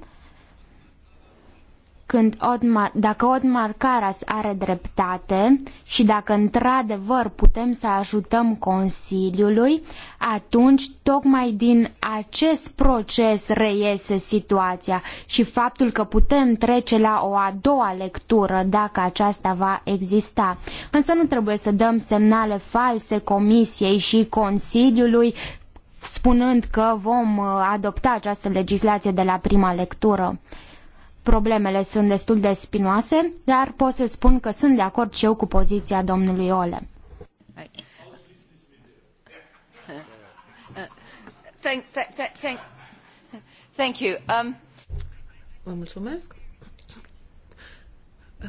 Când Odmar, dacă Odmar Caras are dreptate și dacă într-adevăr putem să ajutăm Consiliului, atunci tocmai din acest proces reiese situația și faptul că putem trece la o a doua lectură dacă aceasta va exista. Însă nu trebuie să dăm semnale false Comisiei și Consiliului spunând că vom uh, adopta această legislație de la prima lectură problemele sunt destul de spinoase, dar pot să spun că sunt de acord și eu cu poziția domnului Ole. Thank, you. Um, Vă mulțumesc. Uh,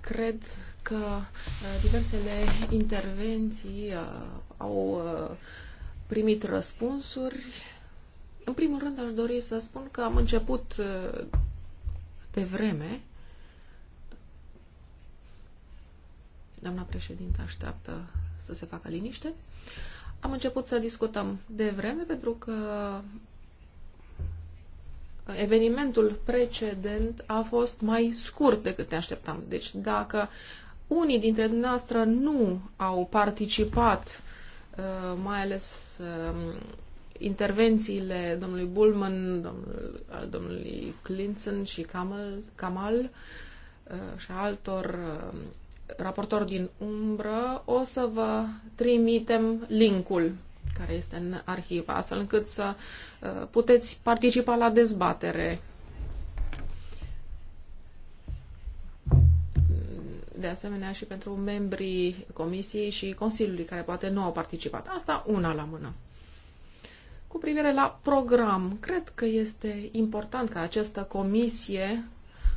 cred că uh, diversele intervenții uh, au primit răspunsuri. În primul rând aș dori să spun că am început de vreme, Doamna președintă așteaptă să se facă liniște. Am început să discutăm vreme, pentru că evenimentul precedent a fost mai scurt decât ne așteptam. Deci dacă unii dintre dumneavoastră nu au participat, uh, mai ales um, intervențiile domnului Bullman, domnul, domnului Clinton și Kamal, Kamal uh, și altor uh, raportori din umbră, o să vă trimitem linkul care este în arhivă, astfel încât să uh, puteți participa la dezbatere. De asemenea și pentru membrii Comisiei și Consiliului care poate nu au participat. Asta una la mână cu privire la program. Cred că este important ca această comisie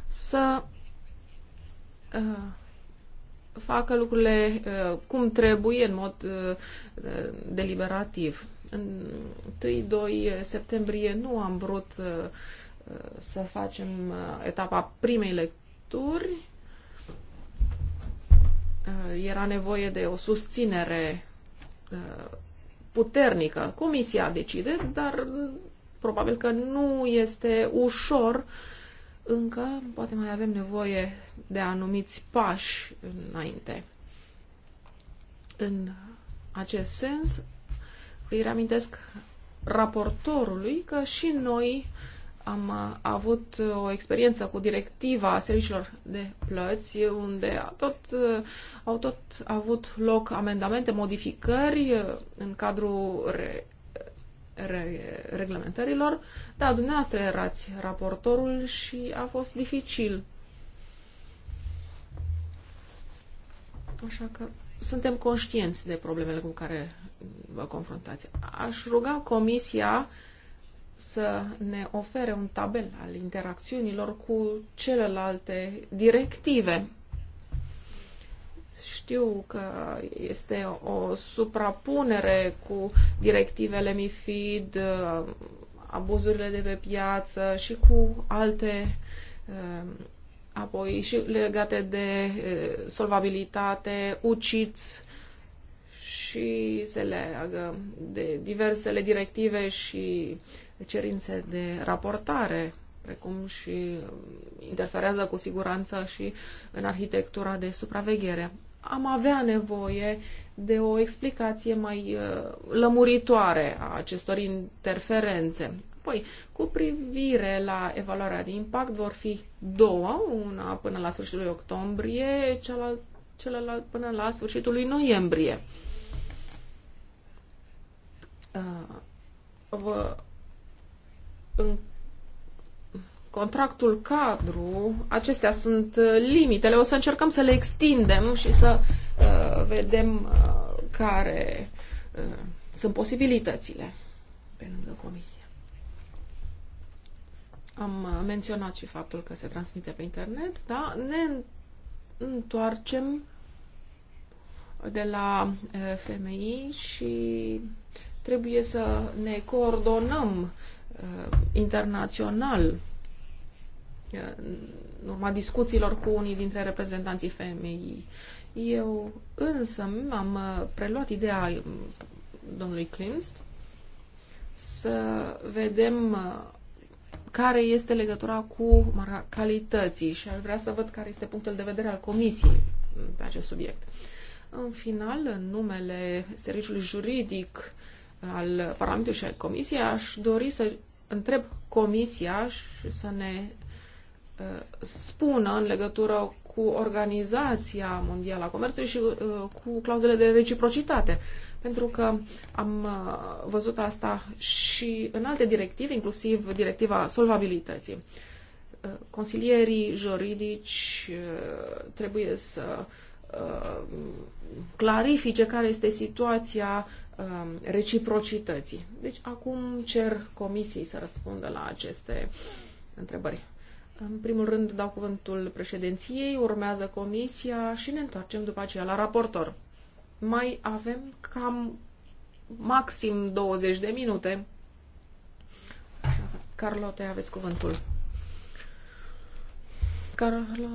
să uh, facă lucrurile uh, cum trebuie, în mod uh, deliberativ. În 1-2 septembrie nu am vrut uh, să facem uh, etapa primei lecturi. Uh, era nevoie de o susținere puternică. Comisia decide, dar uh, probabil că nu este ușor încă, poate mai avem nevoie de anumiți pași înainte. În acest sens, îi reamintesc raportorului că și noi am uh, avut uh, o experiență cu directiva serviciilor de plăți, unde tot, uh, au tot avut loc amendamente, modificări în cadrul re, re, reglementărilor. Da, dumneavoastră erați raportorul și a fost dificil. Așa că suntem conștienți de problemele cu care vă confruntați. Aș ruga Comisia uh, să ne ofere un tabel al interacțiunilor cu celelalte directive. Știu că este o suprapunere cu directivele MIFID, abuzurile de pe piață și cu alte um, apoi și legate de uh, solvabilitate, uciți și se leagă de diversele directive și cerințe de raportare, precum și um, interferează cu siguranță și în arhitectura de supraveghere. Am avea nevoie de o explicație mai uh, lămuritoare a acestor interferențe. Apoi, cu privire la evaluarea de impact, vor fi două, una până la sfârșitul lui octombrie, cealaltă celălalt până la sfârșitul lui noiembrie. Uh, vă în contractul cadru, acestea sunt uh, limitele. O să încercăm să le extindem și să uh, vedem uh, care uh, sunt posibilitățile pe lângă comisie. Am uh, menționat și faptul că se transmite pe internet, da? Ne întoarcem de la uh, FMI și trebuie să ne coordonăm Uh, internațional uh, în urma discuțiilor cu unii dintre reprezentanții femeii. Eu însă am uh, preluat ideea domnului Klinst să vedem care este legătura cu calității și aș vrea să văd care este punctul de vedere al comisiei pe acest subiect. În final, în numele serviciului juridic al Parlamentului și al Comisiei, aș dori să întreb Comisia și să ne uh, spună în legătură cu Organizația Mondială a Comerțului și uh, cu clauzele de reciprocitate. Pentru că am uh, văzut asta și în alte directive, inclusiv directiva solvabilității. Consilierii juridici trebuie să clarifice care este situația Um, reciprocității. Deci acum cer comisiei să răspundă la aceste întrebări. În primul rând dau cuvântul președinției, urmează comisia și ne întoarcem după aceea la raportor. Mai avem cam maxim 20 de minute. Carlote, aveți cuvântul. Carlo...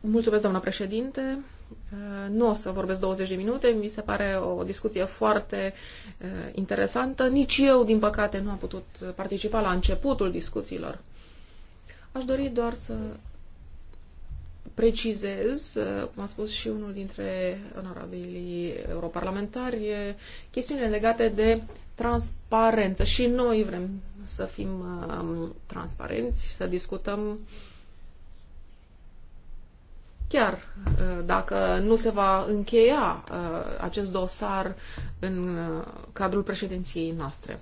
Mulțumesc, doamna președinte. Uh, nu o să vorbesc 20 de minute, mi se pare o discuție foarte uh, interesantă. Nici eu, din păcate, nu am putut participa la începutul discuțiilor. Aș dori doar să precizez, uh, cum a spus și unul dintre onorabilii europarlamentari, chestiunile legate de transparență. Și noi vrem să fim um, transparenți, să discutăm uh, chiar uh, dacă nu se va încheia uh, acest dosar în uh, cadrul președinției noastre.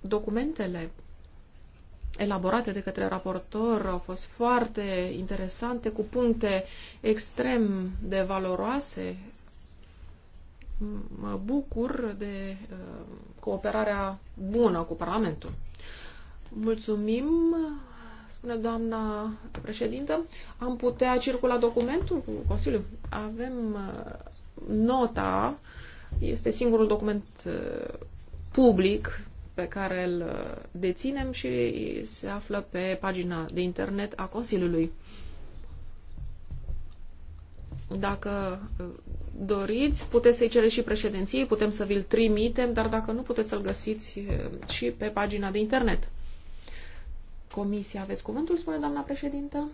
Documentele elaborate de către raportor au fost foarte interesante, cu puncte extrem de valoroase. Mă bucur de cooperarea bună cu Parlamentul. Mulțumim, spune doamna președintă. Am putea circula documentul cu Consiliul? Avem uh, nota, este singurul document uh, public pe care îl uh, deținem și se află pe pagina de internet a Consiliului. Dacă doriți, puteți să-i cereți și președinției, putem să vi-l trimitem, dar dacă nu, puteți să-l găsiți și pe pagina de internet. Comisia, aveți cuvântul, spune doamna președintă.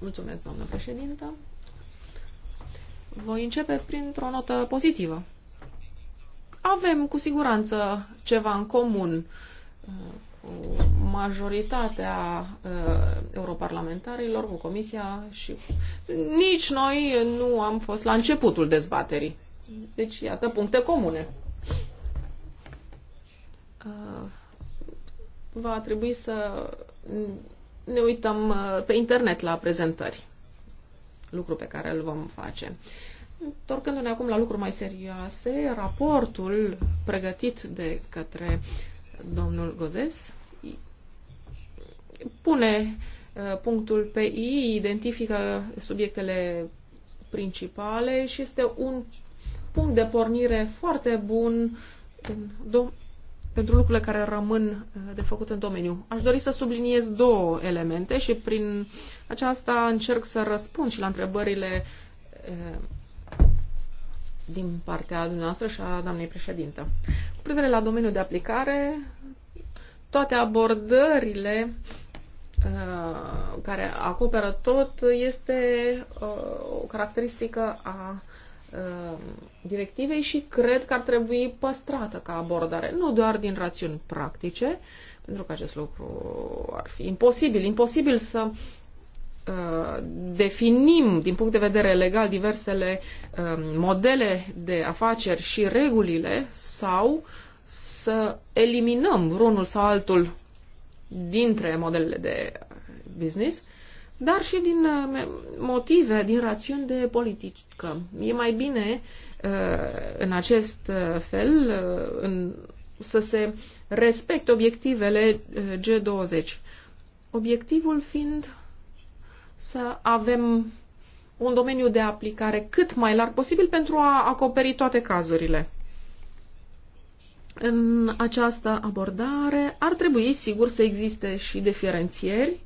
Mulțumesc, doamnă președintă. Voi începe printr-o notă pozitivă. Avem cu siguranță ceva în comun uh, cu majoritatea uh, europarlamentarilor, cu Comisia și nici noi nu am fost la începutul dezbaterii. Deci, iată, puncte comune. Uh, va trebui să ne uităm uh, pe internet la prezentări, lucru pe care îl vom face. Întorcându-ne acum la lucruri mai serioase, raportul pregătit de către domnul Gozes pune uh, punctul pe I, identifică subiectele principale și este un punct de pornire foarte bun în pentru lucrurile care rămân uh, de făcut în domeniu. Aș dori să subliniez două elemente și prin aceasta încerc să răspund și la întrebările uh, din partea dumneavoastră și a doamnei președintă. Cu privire la domeniul de aplicare, toate abordările uh, care acoperă tot este o caracteristică a Uh, directivei și cred că ar trebui păstrată ca abordare, nu doar din rațiuni practice, pentru că acest lucru ar fi imposibil, imposibil să uh, definim din punct de vedere legal diversele um, modele de afaceri și regulile sau să eliminăm vreunul sau altul dintre modelele de business dar și din uh, motive, din rațiuni de politică. E mai bine uh, în acest uh, fel în, să se respecte obiectivele G20. Obiectivul fiind să avem un domeniu de aplicare cât mai larg posibil pentru a acoperi toate cazurile. În această abordare ar trebui, sigur, să existe și diferențieri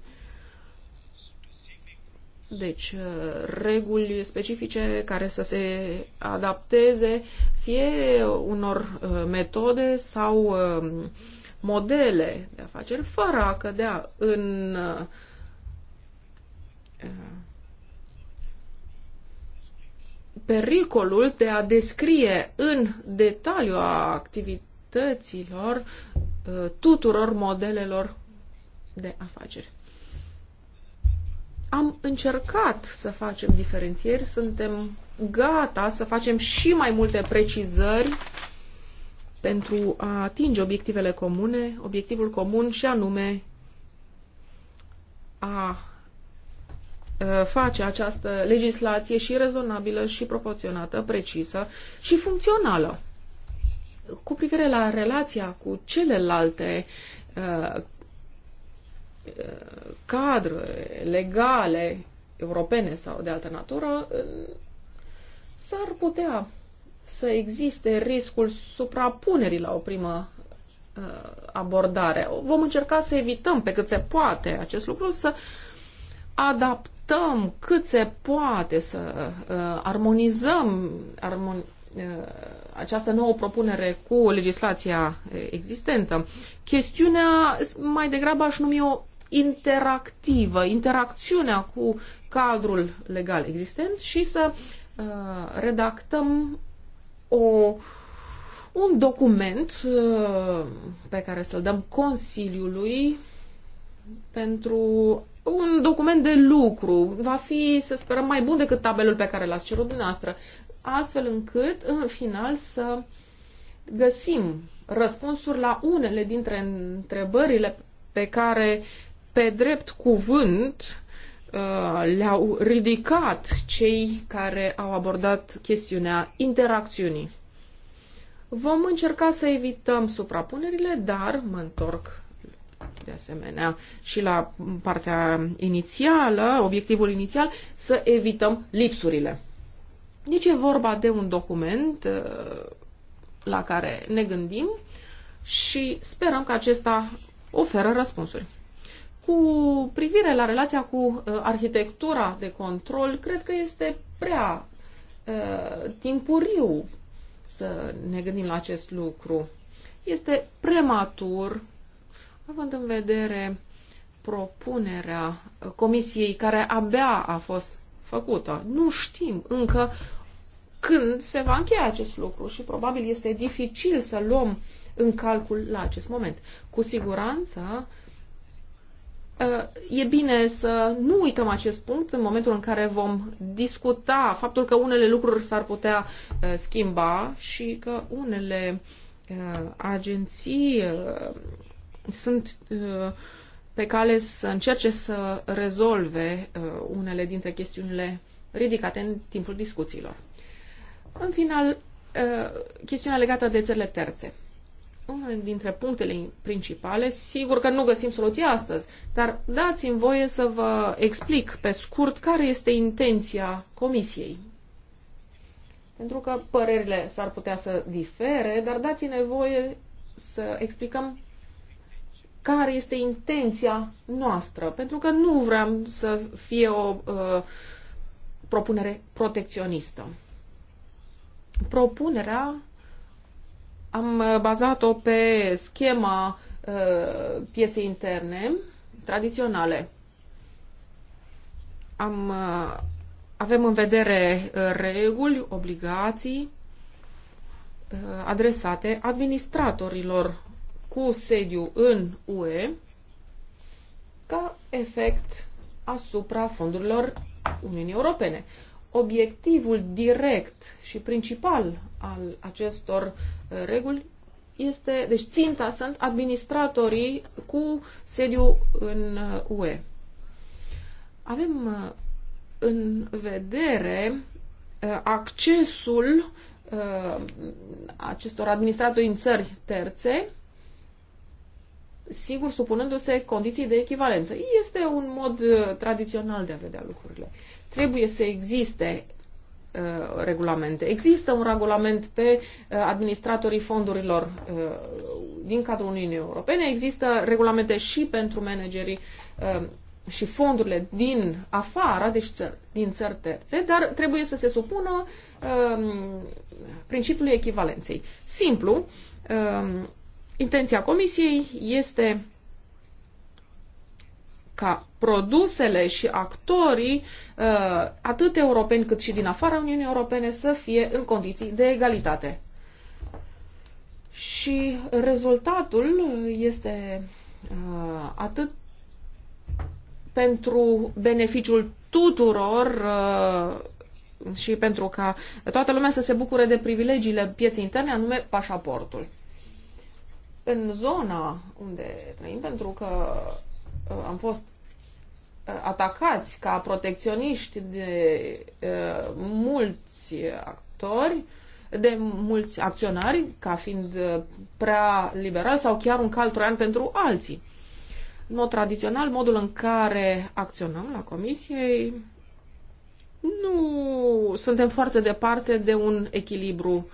deci, uh, reguli specifice care să se adapteze fie unor uh, metode sau um, modele de afaceri, fără a cădea în uh, pericolul de a descrie în detaliu a activităților tuturor modelelor de afaceri am încercat să facem diferențieri, suntem gata să facem și mai multe precizări pentru a atinge obiectivele comune, obiectivul comun și anume a face această legislație și rezonabilă și proporționată, precisă și funcțională. Cu privire la relația cu celelalte cadre legale europene sau de altă natură, s-ar putea să existe riscul suprapunerii la o primă uh, abordare. Vom încerca să evităm pe cât se poate acest lucru, să adaptăm cât se poate, să uh, armonizăm armon, uh, această nouă propunere cu legislația existentă. Chestiunea mai degrabă aș numi-o interactivă, interacțiunea cu cadrul legal existent și să uh, redactăm o, un document uh, pe care să-l dăm Consiliului pentru un document de lucru. Va fi, să sperăm, mai bun decât tabelul pe care l-ați cerut dumneavoastră, astfel încât, în final, să găsim răspunsuri la unele dintre întrebările pe care pe drept cuvânt uh, le-au ridicat cei care au abordat chestiunea interacțiunii. Vom încerca să evităm suprapunerile, dar mă întorc de asemenea și la partea inițială, obiectivul inițial, să evităm lipsurile. Deci e vorba de un document uh, la care ne gândim și sperăm că acesta oferă răspunsuri. Cu privire la relația cu uh, arhitectura de control, cred că este prea uh, timpuriu să ne gândim la acest lucru. Este prematur, având în vedere propunerea uh, comisiei care abia a fost făcută. Nu știm încă când se va încheia acest lucru și probabil este dificil să luăm în calcul la acest moment. Cu siguranță Uh, e bine să nu uităm acest punct în momentul în care vom discuta faptul că unele lucruri s-ar putea uh, schimba și că unele uh, agenții sunt pe cale să încerce să rezolve unele dintre chestiunile ridicate în timpul discuțiilor. În final, chestiunea legată de țările terțe unul dintre punctele principale, sigur că nu găsim soluția astăzi, dar dați-mi voie să vă explic pe scurt care este intenția Comisiei. Pentru că părerile s-ar putea să difere, dar dați-ne voie să explicăm care este intenția noastră, pentru că nu vrem să fie o uh, propunere protecționistă. Propunerea am uh, bazat-o pe schema uh, pieței interne tradiționale. Am, uh, avem în vedere uh, reguli, obligații uh, adresate administratorilor cu sediu în UE ca efect asupra fondurilor Uniunii Europene. Obiectivul direct și principal al acestor uh, reguli este, deci ținta sunt administratorii cu sediu în uh, UE. Avem uh, în vedere accesul acestor administratori în țări terțe, sigur supunându-se condiții de echivalență. Este un mod tradițional de a vedea lucrurile. Trebuie să existe Uh, regulamente. Există un regulament pe uh, administratorii fondurilor uh, din cadrul Uniunii Europene, există regulamente și pentru managerii și fondurile din afara, deci din țări terțe, dar trebuie să se supună um, principiului echivalenței. Simplu, um, intenția Comisiei este ca produsele și actorii, uh, atât europeni cât și din afara Uniunii Europene, să fie în condiții de egalitate. Și rezultatul este uh, atât pentru beneficiul tuturor uh, și pentru ca toată lumea să se bucure de privilegiile pieței interne, anume pașaportul. În zona unde trăim, pentru că Uh, am fost uh, atacați ca protecționiști de uh, mulți actori, de mulți acționari, ca fiind prea liberal sau chiar un cal troian pentru alții. În mod tradițional, modul în care acționăm la comisie, nu suntem foarte departe de un echilibru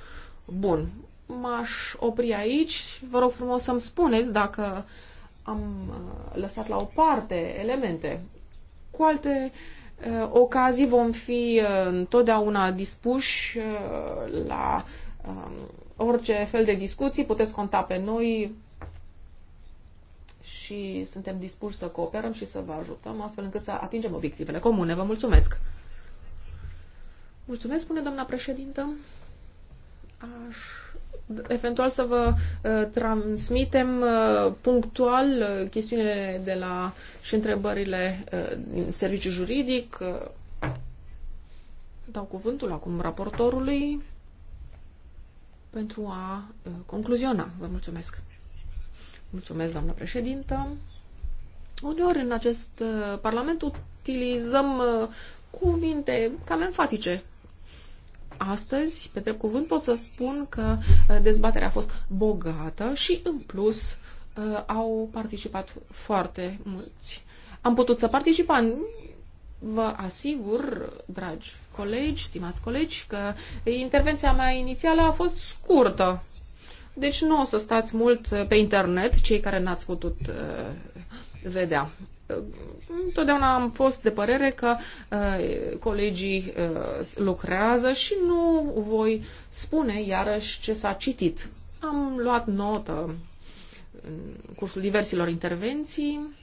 bun. M-aș opri aici. Vă rog frumos să-mi spuneți dacă uh, am uh, lăsat la o parte elemente. Cu alte uh, ocazii vom fi uh, întotdeauna dispuși uh, la um, orice fel de discuții, puteți conta pe noi și suntem dispuși să cooperăm și să vă ajutăm astfel încât să atingem obiectivele comune. Vă mulțumesc! Mulțumesc, spune doamna președintă. Aș eventual să vă uh, transmitem uh, punctual uh, chestiunile de la și întrebările din serviciu juridic. Dau cuvântul acum raportorului pentru a concluziona. Vă mulțumesc. Mulțumesc, doamnă președintă. Uneori în acest Parlament utilizăm cuvinte cam enfatice astăzi, pe drept cuvânt, pot să spun că uh, dezbaterea a fost bogată și, în plus, uh, au participat foarte mulți. Am putut să participăm. Vă asigur, dragi colegi, stimați colegi, că intervenția mea inițială a fost scurtă. Deci nu o să stați mult pe internet, cei care n-ați putut uh, vedea. Întotdeauna am fost de părere că uh, colegii uh, lucrează și nu voi spune iarăși ce s-a citit. Am luat notă în cursul diversilor intervenții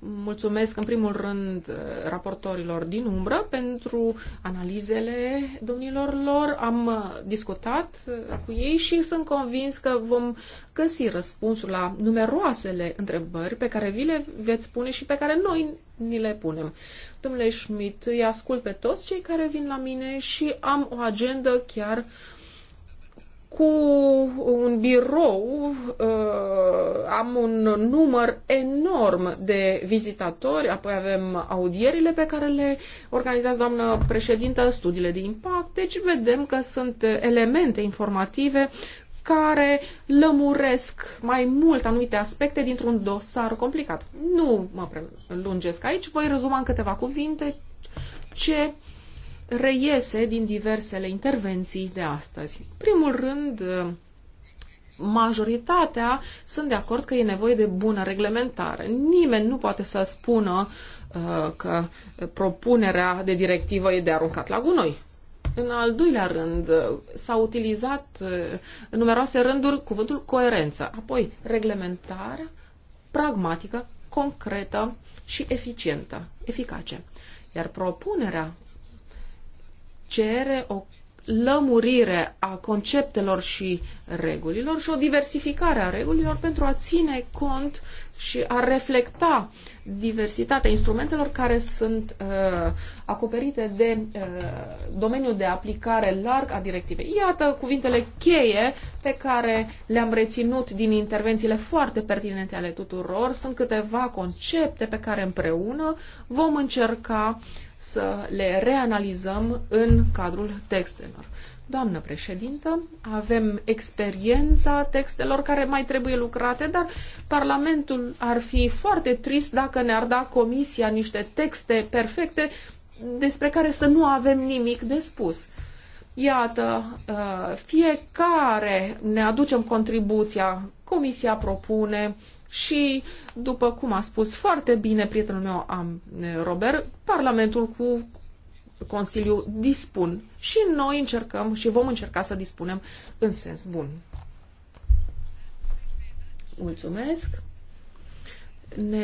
Mulțumesc în primul rând eh, raportorilor din umbră pentru analizele domnilor lor. Am eh, discutat eh, cu ei și sunt convins că vom găsi răspunsul la numeroasele întrebări pe care vi le veți pune și pe care noi ni le punem. Domnule Schmidt, îi ascult pe toți cei care vin la mine și am o agendă chiar uh, cu un birou uh, am un număr enorm de vizitatori, apoi avem audierile pe care le organizează doamnă președintă, studiile de impact, deci vedem că sunt elemente informative care lămuresc mai mult anumite aspecte dintr-un dosar complicat. Nu mă prelungesc aici, voi rezuma în câteva cuvinte ce reiese din diversele intervenții de astăzi. Primul rând, majoritatea sunt de acord că e nevoie de bună reglementare. Nimeni nu poate să spună uh, că propunerea de directivă e de aruncat la gunoi. În al doilea rând, s a utilizat în uh, numeroase rânduri cuvântul coerență, apoi reglementare, pragmatică, concretă și eficientă, eficace. Iar propunerea cere o lămurire a conceptelor și regulilor și o diversificare a regulilor pentru a ține cont și a reflecta diversitatea instrumentelor care sunt uh, acoperite de uh, domeniul de aplicare larg a directivei. Iată cuvintele cheie pe care le-am reținut din intervențiile foarte pertinente ale tuturor. Sunt câteva concepte pe care împreună vom încerca să le reanalizăm în cadrul textelor. Doamnă președintă, avem experiența textelor care mai trebuie lucrate, dar Parlamentul ar fi foarte trist dacă ne-ar da Comisia niște texte perfecte despre care să nu avem nimic de spus. Iată, uh, fiecare ne aducem contribuția, Comisia propune și, după cum a spus foarte bine prietenul meu uh, Robert, Parlamentul cu Consiliu dispun și noi încercăm și vom încerca să dispunem în sens bun. Mulțumesc! Ne